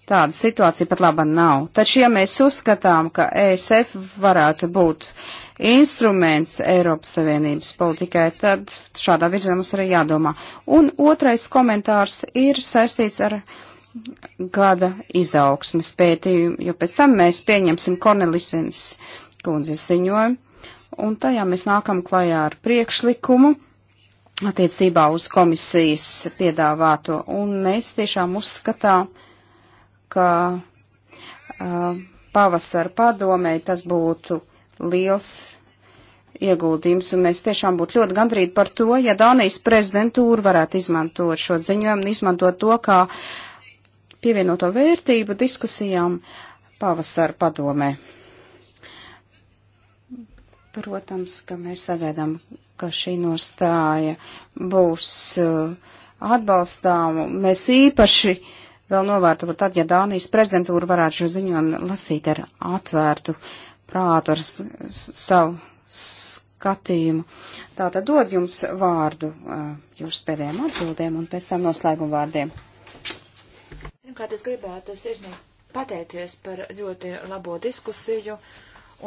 tāda situācija pat laba nav, taču ja mēs uzskatām, ka ESF varētu būt uh, instruments Eiropas Savienības politikai, tad šādā virzienā mums arī jādomā. Un otrais komentārs ir saistīts ar gada izaugsmes pētījumu, jo pēc tam mēs pieņemsim Kornelisens kundzes ziņojumu, un tajā mēs nākam klajā ar priekšlikumu attiecībā uz komisijas piedāvāto, un mēs tiešām uzskatām, ka uh, pavasara padomē tas būtu liels ieguldījums, un mēs tiešām būtu ļoti gandrīti par to, ja Dānijas prezidentūra varētu izmantot šo ziņojumu, izmantot to kā pievienoto vērtību diskusijām pavasara padomē. Protams, ka mēs sagaidām, ka šī nostāja būs uh, atbalstāma. Mēs īpaši vēl novērtu, tad, ja Dānijas prezidentūra varētu šo ziņojumu lasīt ar atvērtu uh, prātu, ar savu skatījumu. Tātad dod jums vārdu jūsu pēdējiem atbildēm un pēc tam noslēguma vārdiem. Pirmkārt, es gribētu sirsnīgi pateikties par ļoti labo diskusiju.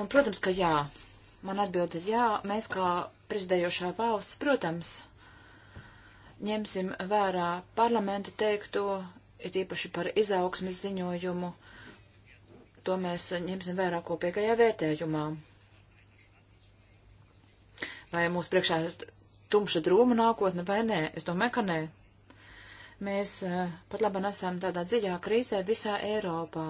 Un, protams, ka jā, man atbild ir jā. Mēs kā prezidējošā valsts, protams, ņemsim vērā parlamenta teikto, ir īpaši par izaugsmes ziņojumu. Uh, to mēs ņemsim vērā kopīgajā vērtējumā. Vai mūsu priekšā ir tumša drūma nākotne vai nē? Es domāju, ka nē. Mēs eh, pat labi esam tādā dziļā krīzē visā Eiropā,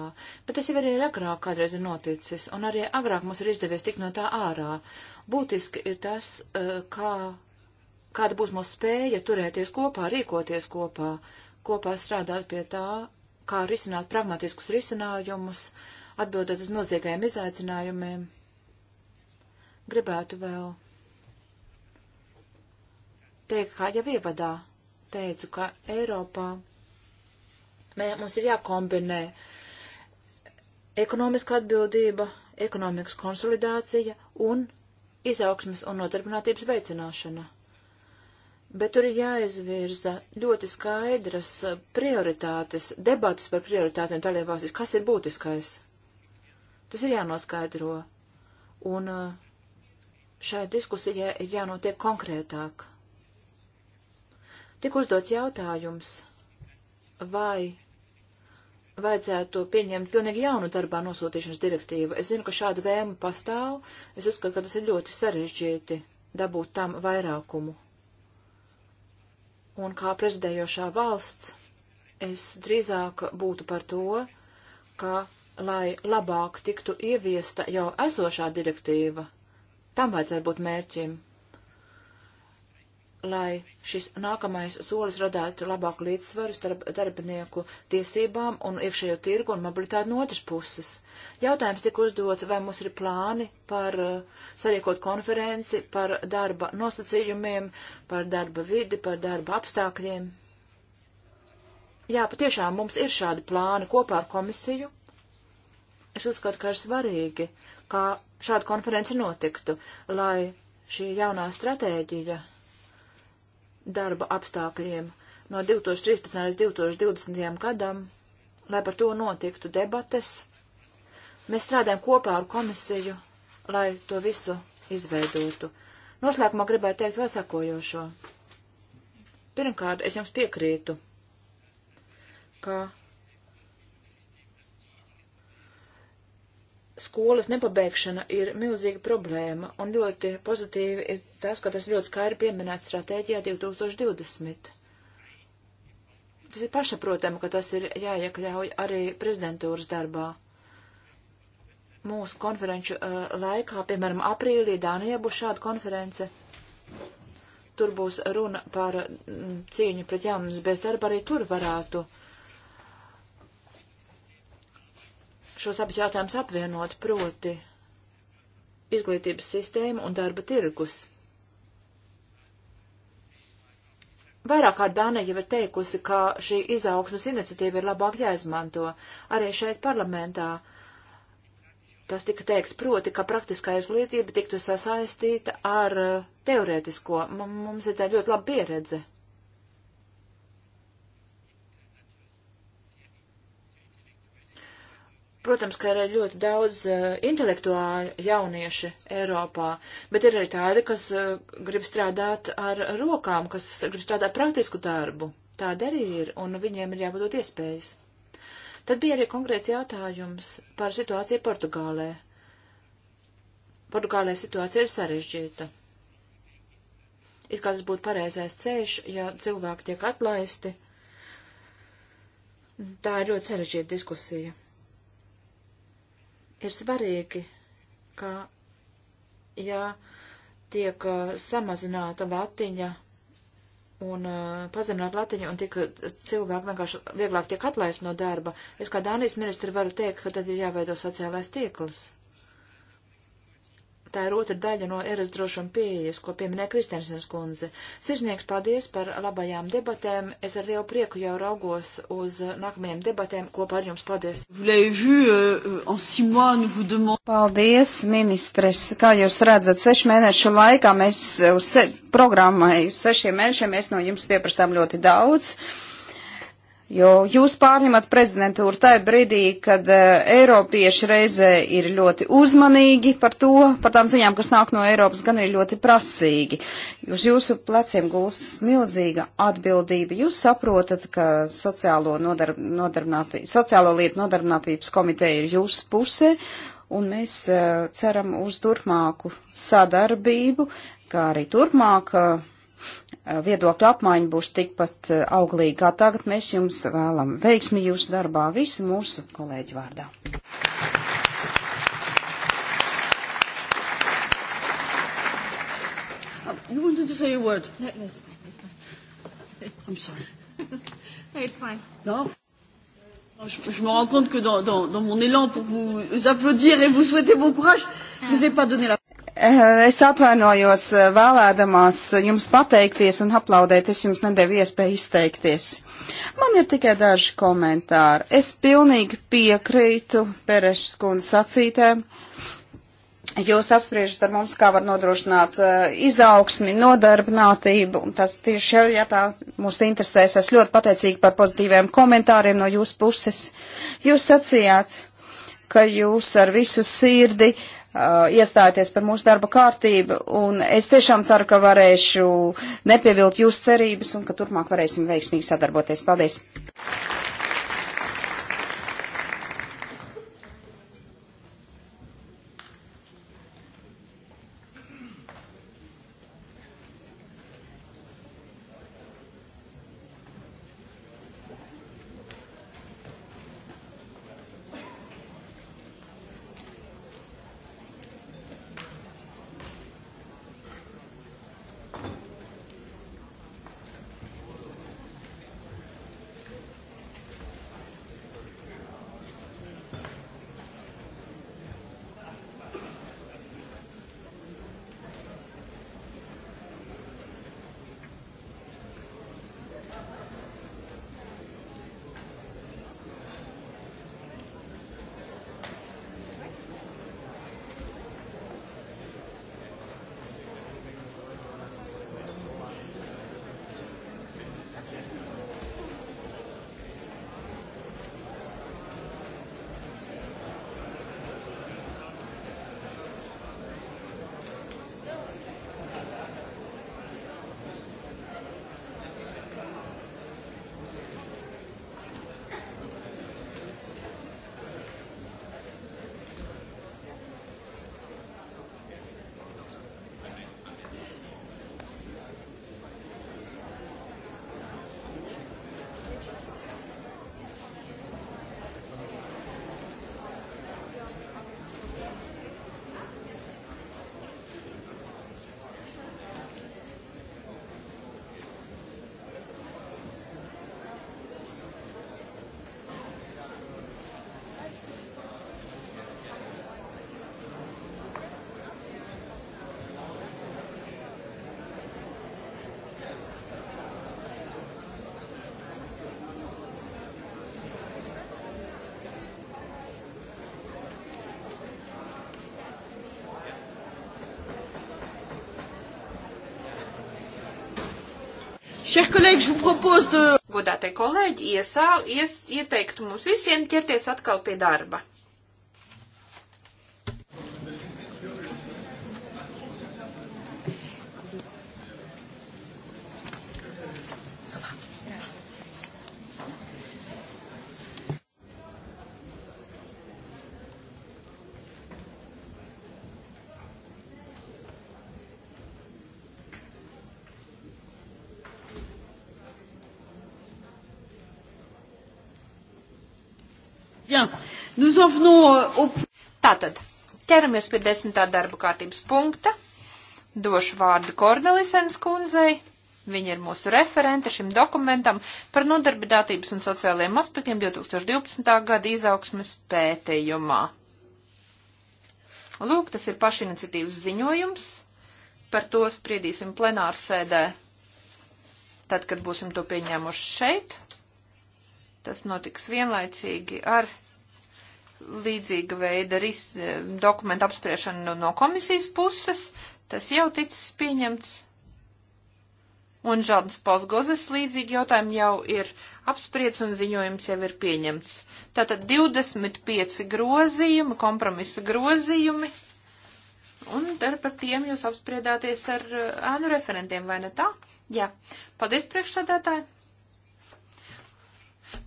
bet tas jau arī ir agrāk kādreiz ir noticis, un arī agrāk mums ir izdevies tikt no tā ārā. Būtiski ir tas, eh, kā, kāda būs mūsu spēja turēties kopā, rīkoties kopā, kopā strādāt pie tā, kā risināt pragmatiskus risinājumus, uh, atbildēt uz milzīgajiem izaicinājumiem, gribētu vēl teikt, kā jau ievadā teicu, ka Eiropā mē, mums ir jākombinē ekonomiska atbildība, ekonomikas konsolidācija un izaugsmes un nodarbinātības veicināšana. Bet tur ir jāizvirza ļoti skaidras prioritātes, debatas par prioritātiem dalībvalstīs, kas ir būtiskais. Tas ir jānoskaidro. Un uh, šai diskusijai ir jānotiek konkrētāk. Tik uzdots jautājums, vai vajadzētu pieņemt pilnīgi jaunu darbā nosūtīšanas direktīvu. Es zinu, ka šāda vēma pastāv. Es uzskatu, ka tas ir ļoti sarežģīti dabūt tam vairākumu. Un kā prezidējošā valsts, es drīzāk būtu par to, ka lai labāk tiktu ieviesta jau esošā direktīva. Tam vajadzētu būt mērķim, lai šis nākamais solis radētu labāku līdzsvaru starp darbinieku tiesībām un iekšējo tirgu un mobilitāti no otras puses. Jautājums tika uzdots, vai mums ir plāni par uh, sarīkot konferenci par darba nosacījumiem, par darba vidi, par darba apstākļiem. Jā, patiešām mums ir šādi plāni kopā ar komisiju es uzskatu, ka ir svarīgi, kā šāda konference notiktu, lai šī jaunā stratēģija darba apstākļiem no 2013. līdz 2020. gadam, lai par to notiktu debates. Mēs strādājam kopā ar komisiju, lai to visu izveidotu. Noslēgumā gribētu teikt vēl sakojošo. Pirmkārt, es jums piekrītu, ka skolas nepabeigšana ir milzīga problēma, un ļoti pozitīvi ir tas, ka tas ļoti skaidri pieminēts stratēģijā 2020. Tas ir pašsaprotami, ka tas ir jāiekļauj arī prezidentūras darbā. Mūsu konferenču uh, laikā, piemēram, aprīlī Dānijā būs šāda konference. Tur būs runa par mm, cīņu pret jaunas bezdarba, arī tur varētu uh, šos abus jautājumus apvienot, proti izglītības sistēmu un darba tirgus. Vairāk kārt Dānija jau ir teikusi, ka šī izaugsmas iniciatīva ir labāk jāizmanto arī šeit parlamentā. Tas tika teikts proti, ka praktiskā izglītība tiktu sasaistīta ar teorētisko. Mums ir tā ļoti laba pieredze Protams, ka ir ļoti daudz uh, intelektuāļu jaunieši Eiropā, bet ir arī tādi, kas uh, grib strādāt ar rokām, kas grib strādāt praktisku darbu. Tāda arī ir, un viņiem ir jābūt iespējas. Tad bija arī konkrēts jautājums par situāciju Portugālē. Portugālē situācija ir sarežģīta. It kā tas būtu pareizais ceļš, ja cilvēki tiek atlaisti. Tā ir ļoti sarežģīta diskusija. Ir svarīgi, ka, ja tiek uh, samazināta latiņa un uh, pazemināt latiņu un tik cilvēki vienkārši vieglāk tiek atlaist no darba, es kā Dānijas ministri varu teikt, ka tad ir jāveido sociālais tīkls tā ir otra daļa no eras drošuma pieejas, ko pieminē Kristensens kundze. Sirsnieks, paldies par labajām debatēm. Es ar lielu prieku jau raugos uz nākamajām debatēm kopā ar jums. Paldies! Euh, paldies, ministres! Kā jūs redzat, sešu mēnešu laikā mēs uz se programmai sešiem mēnešiem mēs no jums pieprasām ļoti daudz. Jo jūs pārņemat prezidentūru tajā brīdī, kad uh, Eiropieši reizē ir ļoti uzmanīgi par to, par tām ziņām, kas nāk no Eiropas, gan ir ļoti prasīgi. Uz jūsu pleciem gulstas milzīga atbildība. Jūs saprotat, ka sociālo, nodarb sociālo lietu nodarbinātības komiteja ir jūsu pusē, un mēs uh, ceram uz turpmāku sadarbību, kā arī turpmāk. Uh, Eh, viedokļu apmaiņa būs tikpat eh, auglīga kā tagad. Mēs jums vēlam veiksmi jūsu darbā visu mūsu kolēģu vārdā. Um, you wanted to say a word? No, it's fine. It's fine. I'm sorry. no, it's fine. No. Je, je me rends compte que dans, dans, dans mon élan pour vous applaudir et vous souhaiter bon courage, je ne vous ai pas donné la Eh, es atvainojos eh, vēlēdamās jums pateikties un aplaudēt, es jums nedēļu iespēju izteikties. Man ir tikai daži komentāri. Es pilnīgi piekrītu Perešas kundzes sacītēm. Jūs apspriežat ar mums, kā var nodrošināt eh, izaugsmi, nodarbinātību, un tas tieši, ja tā mūs interesēs, es ļoti pateicīgi par pozitīviem komentāriem no jūsu puses. Jūs sacījāt, ka jūs ar visu sirdi uh, Uh, iestājoties par mūsu darba kārtību, un es tiešām ceru, ka varēšu nepievilt jūsu cerības un ka turpmāk varēsim veiksmīgi sadarboties. Paldies! kolēģi, je propose de... Godātie kolēģi, iesā, ies, ieteiktu mums visiem ķerties atkal pie darba. nous en venons au... Tātad, ķeramies pie desmitā darba kārtības punkta. Došu vārdu Kornelisens kundzei. Viņa ir mūsu referente šim dokumentam par nodarbinātības un sociālajiem aspektiem 2012. gada izaugsmes pētījumā. Lūk, tas ir pašiniciatīvas ziņojums. Par to spriedīsim plenārsēdē, tad, kad būsim to pieņēmuši šeit. Tas notiks vienlaicīgi ar līdzīga veida ris, eh, dokumentu apspriešana no, no komisijas puses, tas jau ticis pieņemts. Un Žādns Posgozes līdzīgi jautājumi jau ir apspriec un ziņojums jau ir pieņemts. Tātad 25 grozījumi, kompromisa grozījumi, un ar par tiem jūs apspriedāties ar eh, ēnu referentiem, vai ne tā? Jā. Paldies priekšsādātāji!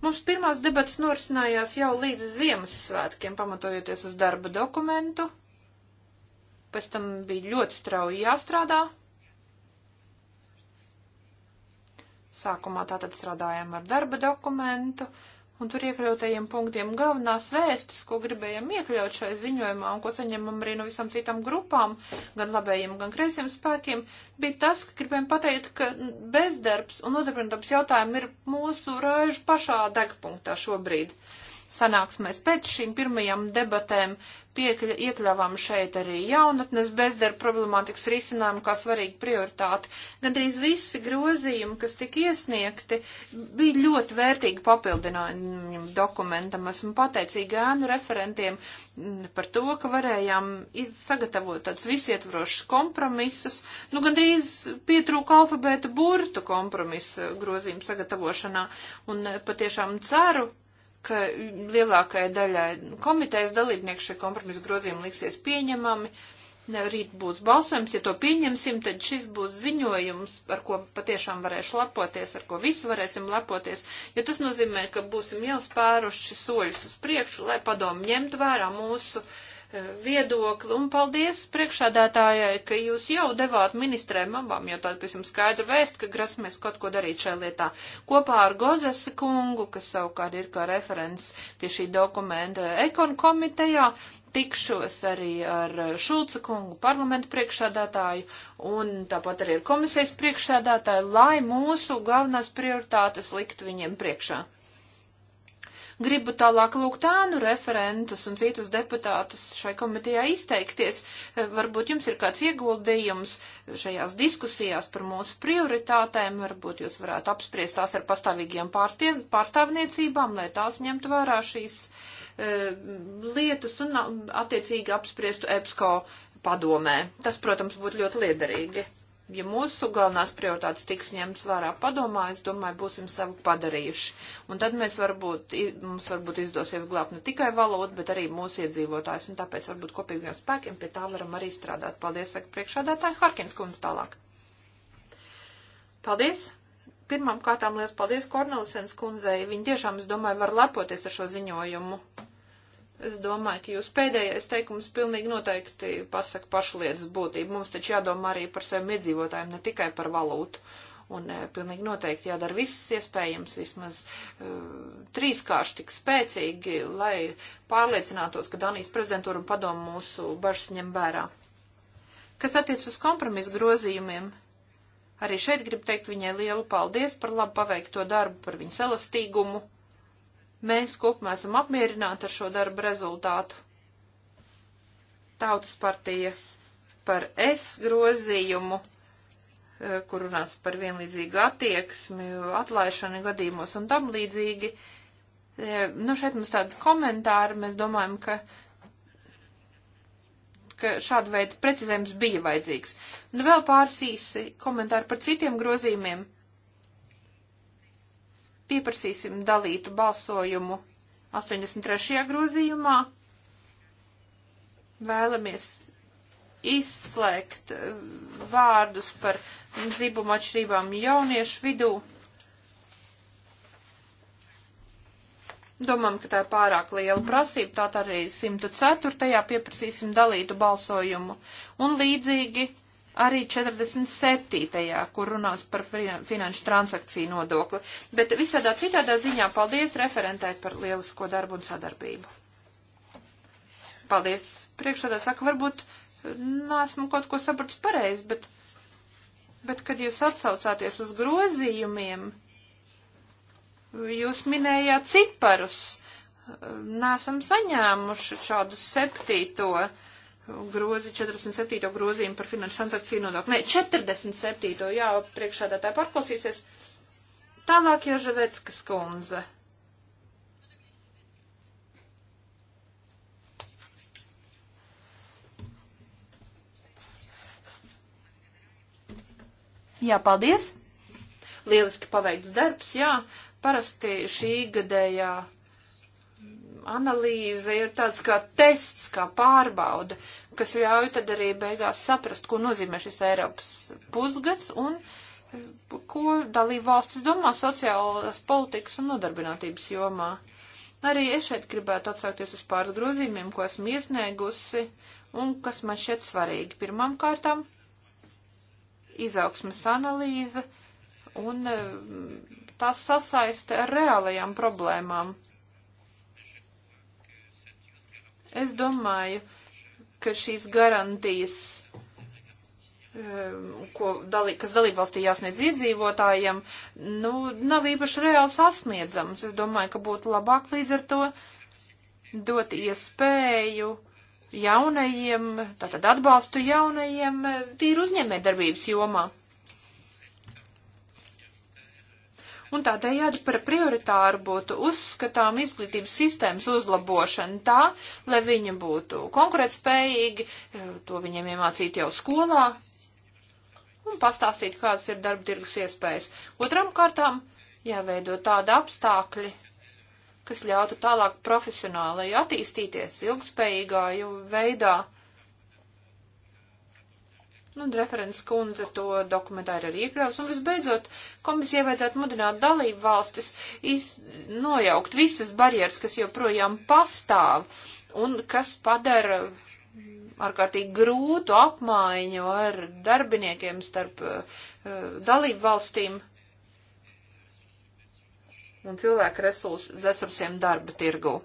Mums pirmās debats norisinājās jau līdz Ziemassvētkiem, pamatojoties uz darba dokumentu. Pēc tam bija ļoti strauji jāstrādā. Sākumā tātad strādājām ar darba dokumentu, uh, un tur iekļautajiem punktiem galvenās vēstis, ko gribējam iekļaut šai ziņojumā un ko saņemam arī no visām citām grupām, gan labējiem, gan kreisiem spēkiem, bija tas, ka gribējam pateikt, ka bezdarbs un nodarbinātības jautājumi ir mūsu raižu pašā degpunktā šobrīd. Uh, sanāksmēs. Pēc šīm pirmajām debatēm piekļa, iekļāvām šeit arī jaunatnes bezdarba problemātikas risinājumu kā svarīgu prioritāti. Gandrīz visi grozījumi, kas tika iesniegti, bija ļoti vērtīgi papildinājumi dokumentam. Esmu pateicīga ēnu referentiem mm, par to, ka varējām sagatavot tādus visietvarošus kompromisus. Nu, gandrīz pietrūka alfabēta burtu kompromisa grozījumu sagatavošanā. Un eh, patiešām ceru, ka lielākajai daļai komitejas dalībnieku šie kompromisa grozījumi liksies pieņemami. Rīt būs balsojums, ja to pieņemsim, tad šis būs ziņojums, ar ko patiešām varēšu lepoties, ar ko visi varēsim lepoties, jo tas nozīmē, ka būsim jau spēruši soļus uz priekšu, lai padomu ņemtu vērā mūsu uh, Eh, viedokli. Un paldies priekšādātājai, ka jūs jau devāt ministrēm abām, jo tāda pēc jums skaidru vēst, ka grasamies kaut ko darīt šajā lietā. Kopā ar Gozes kungu, kas savukārt ir kā referents pie šī dokumenta ekon komitejā, tikšos arī ar Šulca kungu parlamentu priekšsādātāju un tāpat arī ar komisijas priekšsādātāju, lai mūsu galvenās prioritātes likt viņiem priekšā. Gribu tālāk lūgt ānu referentus un citus deputātus šai komitejā izteikties. Eh, varbūt jums ir kāds ieguldījums šajās diskusijās par mūsu prioritātēm, varbūt jūs varētu apspriest tās ar pastāvīgiem pārstāv, pārstāvniecībām, lai tās ņemtu vērā šīs eh, lietas un attiecīgi apspriestu EPSCO padomē. Tas, protams, būtu ļoti liederīgi ja mūsu galvenās prioritātes tiks ņemts vērā padomā, es domāju, būsim savu padarījuši. Un tad mēs varbūt, mums varbūt izdosies glābt ne tikai valodu, bet arī mūsu iedzīvotājs, un tāpēc varbūt kopīgiem spēkiem pie tā varam arī strādāt. Paldies, saka priekšādātāja Harkins kundze tālāk. Paldies! Pirmām kārtām liels paldies Kornelisens kundzei. Viņa tiešām, es domāju, var lepoties ar šo ziņojumu. Es domāju, ka jūsu pēdējais teikums pilnīgi noteikti pasaka pašlietas būtību. Mums taču jādomā arī par saviem iedzīvotājiem, ne tikai par valūtu. Un e, pilnīgi noteikti jādara viss iespējams, vismaz e, trīskārši tik spēcīgi, lai pārliecinātos, ka Danijas prezidentūra un padomu mūsu bažas ņem vērā. Kas attiec uz kompromisu grozījumiem, arī šeit gribu teikt viņai lielu paldies par labu paveikto darbu, par viņas elastīgumu Mēs kopumā esam apmierināti ar šo darbu rezultātu. Tautas partija par es grozījumu, eh, kur runāts par vienlīdzīgu attieksmi, atlaišanu gadījumos un tam līdzīgi. Eh, nu, šeit mums tādi komentāri, mēs domājam, ka, ka šāda veida precizējums bija vajadzīgs. Nu, vēl pāris īsi komentāri par citiem grozījumiem. Pieprasīsim dalītu balsojumu 83. grozījumā. Vēlamies izslēgt eh, vārdus par dzibumu atšķirībām jauniešu vidū. Domājam, ka tā ir pārāk liela prasība, tātad arī 104. pieprasīsim dalītu balsojumu. Un līdzīgi arī 47. kur runās par finanšu transakciju nodokli. Bet visādā citādā ziņā paldies referentē par lielisko darbu un sadarbību. Paldies. Priekšādā saka, varbūt eh, nesmu kaut ko sapratis pareizi, bet, bet kad jūs atsaucāties uz grozījumiem, jūs minējāt ciparus. Nesam saņēmuši šādu septīto uh, grozi 47. grozījumu par finanšu transakciju nodokli. Nē, 47. jā, priekšādātāji pārklausīsies. Tālāk jau Žaveckas kundze. Jā, paldies. Lieliski paveikts darbs, jā. Parasti šī gadējā analīze ir tāds kā tests, kā pārbauda. Uh, kas ļauj tad arī beigās saprast, ko nozīmē šis Eiropas pusgads un ko dalība valstis domā sociālās politikas un nodarbinātības jomā. Arī es šeit gribētu atsaukties uz pāris grozījumiem, ko esmu iesniegusi un kas man šķiet svarīgi. Pirmām kārtām izaugsmas analīze un mm, tās sasaiste ar reālajām problēmām. Es domāju, ka šīs garantijas, um, ko dalī, kas dalībvalstī jāsniedz iedzīvotājiem, nu, nav īpaši reāli sasniedzams. Es domāju, ka būtu labāk līdz ar to dot iespēju jaunajiem, tātad atbalstu jaunajiem tīri uzņēmē darbības jomā. un tādējādi par prioritāru būtu uzskatām izglītības sistēmas uzlabošana tā, lai viņi būtu konkurētspējīgi, eh, to viņiem iemācīt jau skolā, un pastāstīt, kādas ir darba tirgus iespējas. Otram kārtām jāveido tādi apstākļi, kas ļautu tālāk profesionālai attīstīties ilgspējīgā veidā Nu, referents kundze to dokumentā ir arī iekļaus. Un visbeidzot, komisijai vajadzētu mudināt dalību valstis iz, nojaukt visas barjeras, kas joprojām pastāv un kas padara ārkārtīgi grūtu apmaiņu ar darbiniekiem starp uh, dalību valstīm un cilvēku resursiem darba tirgu.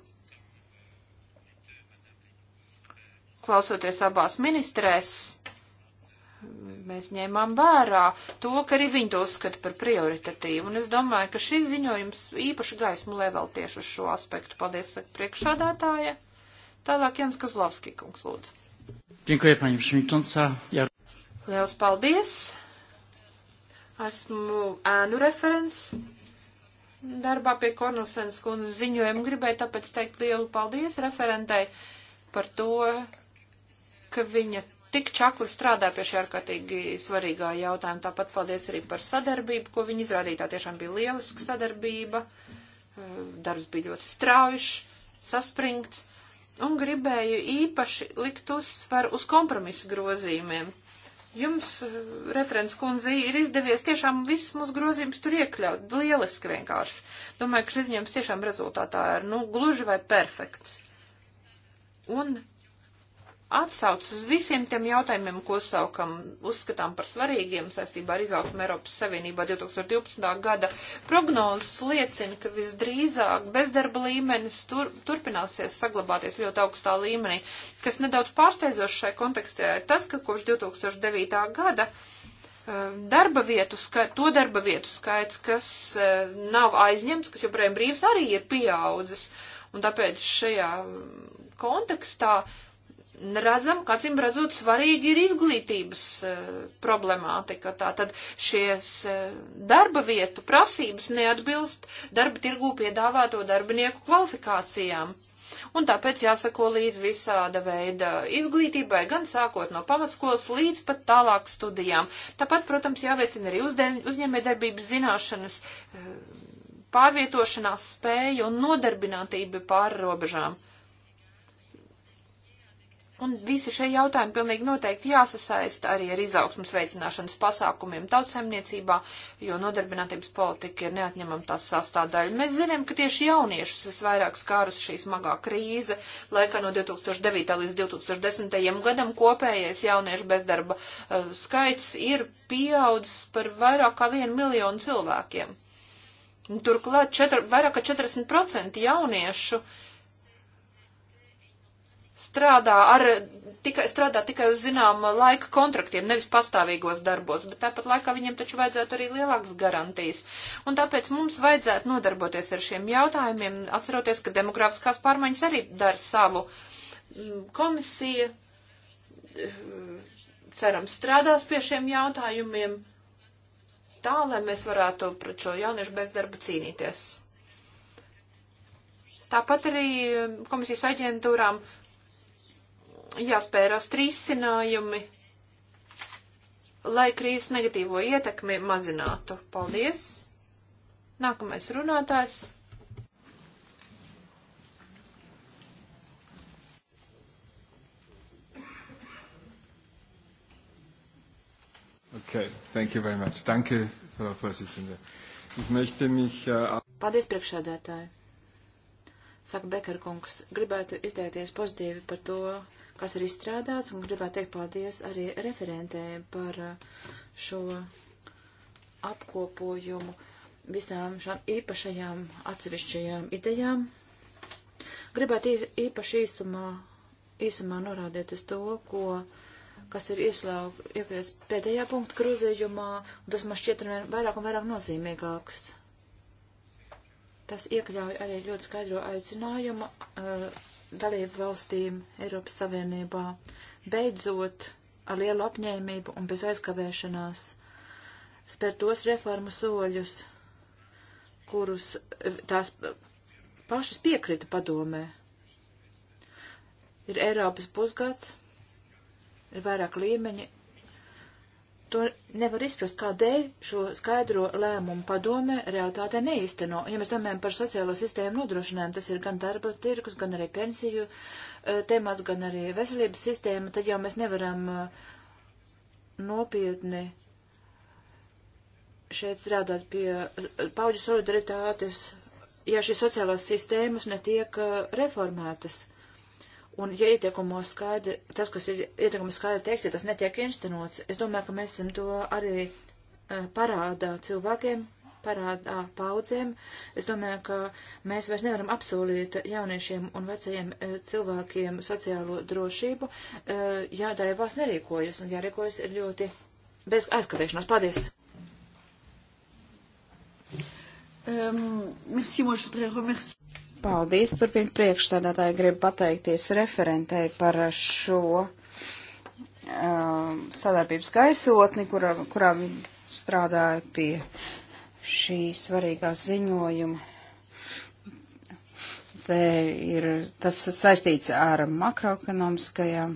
Klausoties abās ministrēs, mēs ņēmām vērā to, ka arī viņi to uzskata par prioritatīvu. Un es domāju, ka šis ziņojums īpaši gaismu level tieši uz šo aspektu. Paldies, saka priekšādātāja. Tālāk Jans Kazlovski, kungs, lūdzu. Dziękuję, paņem šmitonsā. Jā. Liels paldies. Esmu ēnu referents darbā pie Kornelsens kundzes ziņojuma. Gribēju tāpēc teikt lielu paldies referentai par to, ka viņa tik čakli strādā pie šī ārkārtīgi svarīgā jautājuma. Tāpat paldies arī par sadarbību, ko viņi izrādīja. Tā tiešām bija lieliska sadarbība. Darbs bija ļoti straujušs, saspringts. Un gribēju īpaši likt uzsvaru uz kompromisu grozījumiem. Jums, eh, referents kundze, ir izdevies tiešām visus mūsu grozījumus tur iekļaut. Lieliski vienkārši. Domāju, ka šis ziņojums tiešām rezultātā ir, nu, gluži vai perfekts. Un atsauc uz visiem tiem jautājumiem, ko saukam, uzskatām par svarīgiem saistībā ar izaugsmu Eiropas Savienībā 2012. gada. Prognozes liecina, ka visdrīzāk bezdarba līmenis tur, turpināsies saglabāties ļoti augstā līmenī, kas nedaudz pārsteidzoši šai kontekstē ir tas, ka kopš 2009. gada eh, darba vietu, ska, to darba vietu skaits, kas eh, nav aizņemts, kas joprojām brīvs, arī ir pieaudzis. Un tāpēc šajā kontekstā uh, redzam, ka acīm redzot svarīgi ir izglītības uh, problemātika. Tātad šies uh, darba vietu prasības neatbilst darba tirgū piedāvāto darbinieku kvalifikācijām. Un tāpēc jāsako līdz visāda veida izglītībai, gan sākot no pamatskolas līdz pat tālāk studijām. Tāpat, protams, jāveicina arī uzņēmējdarbības zināšanas, uh, pārvietošanās spēja un nodarbinātība pār robežām. Un visi šie jautājumi pilnīgi noteikti jāsasaista arī ar izaugsmas veicināšanas pasākumiem tautsēmniecībā, jo nodarbinātības politika ir neatņemama tās sastāvdaļa. Mēs zinām, ka tieši jauniešus visvairāk skārus šī smagā krīze, laikā no 2009. līdz 2010. gadam kopējais jauniešu bezdarba uh, skaits ir pieaudzis par vairāk kā vienu miljonu cilvēkiem. Turklāt četr, vairāk kā 40% jauniešu uh, strādā, ar, tikai, strādā tikai uz zināma laika kontraktiem, nevis pastāvīgos darbos, bet tāpat laikā viņiem taču vajadzētu arī lielākas garantijas. Un tāpēc mums vajadzētu nodarboties ar šiem jautājumiem, atceroties, ka demografiskās pārmaiņas arī dara savu mm, komisija. Eh, ceram, strādās pie šiem jautājumiem tā, lai mēs varētu pret šo jauniešu bezdarbu cīnīties. Tāpat arī eh, komisijas aģentūrām jāspēj rast risinājumi, lai krīzes negatīvo ietekmi mazinātu. Paldies! Nākamais runātājs. Okay, thank you very much. Danke, Frau Vorsitzende. Ich möchte mich... Uh... Paldies, priekšsēdētāji. Saka Bekarkungs, gribētu izteikties pozitīvi par to, uh, kas ir izstrādāts, un gribētu teikt paldies arī referentēm par uh, šo apkopojumu visām šām īpašajām atsevišķajām idejām. Gribētu īpaši īsumā, īsumā norādīt uz to, ko kas ir iekļauts pēdējā punkta grozījumā, un tas man šķiet ar vairāk un vairāk nozīmīgāks. Tas iekļauj arī ļoti skaidro aicinājumu uh, dalību valstīm Eiropas Savienībā beidzot ar lielu apņēmību un bez aizkavēšanās spēr tos reformu soļus, kurus e, tās pašas piekrita padomē. Ir Eiropas pusgads, ir vairāk līmeņi, to nevar izprast, kādēļ šo skaidro lēmumu padome realitātē neizteno. Ja mēs domājam par sociālo sistēmu nodrošinājumu, tas ir gan darba tirkus, gan arī pensiju eh, temats, gan arī veselības sistēma, tad jau mēs nevaram eh, nopietni šeit strādāt pie eh, pauģu solidaritātes, ja šīs sociālās sistēmas netiek reformētas. Un, ja ieteikumos skaidri, tas, kas ir ieteikumos skaidri teiks, ja tas netiek instenots, es domāju, ka mēs esam to arī eh, parādā cilvēkiem, parādā paudzēm. Es domāju, ka mēs vairs nevaram apsolīt jauniešiem un vecajiem eh, cilvēkiem sociālo drošību, eh, ja darbās nerīkojas, un jārīkojas ir ļoti bez aizkavēšanās. Paldies! Um, merci, moi, je voudrais remercier. Paldies, turpina priekšsēdētāji, gribu pateikties referentei par šo um, sadarbības gaisotni, kurā, kurā viņi strādāja pie šī svarīgā ziņojuma. Te ir tas saistīts ar makroekonomiskajām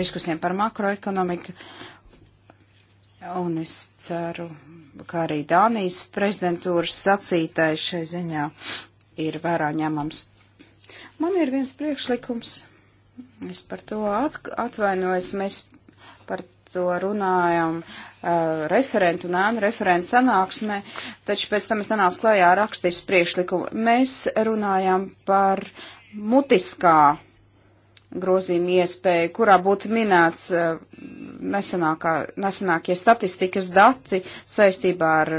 diskusijām par makroekonomiku, un es ceru, kā arī Dānijas prezidentūras sacītāji šai ziņā ir vērā ņemams. Man ir viens priekšlikums. Es par to atvainojos. Mēs par to runājam uh, referentu un ēnu referentu sanāksmē, taču pēc tam es nenācu klajā rakstīs priekšlikumu. Mēs runājam par mutiskā grozījuma iespēju, kurā būtu minēts uh, nesenākā, nesenākie statistikas dati saistībā ar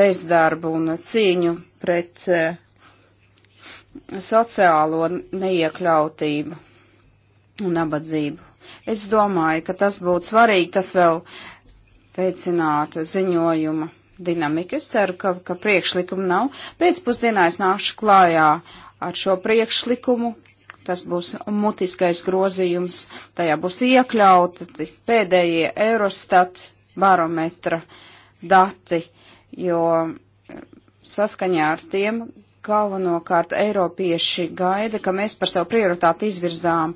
bezdarbu un cīņu pret uh, sociālo neiekļautību un nabadzību. Es domāju, ka tas būtu svarīgi, tas vēl veicinātu ziņojuma dinamiku. Es ceru, ka, ka priekšlikumu nav. Pēcpusdienā es nākšu klājā ar šo priekšlikumu. Tas būs mutiskais grozījums. Tajā būs iekļauti pēdējie Eurostat barometra dati, jo saskaņā ar tiem galvenokārt Eiropieši gaida, ka mēs par savu prioritāti izvirzām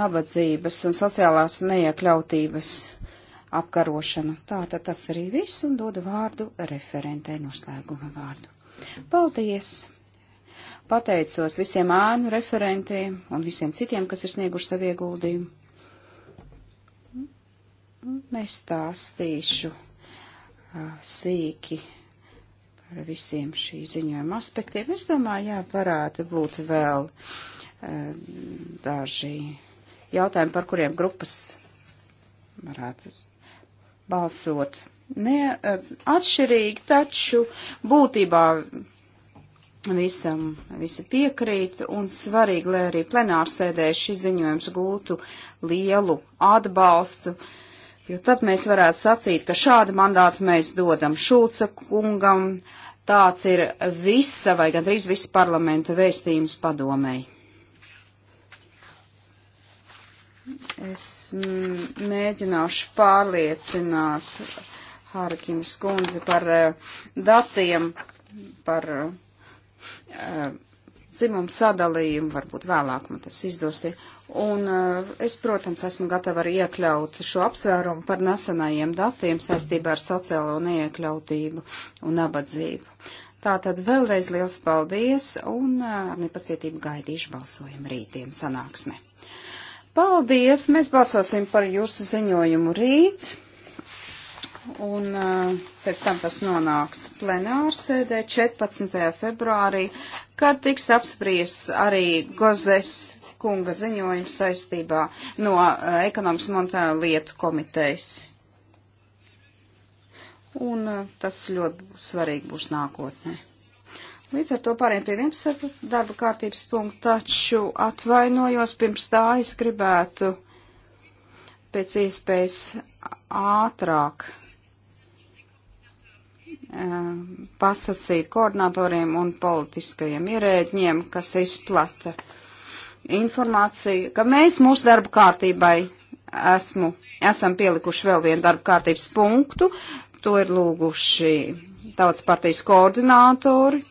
nabadzības un sociālās neiekļautības apkarošanu. Tātad tas arī viss un dodu vārdu referentei noslēguma vārdu. Paldies! Pateicos visiem ēnu referentiem un visiem citiem, kas ir snieguši savu ieguldījumu. Nestāstīšu sīki par visiem šī ziņojuma aspektiem. Es domāju, jā, varētu būt vēl e, daži jautājumi, par kuriem grupas varētu balsot. Ne, eh, atšķirīgi, taču būtībā visam visi piekrīt un svarīgi, lai arī plenārsēdē šis ziņojums gūtu lielu atbalstu. Jo tad mēs varētu sacīt, ka šādu mandātu mēs dodam Šulca kungam, uh, Tāds ir visa vai gandrīz visa parlamenta vēstījums padomēji. Es mēģināšu pārliecināt Harkins kundzi par eh, datiem, par eh, eh, dzimumu sadalījumu, varbūt vēlāk man tas izdosies. Un eh, es, protams, esmu gatava arī iekļaut šo apsvērumu par nesenajiem datiem saistībā ar sociālo neiekļautību un nabadzību. Tātad vēlreiz liels paldies un eh, ar nepacietību gaidīšu balsojumu rītdien sanāksmē. Paldies! Mēs balsosim par jūsu ziņojumu rīt. Un eh, pēc tam tas nonāks plenārsēdē 14. februārī, kad tiks apspries arī Gozes kunga ziņojumu saistībā no eh, ekonomikas monetāra lietu komitejas. Un eh, tas ļoti svarīgi būs nākotnē. Līdz ar to pāriem pie 11. darba kārtības punkta, taču atvainojos pirms tā es gribētu pēc iespējas ātrāk eh, pasacīt koordinatoriem un politiskajiem ierēģiem, kas izplata informāciju, ka mēs mūsu darba kārtībai esmu, esam pielikuši vēl vienu darba kārtības punktu. To ir lūguši tautas partijas koordinātori,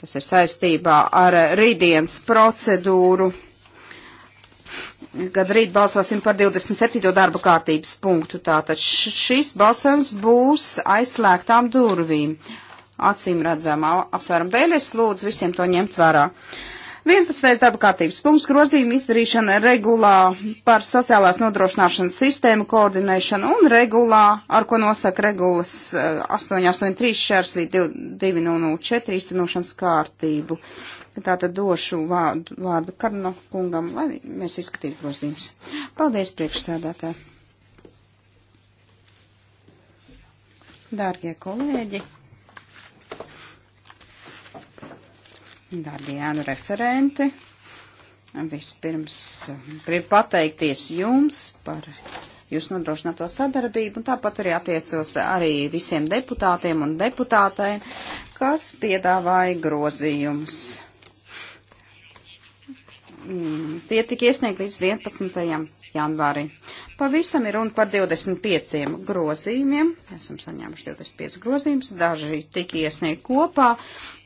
kas ir saistībā ar rītdienas procedūru, kad rīt balsosim par 27. darba kārtības punktu. Tātad šis balsojums būs aizslēgtām durvīm. Acīm redzamā apsvērumu dēļ es lūdzu visiem to ņemt vērā. Uh, 11. darba kārtības punkts grozījuma izdarīšana regulā par sociālās nodrošināšanas sistēmu koordinēšanu un regulā, ar ko nosaka regulas 883 šērslīt 204 īstenošanas kārtību. Tātad došu vārdu, vārdu Karno kungam, lai mēs izskatītu grozījumus. Paldies, priekšsēdētāji! Dārgie kolēģi! Gārdiānu referenti. Vispirms um, gribu pateikties jums par jūs nodrošināto sadarbību, un tāpat arī attiecos arī visiem deputātiem un deputātēm, kas piedāvāja grozījumus. Mm, tie tika iesniegti līdz 11 janvārī. Pavisam ir runa par 25 grozījumiem. Esam saņēmuši 25 grozījumus, daži tika iesniegt kopā,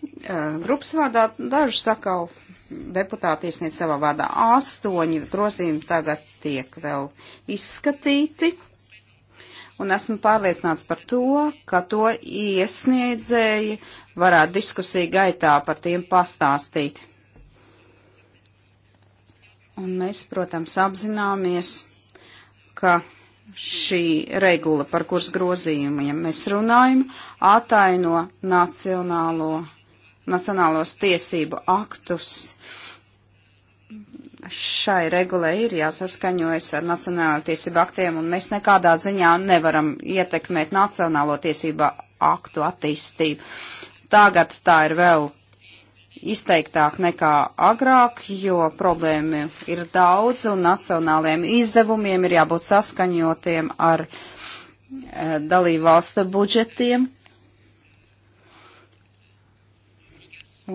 eh, grupas vārdā, daži sakau deputāti iesniegt savā vārdā. Astoņi grozījumi tagad tiek vēl izskatīti. Un esmu pārliecināts par to, ka to iesniedzēji varētu diskusiju gaitā par tiem pastāstīt. Un mēs, protams, apzināmies, ka šī regula, par kuras grozījumiem mēs runājam, ataino nacionālo, nacionālos tiesību aktus. Šai regulē ir jāsaskaņojas ar nacionālo tiesību aktiem, un mēs nekādā ziņā nevaram ietekmēt nacionālo tiesību aktu attīstību. Tagad tā ir vēl izteiktāk nekā agrāk, jo problēma ir daudz un nacionāliem izdevumiem ir jābūt saskaņotiem ar eh, dalību valsta budžetiem.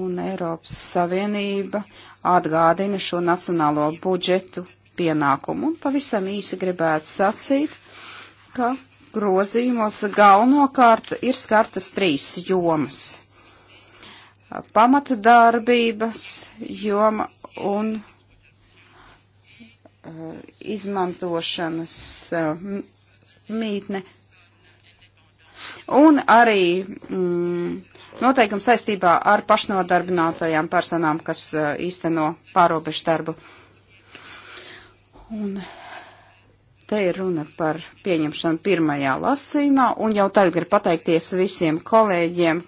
Un Eiropas Savienība atgādina šo nacionālo budžetu pienākumu. Un pavisam īsi gribētu sacīt, ka grozījumos galvenokārt ir skartas trīs jomas pamatdarbības joma un uh, izmantošanas uh, mītne. Un arī mm, noteikums saistībā ar pašnodarbinātajām personām, kas uh, īsteno pārobežu darbu. Un te ir runa par pieņemšanu pirmajā lasīmā, un jau tagad gribu pateikties visiem kolēģiem,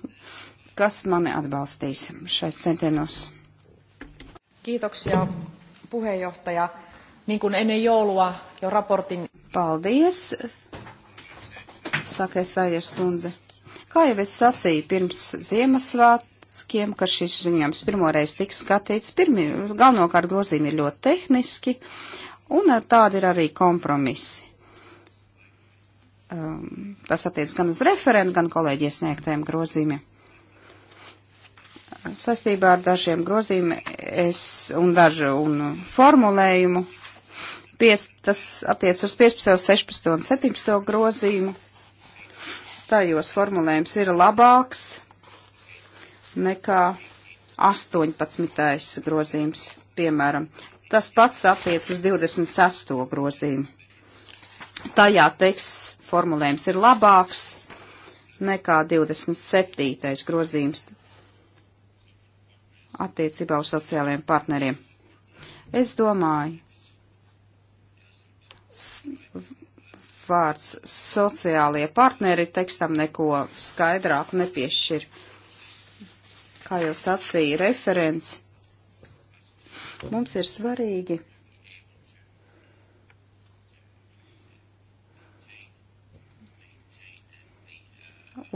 kas mani atbalstīs šais centienos. Kiitoksia, puheenjohtaja. Niin kuin ennen joulua jo raportin... Paldies, saka Esaijas kundze. Kā jau es sacīju pirms Ziemassvētkiem, ka šis ziņojums pirmoreiz tiks skatīts, pirmi, galvenokārt grozījumi ir ļoti tehniski, un tādi ir arī kompromisi. Um, tas attiec gan uz referentu, gan kolēģi iesniegtajiem grozījumiem saistībā ar dažiem grozījumiem un dažu un formulējumu. Pies, tas attiec uz 15, 16 un 17 grozījumu. Tajos formulējums ir labāks nekā 18. grozījums, piemēram. Tas pats attiec uz 26. grozījumu. Tajā teksts formulējums ir labāks nekā 27. grozījums attiecībā uz sociālajiem partneriem. Es domāju, vārds sociālie partneri tekstam neko skaidrāk nepiešķir. Kā jau sacīja referents, mums ir svarīgi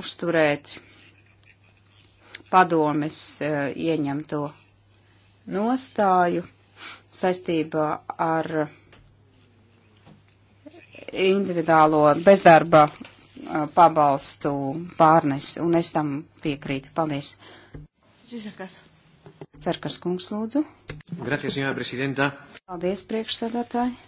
uzturēt padomes e, ieņemto nostāju saistībā ar individuālo bezdarba e, pabalstu pārnes, un es tam piekrītu. Paldies. Sarkas kungs, lūdzu. Gracias, Paldies, priekšsēdētāji.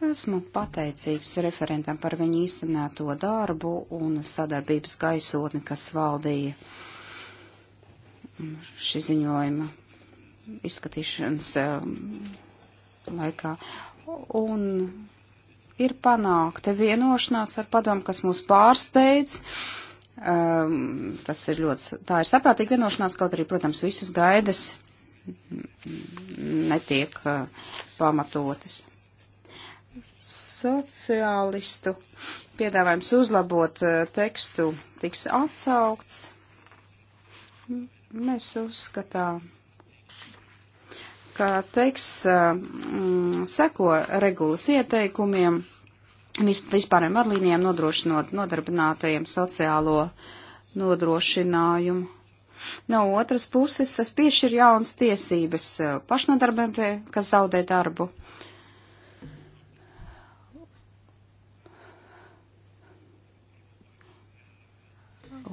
Esmu pateicīgs referentam par viņu īstenēto darbu un sadarbības gaisotni, kas valdīja šī ziņojuma izskatīšanas um, laikā. Un ir panākta vienošanās ar padomu, kas mūs pārsteidz. Um, tas ir ļoti, tā ir saprātīga vienošanās, kaut arī, protams, visas gaidas netiek uh, pamatotas. Sociālistu piedāvājums uzlabot eh, tekstu tiks atsaukts. Mēs uzskatām, ka teksts eh, mm, seko regulas ieteikumiem vispārējiem vadlīnijām nodrošinot nodarbinātajiem sociālo nodrošinājumu. No otras puses, tas piešķir jaunas tiesības eh, pašnodarbinātajiem, kas zaudē darbu.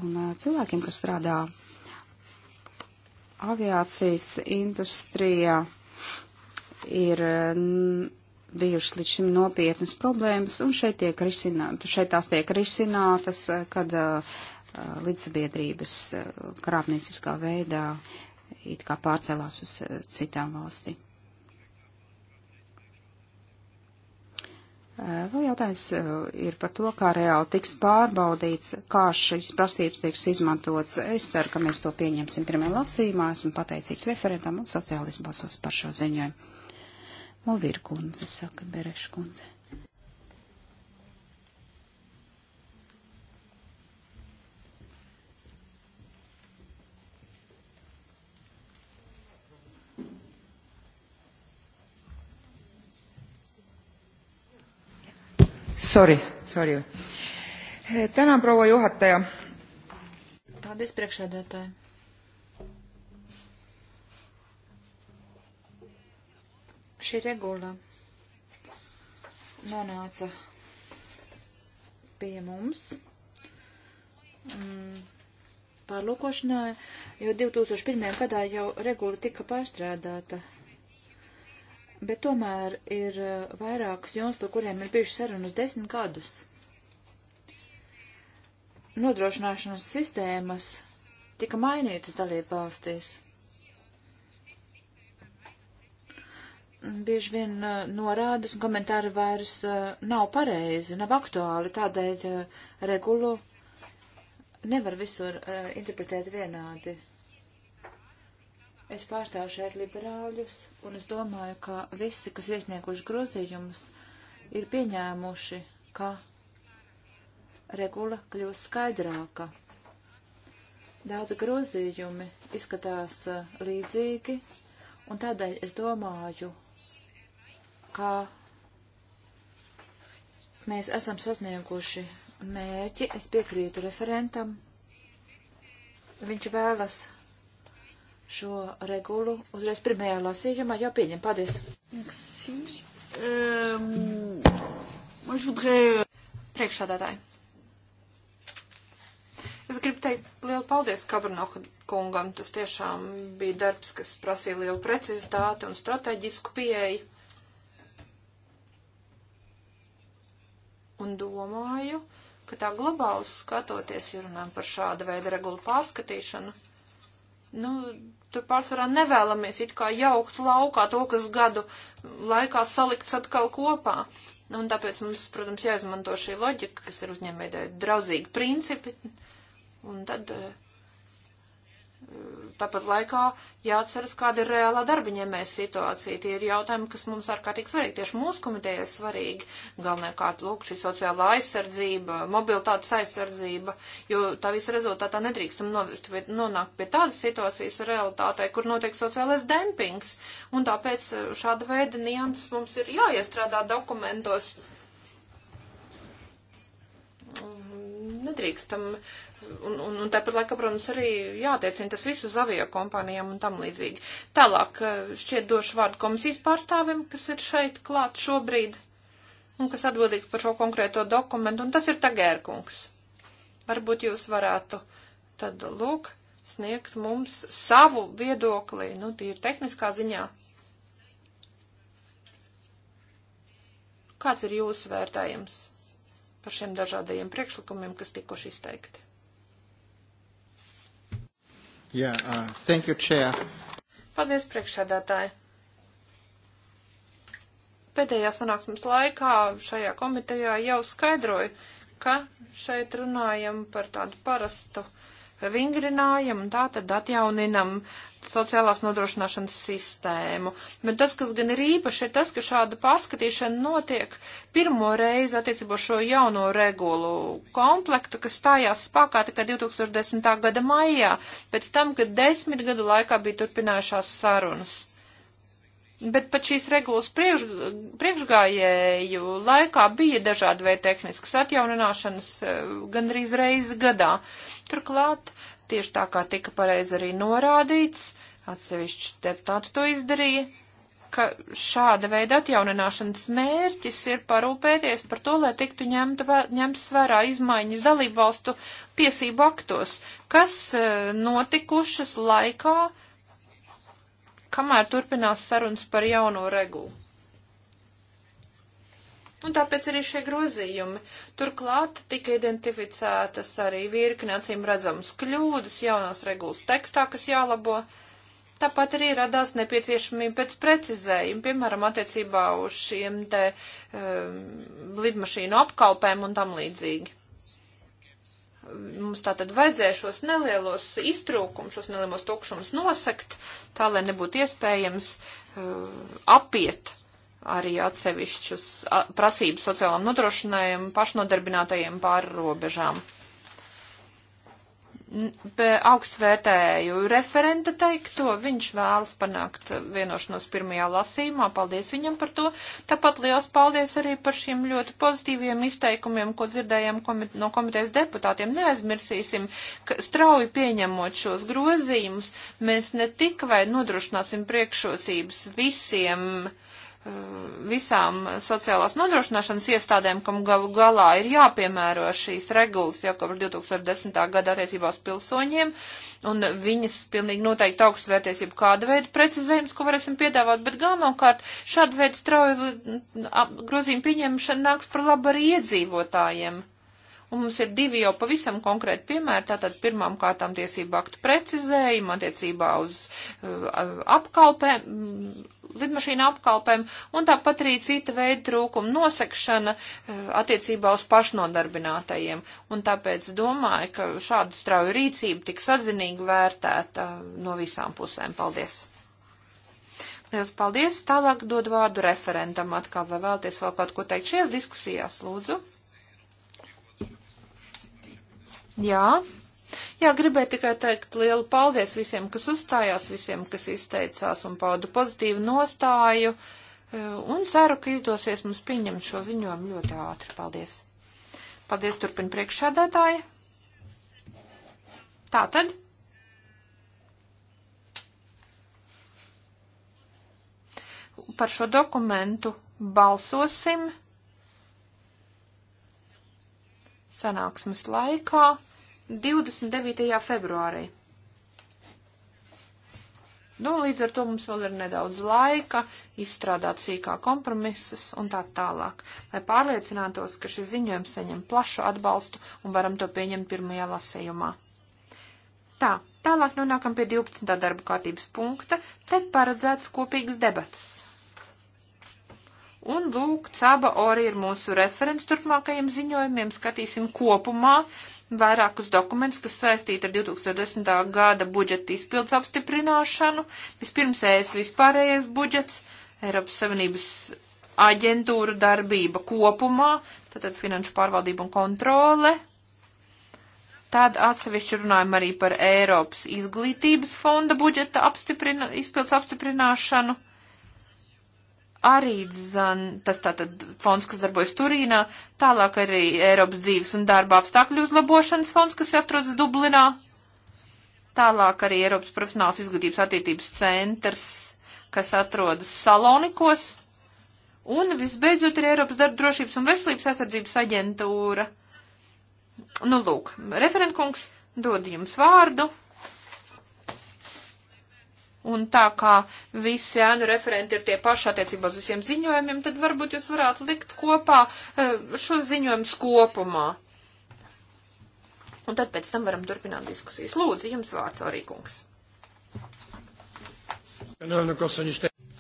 un cilvēkiem, kas strādā aviācijas industrijā, ir bijušas līdz šim nopietnas problēmas, un šeit, tiek risināta, šeit tās tiek risinātas, kad līdzsabiedrības krāpnieciskā veidā it kā pārcelās uz citām valstīm. Vēl jautājums ir par to, kā reāli tiks pārbaudīts, kā šīs prasības tiks izmantots. Es ceru, ka mēs to pieņemsim pirmajā lasīmā. Esmu pateicīgs referentam un sociālismu balsos par šo ziņojumu. Mulvīra kundze, saka Bereša kundze. Sorry, sorry. Tänan, proua juhataja. Paldies, priekšsēdētāji. Šī regula nonāca pie mums mm, pārlūkošanai, jo 2001. gadā jau regula tika pārstrādāta bet tomēr ir eh, vairākas jomas, par kuriem ir bijušas sarunas desmit gadus. Nodrošināšanas sistēmas tika mainītas dalību valstīs. Bieži vien eh, norādes un komentāri vairs eh, nav pareizi, nav aktuāli, tādēļ regulu nevar visur interpretēt vienādi. Es pārstāvu šeit liberāļus, un es domāju, ka visi, kas iesnieguši grozījumus, ir pieņēmuši, ka regula kļūst skaidrāka. Daudz grozījumi izskatās uh, līdzīgi, un tādēļ es domāju, ka mēs esam sasnieguši mērķi. Es piekrītu referentam. Viņš vēlas šo regulu uzreiz pirmajā lasījumā jau pieņem. Paldies! Merci. Um, moi, je voudrais... Euh, Priekšādātāji. Es gribu teikt lielu paldies Kabrnoka kungam. Tas tiešām bija darbs, kas prasīja lielu precizitāti un strateģisku pieeju. Un domāju, ka tā globāli skatoties, ja runājam par šāda veida regulu pārskatīšanu, nu, tur pārsvarā nevēlamies it kā jaukt laukā to, kas gadu laikā salikts atkal kopā. Un tāpēc mums, protams, jāizmanto šī loģika, kas ir uzņēmēdēji draudzīgi principi. Un tad eh, tāpat laikā jāatceras, kāda ir reālā darbiņēmēs situācija. Tie ir jautājumi, kas mums ārkārtīgi svarīgi. Tieši mūsu komitejai ir svarīgi. Galvenokārt, lūk, šī sociālā aizsardzība, mobilitātes aizsardzība, jo tā visa rezultātā nedrīkstam nonākt pie tādas situācijas realitātē, kur notiek sociālais dempings. Un tāpēc eh, šāda veida nianses mums ir jāiestrādā dokumentos. Nedrīkstam uh, un, un, un tāpat laikā, protams, arī jātiecina tas viss uz avio kompānijām un tam līdzīgi. Tālāk eh, šķiet došu vārdu komisijas pārstāvim, kas ir šeit klāt šobrīd un kas atbildīgs par šo konkrēto dokumentu, un tas ir Tagērkungs. Varbūt jūs varētu tad lūk sniegt mums savu viedokli, nu, tīri tehniskā ziņā. Kāds ir jūsu vērtējums par šiem dažādajiem priekšlikumiem, kas tikuši izteikti? Yeah, uh, thank you, Chair. Paldies, priekšsēdētāji. Pēdējā sanāksmes laikā šajā komitejā jau skaidroju, ka šeit runājam par tādu parastu uh, vingrinājam un tā tad atjauninam sociālās nodrošināšanas sistēmu. Bet tas, kas gan ir īpaši, ir tas, ka šāda pārskatīšana notiek pirmo reizi attiecībā šo jauno regulu komplektu, kas stājās spākā tikai 2010. gada maijā, pēc tam, kad desmit gadu laikā bija turpinājušās sarunas. Bet pat šīs regulas priekš, priekšgājēju laikā bija dažādi vai tehniskas atjaunināšanas eh, gandrīz reizi gadā. Turklāt, tieši tā kā tika pareizi arī norādīts, atsevišķi deputāti to izdarīja, ka šāda veida atjaunināšanas mērķis ir parūpēties par to, lai tiktu ņemta, ņemts vērā izmaiņas dalībvalstu tiesību aktos, kas eh, notikušas laikā, kamēr turpinās sarunas par jauno regulu. Un tāpēc arī šie grozījumi. Turklāt tika identificētas arī virkni acīm redzamas kļūdas jaunās regulas tekstā, kas jālabo. Tāpat arī radās nepieciešamība pēc precizējuma, piemēram, attiecībā uz šiem te um, lidmašīnu apkalpēm un tam līdzīgi. Mums tā tad vajadzēja šos nelielos iztrūkumus, šos nelielos tukšumus nosakt, tā lai nebūtu iespējams uh, apiet arī atsevišķus prasības sociālām nodrošinājumu pašnodarbinātajiem pāri robežām augstvērtēju referenta teikto, viņš vēlas panākt vienošanos pirmajā lasīmā, paldies viņam par to. Tāpat liels paldies arī par šiem ļoti pozitīviem izteikumiem, ko dzirdējām komit no komitejas deputātiem. Neaizmirsīsim, ka strauji pieņemot šos grozījumus, mēs ne tik vai nodrošināsim priekšrocības visiem, uh, visām sociālās nodrošināšanas iestādēm, kam galu galā ir jāpiemēro šīs regulas jau kopš 2010. gada attiecībā uz pilsoņiem, un viņas pilnīgi noteikti augstvērties jau kāda veida precizējums, ko varēsim piedāvāt, bet galvenokārt šāda veida strauja grozījuma pieņemšana nāks par labu arī iedzīvotājiem. Un mums ir divi jau pavisam konkrēti piemēri, tātad pirmām kārtām tiesību aktu precizējumu attiecībā uz uh, apkalpēm, lidmašīnu apkalpēm, un tāpat arī cita veida trūkuma nosekšana eh, attiecībā uz pašnodarbinātajiem. Un tāpēc domāju, ka šāda strauja rīcība tiks atzinīgi vērtēta eh, no visām pusēm. Paldies! Lielas paldies! Tālāk dod vārdu referentam atkal, vai vēlties vēl kaut ko teikt šajās diskusijās, lūdzu. Jā, Jā, gribēju tikai teikt lielu paldies visiem, kas uzstājās, visiem, kas izteicās un pauda pozitīvu nostāju. E, un ceru, ka izdosies mums pieņemt šo ziņojumu ļoti ātri. Paldies! Paldies, turpina priekšsādātāji. Tā tad. Par šo dokumentu balsosim sanāksmes laikā. 29. februārī. Nu, līdz ar to mums vēl ir nedaudz laika izstrādāt sīkā kompromisus un tā tālāk, lai pārliecinātos, ka šis ziņojums saņem plašu atbalstu un varam to pieņemt pirmajā lasējumā. Tā, tālāk nonākam pie 12. darba kārtības punkta, te paredzēts kopīgas debatas. Un lūk, Caba Ori ir mūsu referents turpmākajiem ziņojumiem, skatīsim kopumā vairākus dokumentus, kas saistīti ar 2010. gada budžeta izpildes apstiprināšanu. Vispirms ES vispārējais budžets, Eiropas Savienības aģentūra darbība kopumā, tātad finanšu pārvaldība un kontrole. Tad atsevišķi runājam arī par Eiropas izglītības fonda budžeta apstiprina, izpildes apstiprināšanu arī zan, tas tātad fonds, kas darbojas Turīnā, tālāk arī Eiropas dzīves un darba apstākļu uzlabošanas fonds, kas atrodas Dublinā, tālāk arī Eiropas profesionāls izglītības attīstības centrs, kas atrodas Salonikos, un visbeidzot ir Eiropas darba drošības un veselības aizsardzības aģentūra. Nu, lūk, referentkungs dod jums vārdu. Un tā kā visi ēnu referenti ir tie paši attiecībā uz visiem ziņojumiem, tad varbūt jūs varētu likt kopā eh, šos ziņojumus kopumā. Un tad pēc tam varam turpināt diskusijas. Lūdzu, jums vārds, Orīkungs.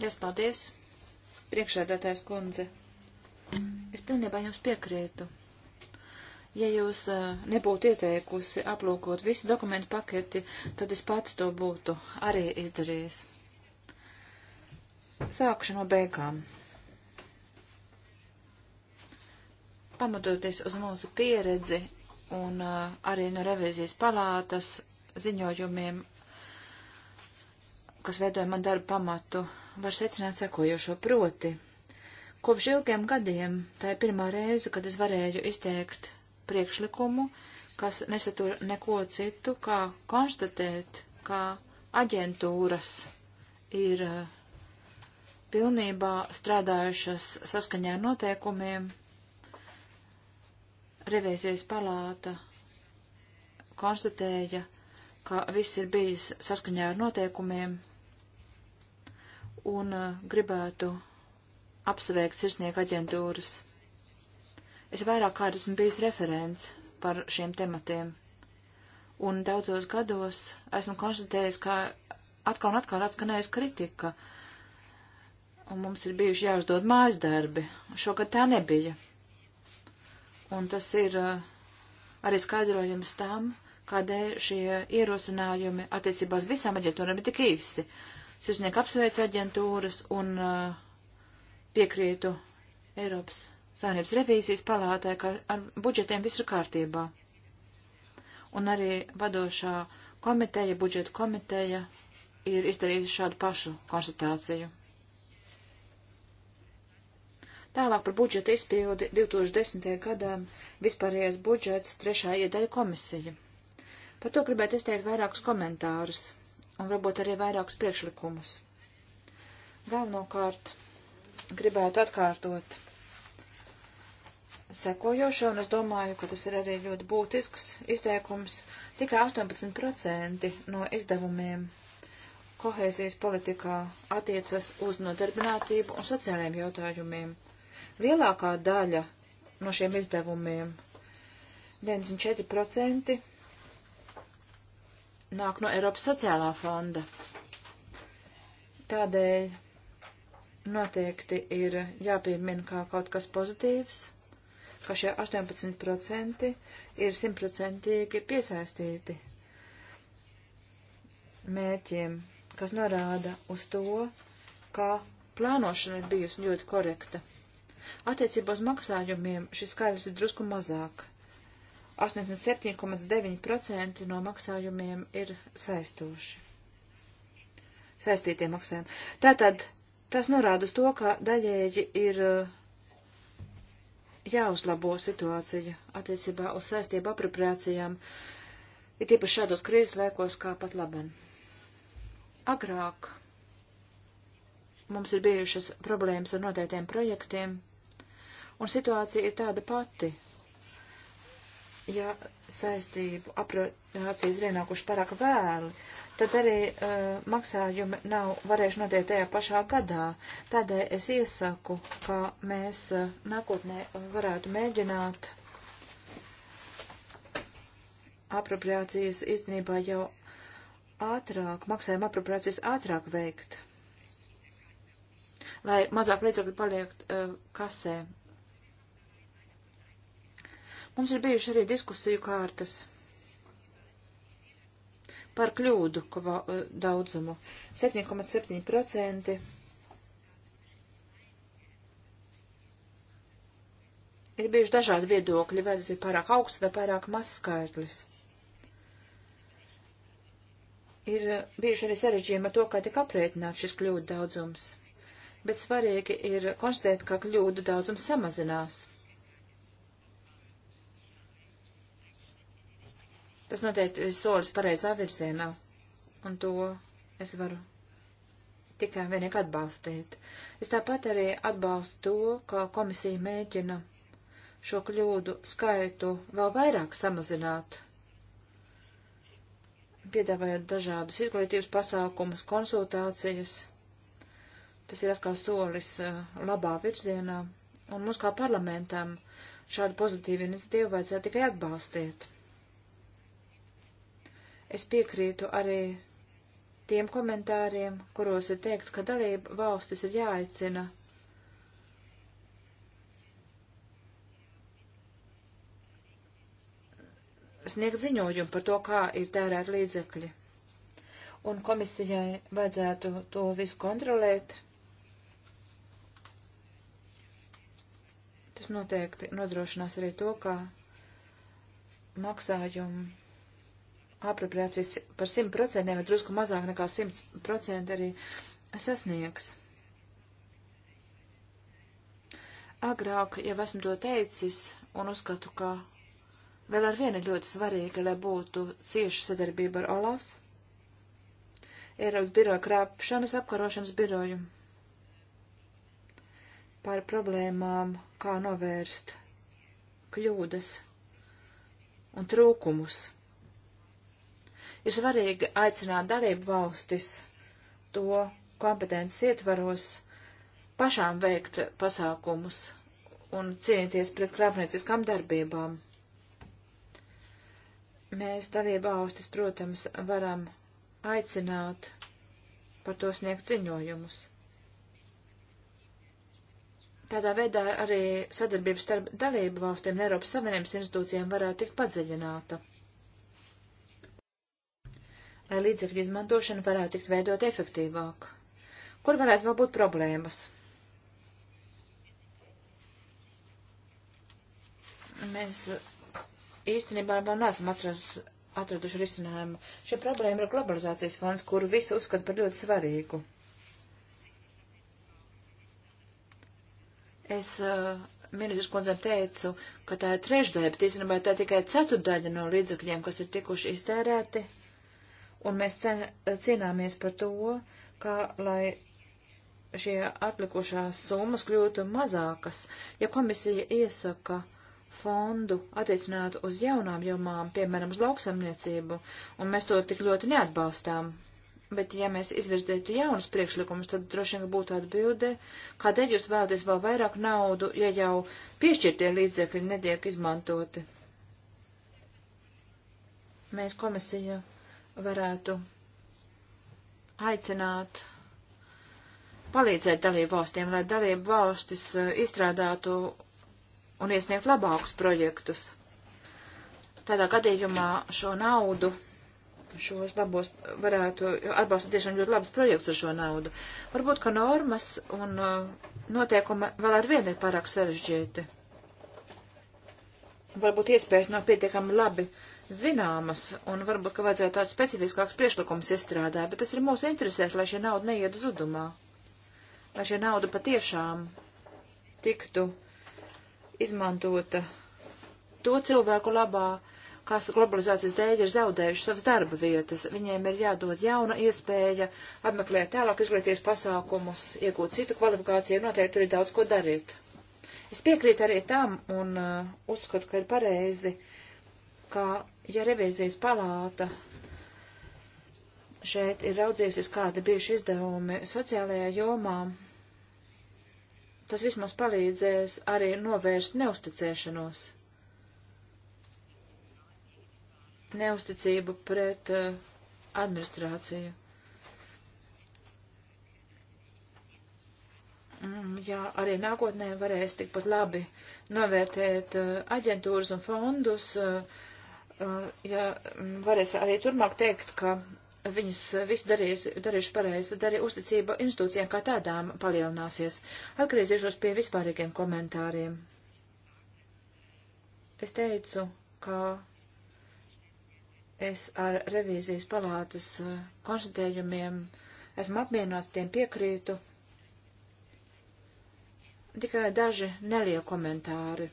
Es paldies, priekšēdētājs kundze. Es pilnībā jums piekrītu. Ja jūs uh, nebūtu ieteikusi aplūkot visu dokumentu paketi, tad es pats to būtu arī izdarījis. Sākšu no beigām. Pamatoties uz mūsu pieredzi un uh, arī no revizijas palātas ziņojumiem, kas veidoja man darbu pamatu, var secināt sekojošo proti. Kopš ilgiem gadiem tā ir pirmā reize, kad es varēju izteikt priekšlikumu, kas nesatur neko citu, kā konstatēt, ka aģentūras ir eh, pilnībā strādājušas saskaņā ar noteikumiem. Revīzijas palāta konstatēja, ka viss ir bijis saskaņā ar noteikumiem un eh, gribētu apsveikt sirsnieku aģentūras Es vairāk kārt esmu bijis referents par šiem tematiem, un daudzos gados esmu konstatējis, ka atkal un atkal atskanējusi kritika, un mums ir bijuši jāuzdod mājas darbi. Šogad tā nebija. Un tas ir uh, arī skaidrojums tam, kādēļ šie ierosinājumi attiecībās visām aģentūrām ir tik īsi. Sirsnieku apsveicu aģentūras un uh, piekrītu Eiropas Savienības revīzijas palātē, ka ar budžetiem viss ir kārtībā. Un arī vadošā komiteja, budžeta komiteja ir izdarījusi šādu pašu konstatāciju. Tālāk par budžeta izpildi 2010. gadām vispārējais budžets trešā iedaļa komisija. Par to gribētu izteikt vairākus komentārus un varbūt arī vairākus priekšlikumus. Galvenokārt gribētu atkārtot sekojošo, un es domāju, ka tas ir arī ļoti būtisks izteikums. Tikai 18% no izdevumiem kohēzijas politikā attiecas uz nodarbinātību un sociālajiem jautājumiem. Lielākā daļa no šiem izdevumiem, 94%, nāk no Eiropas sociālā fonda. Tādēļ noteikti ir jāpiemina kā kaut kas pozitīvs ka šie 18% ir simtprocentīgi piesaistīti mērķiem, kas norāda uz to, ka plānošana ir bijusi ļoti korekta. Attiecībā uz maksājumiem šis skaidrs ir drusku mazāk. 87,9% no maksājumiem ir saistoši. Saistītie maksājumi. Tātad tas norāda uz to, ka daļēji ir uh, jāuzlabo situācija attiecībā uz saistību apropriācijām, ir tiepaši šādos krīzes laikos kā pat laban. Agrāk mums ir bijušas problēmas ar noteiktiem projektiem, un situācija ir tāda pati ja saistību apreciācijas ir ienākuši pārāk vēli, tad arī uh, maksājumi nav varējuši notiek tajā pašā gadā. Tādēļ es iesaku, ka mēs uh, nākotnē varētu mēģināt apropriācijas īstenībā jau ātrāk, maksājuma apropriācijas ātrāk veikt, lai mazāk līdzekļu paliek uh, kasē. Mums ir bijuši arī diskusiju kārtas par kļūdu kva, eh, daudzumu. 7,7% ir bijuši dažādi viedokļi, vai tas ir pārāk augsts vai pārāk mazs skaitlis. Ir bijuši arī sarežģījumi ar to, kā tika aprēķināts šis kļūdu daudzums. Bet svarīgi ir konstatēt, ka kļūdu daudzums samazinās. Tas noteikti ir solis pareizā virzienā, un to es varu tikai vienīgi atbalstīt. Es tāpat arī atbalstu to, ka komisija mēģina šo kļūdu skaitu vēl vairāk samazināt, piedāvājot dažādus izglītības pasākumus, konsultācijas. Tas ir atkal solis uh, labā virzienā, un mums kā parlamentam šādu pozitīvu iniciatīvu vajadzētu tikai atbalstīt. Es piekrītu arī tiem komentāriem, kuros ir teikts, ka dalība valstis ir jāaicina sniegt ziņojumu par to, kā ir tērēt līdzekļi. Un komisijai vajadzētu to visu kontrolēt. Tas noteikti nodrošinās arī to, kā maksājumu apropriācijas par 100% vai drusku mazāk nekā 100% arī sasniegs. Agrāk jau esmu to teicis un uzskatu, ka vēl ar vienu ļoti svarīgi, lai būtu cieša sadarbība ar Olafu, Eiropas biroja krāpšanas apkarošanas biroju par problēmām, kā novērst kļūdas un trūkumus Ir svarīgi aicināt dalību valstis to kompetences ietvaros pašām veikt pasākumus un cīnīties pret krāpnieciskām darbībām. Mēs dalību valstis, protams, varam aicināt par to sniegt ziņojumus. Tādā veidā arī sadarbības starp dalību valstīm un Eiropas Savienības institūcijiem varētu tikt padziļināta lai līdzekļu izmantošana varētu tikt veidot efektīvāk. Kur varētu vēl būt problēmas? Mēs īstenībā vēl neesam atrast, atraduši risinājumu. Šī problēma ir globalizācijas fonds, kuru visi uzskata par ļoti svarīgu. Es uh, ministrs kundzēm teicu, ka tā ir trešdaļa, bet īstenībā tā ir tikai ceturdaļa no līdzekļiem, kas ir tikuši iztērēti. Uh, un mēs cen, cīnāmies par to, kā lai šie atlikušās summas kļūtu mazākas. Ja komisija iesaka fondu attiecināt uz jaunām jomām, piemēram, uz lauksamniecību, un mēs to tik ļoti neatbalstām, bet ja mēs izvirzītu jaunus priekšlikumus, tad droši vien būtu atbilde, kādēļ jūs vēlaties vēl vairāk naudu, ja jau piešķirtie līdzekļi netiek izmantoti. Mēs komisija varētu aicināt palīdzēt dalību valstīm, lai dalību valstis eh, izstrādātu un iesniegtu labākus projektus. Tādā gadījumā šo naudu, šos labos varētu atbalstīt tiešām ļoti labus projektus ar šo naudu. Varbūt, ka normas un eh, noteikumi vēl ar vienu ir pārāk sarežģīti. Varbūt iespējas nav pietiekami labi uh, zināmas, un varbūt, ka vajadzētu tāds specifiskāks priešlikums izstrādāt, bet tas ir mūsu interesēs, lai šī nauda neiet zudumā, lai šī nauda patiešām tiktu izmantota to cilvēku labā, kas globalizācijas dēļ ir zaudējuši savas darba vietas. Viņiem ir jādod jauna iespēja apmeklēt tālāk izglītības pasākumus, iegūt citu kvalifikāciju, noteikti tur ir daudz ko darīt. Es piekrītu arī tam un uh, uzskatu, ka ir pareizi, ka ja revīzijas palāta šeit ir raudzījusies, kāda bijuši izdevumi sociālajā jomā, tas vismaz palīdzēs arī novērst neusticēšanos. Neusticību pret uh, administrāciju. Mm, jā, arī nākotnē varēs tikpat labi novērtēt uh, aģentūras un fondus, uh, Uh, ja mm, varēs arī turmāk teikt, ka viņas visu darīs, darīšu pareizi, tad arī uzticība institūcijām kā tādām palielināsies. Atgriezīšos pie vispārīgiem komentāriem. Es teicu, ka es ar revīzijas palātas uh, konstatējumiem esmu apmierināts, tiem piekrītu. Tikai daži nelie komentāri.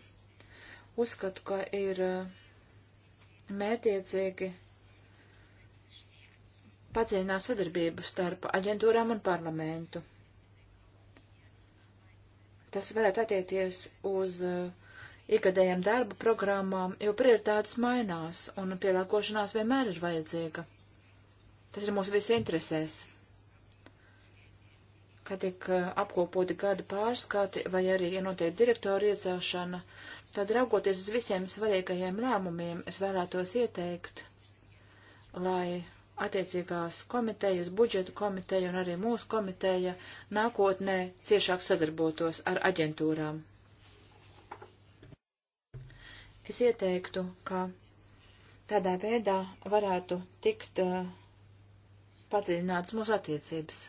Uzskatu, ka ir uh, mētiecīgi padziļinās sadarbību starp aģentūrām un parlamentu. Tas varētu attiekties uz uh, ikgadējām darba programmām, jo prioritātes mainās un pielāgošanās vienmēr ir vajadzīga. Tas ir mūsu visu interesēs. Kad tiek uh, apkopoti gada pārskati vai arī, ja notiek direktora iecelšana, uh, Tad raugoties uz visiem svarīgajiem lēmumiem, es vēlētos ieteikt, lai attiecīgās komitejas, budžetu komiteja un arī mūsu komiteja nākotnē ciešāk sadarbotos ar aģentūrām. Es ieteiktu, ka tādā veidā varētu tikt uh, padziļināts mūsu attiecības.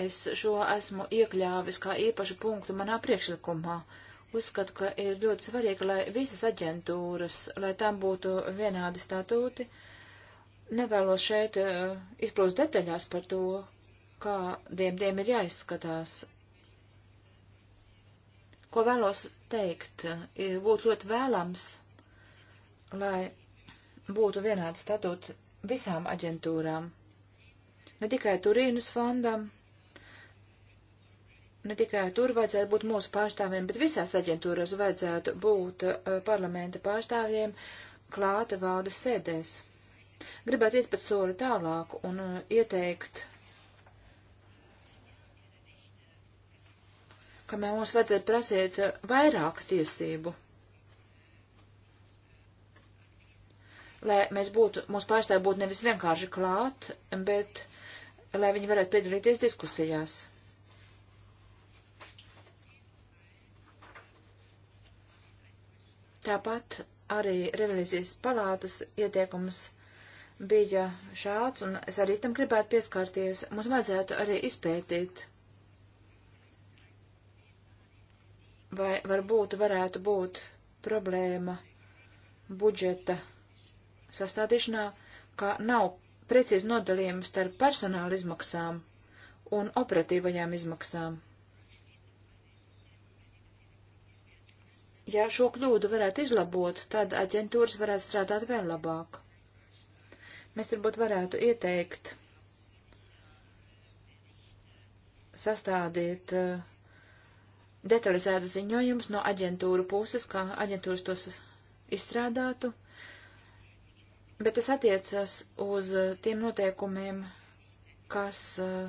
Es šo esmu iekļāvis kā īpašu punktu manā priekšlikumā. Uzskatu, ka ir ļoti svarīgi, lai visas aģentūras, lai tam būtu vienādi statūti. Nevēlos šeit uh, izplūst detaļās par to, kādiem diem ir jāizskatās. Ko vēlos teikt, ir būt ļoti vēlams, lai būtu vienādi statūti visām aģentūrām, ne tikai Turīnas fondam, ne tikai tur vajadzētu būt mūsu pārstāvjiem, bet visās aģentūras vajadzētu būt uh, parlamenta pārstāvjiem klāta valdes sēdēs. Gribētu iet pat soli tālāk un uh, ieteikt, ka mums vajadzētu prasīt uh, vairāk tiesību, lai mēs būtu, mūsu pārstāvji būtu nevis vienkārši klāt, bet lai viņi varētu piedalīties diskusijās Tāpat arī revizijas palātas ieteikums bija šāds, un es arī tam gribētu pieskarties. Mums vajadzētu arī izpētīt, vai varbūt varētu būt problēma budžeta sastādīšanā, ka nav precīzi nodalījums starp personāla izmaksām un operatīvajām izmaksām. Ja šo kļūdu varētu izlabot, tad aģentūras varētu strādāt vēl labāk. Mēs varbūt varētu ieteikt sastādīt uh, detalizētu ziņojumus no aģentūra puses, kā aģentūras tos izstrādātu, bet tas attiecas uz tiem noteikumiem, kas uh,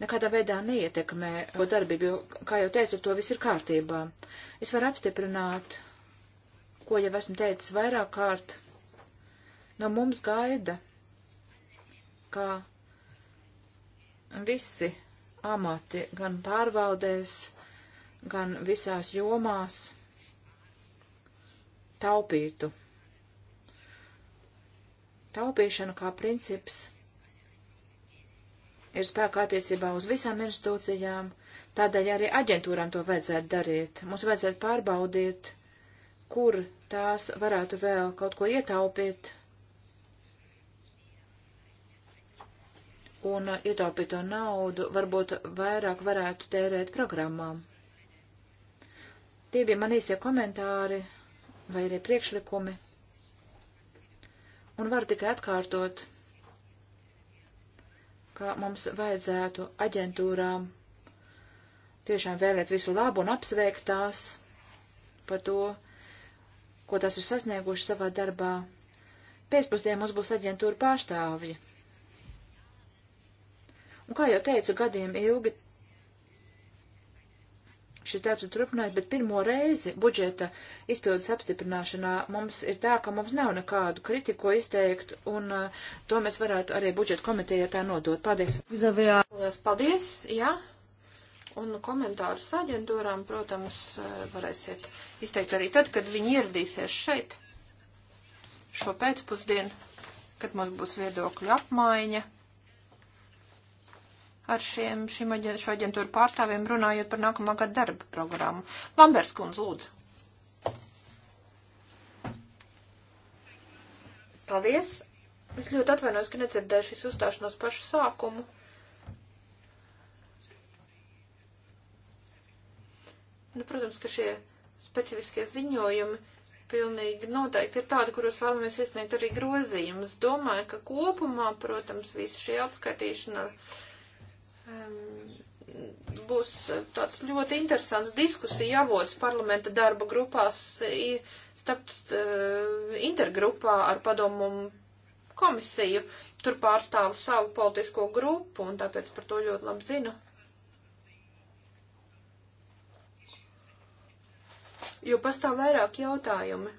nekādā veidā neietekmē to darbību, jo, kā jau teicu, to viss ir kārtībā. Es varu apstiprināt, ko jau esmu teicis vairāk kārt, no mums gaida, kā visi amati gan pārvaldēs, gan visās jomās taupītu. Taupīšana kā princips ir spēkā attiecībā uz visām institūcijām, tādēļ arī aģentūrām to vajadzētu darīt. Mums vajadzētu pārbaudīt, kur tās varētu vēl kaut ko ietaupīt un ietaupīto naudu varbūt vairāk varētu tērēt programmām. Tie bija man īsie komentāri vai arī priekšlikumi. Un var tikai atkārtot, ka mums vajadzētu aģentūrām tiešām vēlēt visu labu un apsveikt tās par to, ko tas ir sasnieguši savā darbā. Pēcpusdienā mums būs aģentūra pārstāvji. Un kā jau teicu, gadiem ilgi šis darbs ir turpinājis, bet pirmo reizi budžeta izpildes apstiprināšanā mums ir tā, ka mums nav nekādu kritiku izteikt, un uh, to mēs varētu arī budžeta komitejā tā nodot. Paldies! Liels paldies! Jā. Un komentārus aģentūrām, protams, uh, varēsiet izteikt arī tad, kad viņi ieradīsies šeit šo pēcpusdienu, kad mums būs viedokļu apmaiņa ar šiem, šim aģent, šo aģentūru pārstāvjiem runājot par nākamā gada darba programmu. Lambers kundz, lūdzu. Paldies. Es ļoti atvainojos, ka nedzirdēju šīs uzstāšanos pašu sākumu. Nu, protams, ka šie specifiskie ziņojumi pilnīgi noteikti ir tādi, kuros vēlamies iesniegt arī grozījumus. Domāju, ka kopumā, protams, visa šī atskaitīšana būs eh, tāds ļoti interesants diskusija avots parlamenta darba grupās, starp uh, intergrupā ar padomu komisiju. Tur pārstāvu savu politisko grupu un tāpēc par to ļoti labi zinu. Jo pastāv vairāk jautājumi.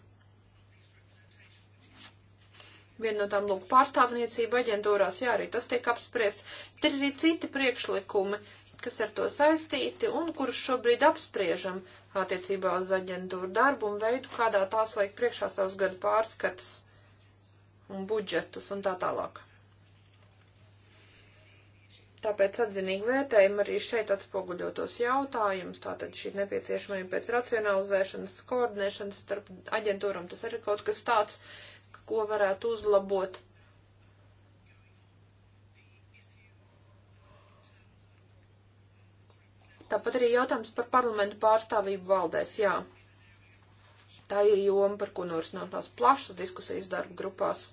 Viena no tām, lūk, pārstāvniecība aģentūrās, jā, arī tas tiek apspriests. Tur ir arī citi priekšlikumi, uh, kas ar to saistīti un kurus šobrīd apspriežam attiecībā uz aģentūru darbu un veidu, kādā tās vajag priekšā savus gadu pārskatus un budžetus un tā tālāk. Tāpēc atzinīgi vērtējumi arī šeit atspoguļotos jautājumus, tātad šī nepieciešamība pēc racionalizēšanas, koordinēšanas starp aģentūram, tas arī kaut kas tāds, ko varētu uzlabot. Tāpat arī jautājums par parlamentu pārstāvību valdēs, jā. Tā ir joma, par ko norisinām tās plašas diskusijas darba grupās,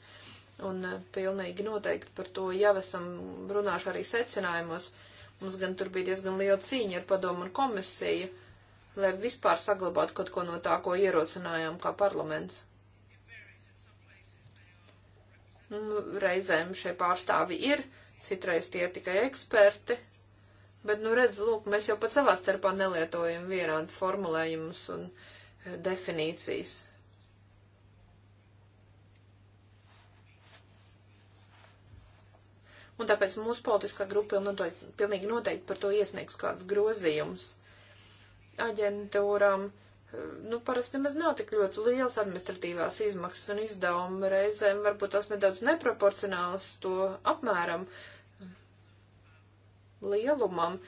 un eh, pilnīgi noteikti par to jau esam runājuši arī secinājumos. Mums gan tur bija diezgan liela cīņa ar padomu un komisiju, lai vispār saglabātu kaut ko no tā, ko ierosinājām kā parlaments. Nu, reizēm šie pārstāvi ir, citreiz tie ir tikai eksperti, Bet, nu, redz, lūk, mēs jau pat savā starpā nelietojam vienādas formulējumus un eh, definīcijas. Un tāpēc mūsu politiskā grupa pilnīgi noteikti par to iesniegs kādus grozījumus. Aģentūram, nu, parasti nemaz nav tik ļoti liels administratīvās izmaksas un izdevumi. Reizēm varbūt tās nedaudz neproporcionāls to apmēram. Uh, lielumam.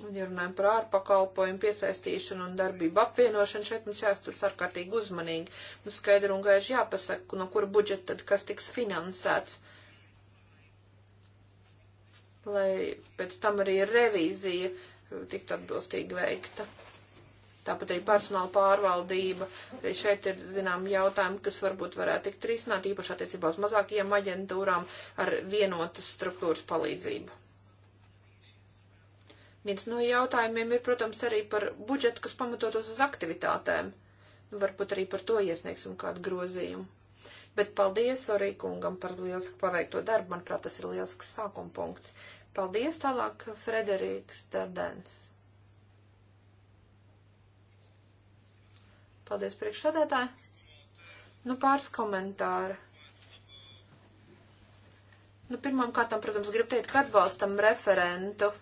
Un, ja runājam par ārpakalpojumu piesaistīšanu un darbību apvienošanu, šeit mums jāsturs ārkārtīgi uzmanīgi. Mums nu, skaidri un gaiši jāpasaka, no kura budžeta tad kas tiks finansēts. Lai pēc tam arī revīzija tiktu atbilstīgi veikta. Tāpat arī personāla pārvaldība. Arī šeit ir, zinām, jautājumi, kas varbūt varētu tikt risināt, īpaši attiecībā uz mazākajām aģentūrām ar vienotas struktūras palīdzību. Viens no jautājumiem ir, protams, arī par budžetu, kas pamatotos uz aktivitātēm. Nu, varbūt arī par to iesniegsim kādu grozījumu. Bet paldies arī kungam par lielisku paveikto darbu. Manuprāt, tas ir lielisks sākuma punkts. Paldies tālāk, Frederiks Dardens. Paldies priekšsādētāji. Nu, pāris komentāri. Nu, pirmām kārtām, protams, gribu teikt, ka atbalstam referentu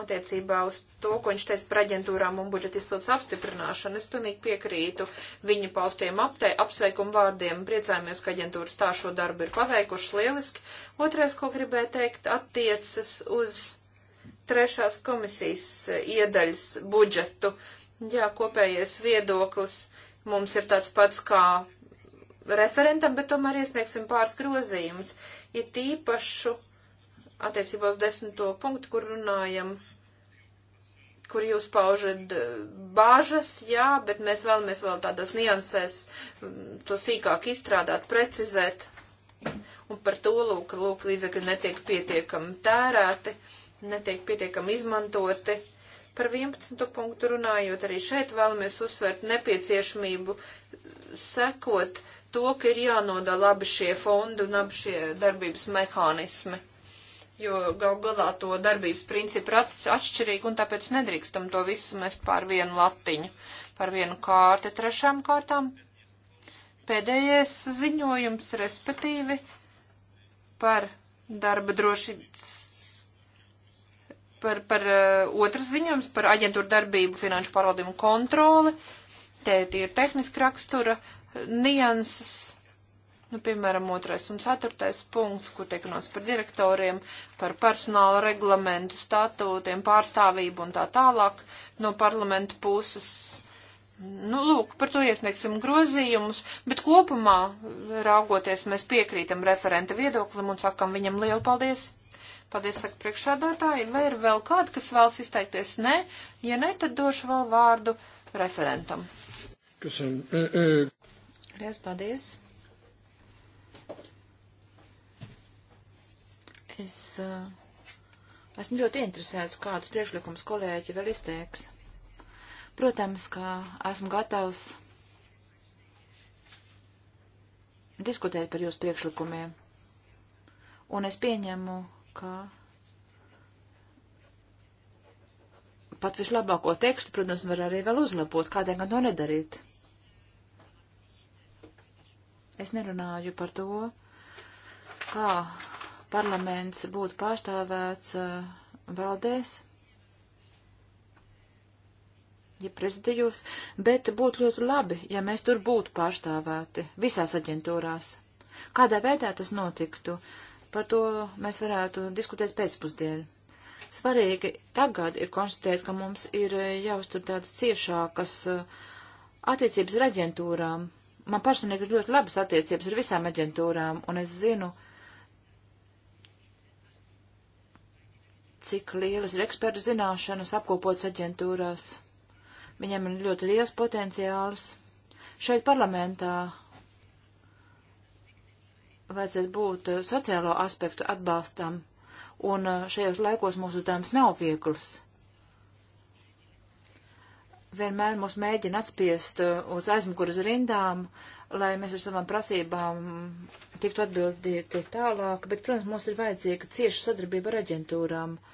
attiecībā uz to, ko viņš teica par aģentūrām un budžeta izpildes apstiprināšanu. Es pilnīgi piekrītu viņa paustiem apte, apsveikumu vārdiem. Priecājamies, ka aģentūras tā šo darbu ir paveikušas lieliski. Otrais, ko gribēju teikt, attiecas uz trešās komisijas iedaļas budžetu. Jā, kopējais viedoklis mums ir tāds pats kā referentam, bet tomēr iesniegsim pāris grozījumus. Ir ja tīpašu attiecībā uz desmito punktu, kur runājam, kur jūs paužat eh, bāžas, jā, bet mēs vēlamies vēl tādās niansēs mm, to sīkāk izstrādāt, precizēt. Un par to, lūk, lūk līdzekļi netiek pietiekami tērēti, netiek pietiekami izmantoti. Par 11. punktu runājot, arī šeit vēlamies uzsvērt nepieciešamību eh, sekot to, ka ir jānodala abi šie fondi un abi šie darbības mehānismi jo gal galā to darbības principi ir atšķirīgi, un tāpēc nedrīkstam to visu mest pār vienu latiņu, pār vienu kārti trešām kārtām. Pēdējais ziņojums, respektīvi, par darba drošības, par, par uh, otras ziņojums, par aģentūru darbību, finanšu pārvaldību un kontroli. Te ir tehniska rakstura nianses Nu, piemēram, otrais un ceturtais punkts, kur tiek runāts par direktoriem, par personāla reglamentu, statūtiem, pārstāvību un tā tālāk no parlamenta puses. Nu, lūk, par to iesniegsim grozījumus, bet kopumā, raugoties, mēs piekrītam referenta viedoklim un sakam viņam lielu paldies. Paldies, saka priekšādātāji. Vai ir vēl kāda, kas vēlas izteikties? Nē, ja ne, tad došu vēl vārdu referentam. Kas ir? Eh, eh, paldies. Es uh, esmu ļoti interesēts, kādus priekšlikumus kolēģi vēl izteiks. Protams, ka esmu gatavs diskutēt par jūsu priekšlikumiem. Un es pieņemu, ka pat vislabāko tekstu, protams, var arī vēl uzlabot, kādēļ gan to nedarīt. Es nerunāju par to, kā parlaments būtu pārstāvēts uh, valdēs, ja prezidijos, bet būtu ļoti labi, ja mēs tur būtu pārstāvēti visās aģentūrās. Kādā veidā tas notiktu, par to mēs varētu diskutēt pēcpusdienu. Svarīgi tagad ir konstatēt, ka mums ir eh, jāuztur tādas ciešākas eh, attiecības ar aģentūrām. Man personīgi ir ļoti labas attiecības ar visām aģentūrām, un es zinu, ka cik lielas ir eksperta zināšanas apkopotas aģentūrās. Viņam ir ļoti liels potenciāls. Šeit parlamentā vajadzētu būt eh, sociālo aspektu atbalstam, un eh, šajos laikos mūsu uzdevums nav viegls. Vienmēr mūs mēģina atspiest eh, uz aizmuguras rindām, lai mēs ar savām prasībām tiktu atbildīti tālāk, bet, protams, mums ir vajadzīga cieša sadarbība ar aģentūrām. Uh,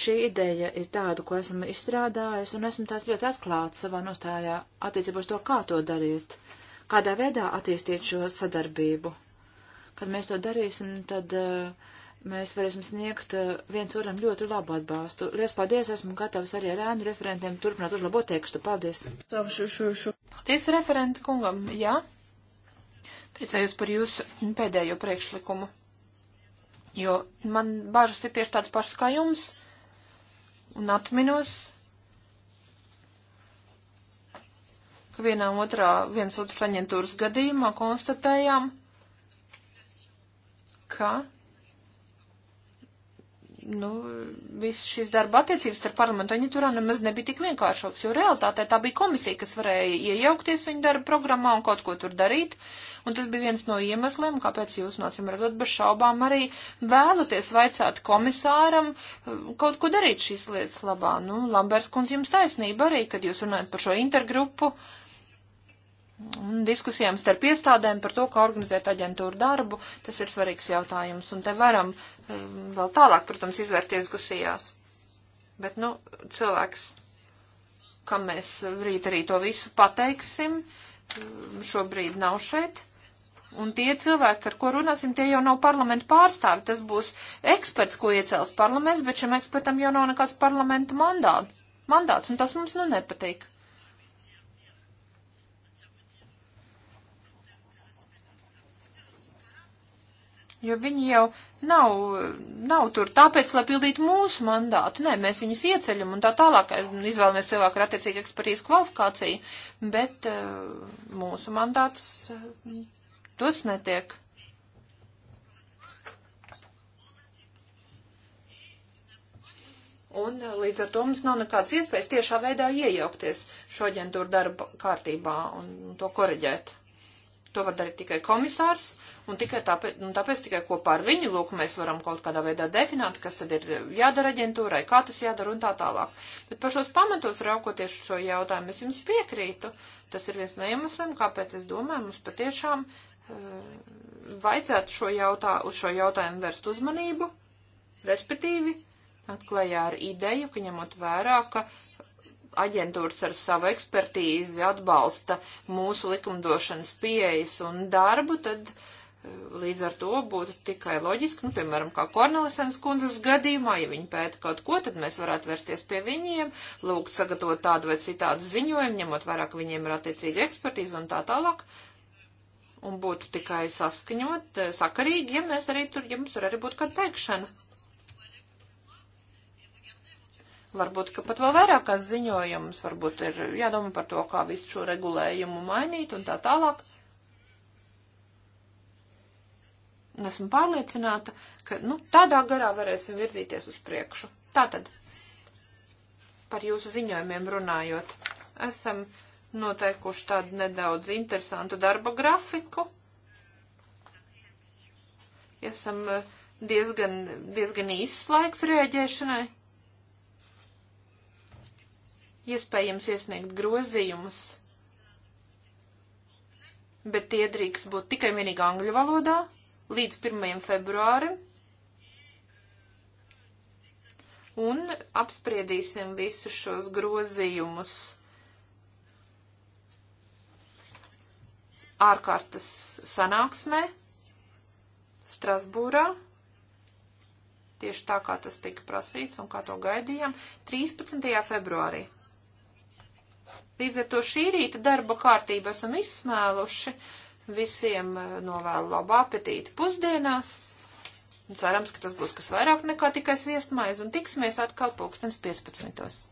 šī ideja ir tāda, ko esam izstrādājis, un esmu tāds ļoti atklāts savā nostājā attiecībā uz to, kā to darīt, kādā veidā attīstīt šo sadarbību. Kad mēs to darīsim, tad uh, mēs varēsim sniegt uh, viens otram ļoti labu atbalstu. Lies paldies, esmu gatavs arī ar ēnu referentiem turpināt uzlabot tekstu. Paldies! Paldies referenta kungam, jā? Priecājos par jūsu pēdējo priekšlikumu, jo man bažas ir tieši tādas pašas kā jums un atminos, ka vienā otrā, viens otrs aģentūras gadījumā konstatējām, ka nu, viss šis darba attiecības ar parlamentu viņa turā nemaz nebija tik vienkāršoks, jo realitātē tā bija komisija, kas varēja iejaukties viņa darba programmā un kaut ko tur darīt. Un tas bija viens no iemesliem, kāpēc jūs, nācim redzot, bez šaubām arī vēlaties vaicāt komisāram eh, kaut ko darīt šīs lietas labā. Nu, Lambers kundz jums taisnība arī, kad jūs runājat par šo intergrupu un diskusijām starp iestādēm par to, kā organizēt aģentūru darbu, tas ir svarīgs jautājums. Un te varam Mm, vēl tālāk, protams, izvērties gusijās. Bet, nu, cilvēks, kam mēs rīt arī to visu pateiksim, mm, šobrīd nav šeit. Un tie cilvēki, ar ko runāsim, tie jau nav parlamenta pārstāvi. Tas būs eksperts, ko iecels parlaments, bet šim ekspertam jau nav nekāds parlamenta mandāts. Mandāts, un tas mums nu nepatīk. jo viņi jau nav, nav tur tāpēc, lai pildītu mūsu mandātu. Nē, mēs viņus ieceļam un tā tālāk izvēlamies cilvēku ar attiecīgu ekspertīzu kvalifikāciju, bet uh, mūsu mandāts uh, dots netiek. Un eh, līdz ar to mums nav nekādas iespējas tiešā veidā iejaukties šo aģentūru darba kārtībā un to koreģēt. To var darīt tikai komisārs, un tikai tāpēc, un nu, tāpēc tikai kopā ar viņu, lūk, mēs varam kaut kādā veidā definēt, kas tad ir jādara aģentūrai, kā tas jādara un tā tālāk. Bet par šos pamatos raukoties šo jautājumu, es jums piekrītu. Tas ir viens no iemesliem, kāpēc es domāju, mums patiešām uh, vajadzētu šo jautā, uz šo jautājumu vērst uzmanību, respektīvi atklājā ar ideju, ka ņemot vērā, ka aģentūras ar savu ekspertīzi atbalsta mūsu likumdošanas pieejas un darbu, tad eh, līdz ar to būtu tikai loģiski, nu, piemēram, kā Kornelisens kundzes gadījumā, ja viņi pēta kaut ko, tad mēs varētu vērsties pie viņiem, lūgt sagatavot tādu vai citādu ziņojumu, ņemot vairāk viņiem ir attiecīga ekspertīze un tā tālāk un būtu tikai saskaņot, eh, sakarīgi, ja mēs arī tur, ja mums tur arī būtu kāda teikšana. Varbūt, ka pat vēl vairākās ziņojumus, varbūt ir jādomā par to, kā visu šo regulējumu mainīt un tā tālāk. Esmu pārliecināta, ka nu, tādā garā varēsim virzīties uz priekšu. Tātad, par jūsu ziņojumiem runājot, esam noteikuši tādu nedaudz interesantu darba grafiku. Esam eh, diezgan, diezgan īsts laiks rēģēšanai iespējams iesniegt grozījumus, bet tie drīkst būt tikai vienīgi angļu valodā līdz 1. februārim. Un apspriedīsim visus šos grozījumus ārkārtas sanāksmē Strasbūrā tieši tā, kā tas tika prasīts un kā to gaidījām, 13. februārī. Līdz ar to šī rīta darba kārtību esam izsmēluši. Visiem eh, novēlu labu apetīti pusdienās. Cerams, ka tas būs kas vairāk nekā tikai sviestmaize un tiksimies atkal pulkstens 15.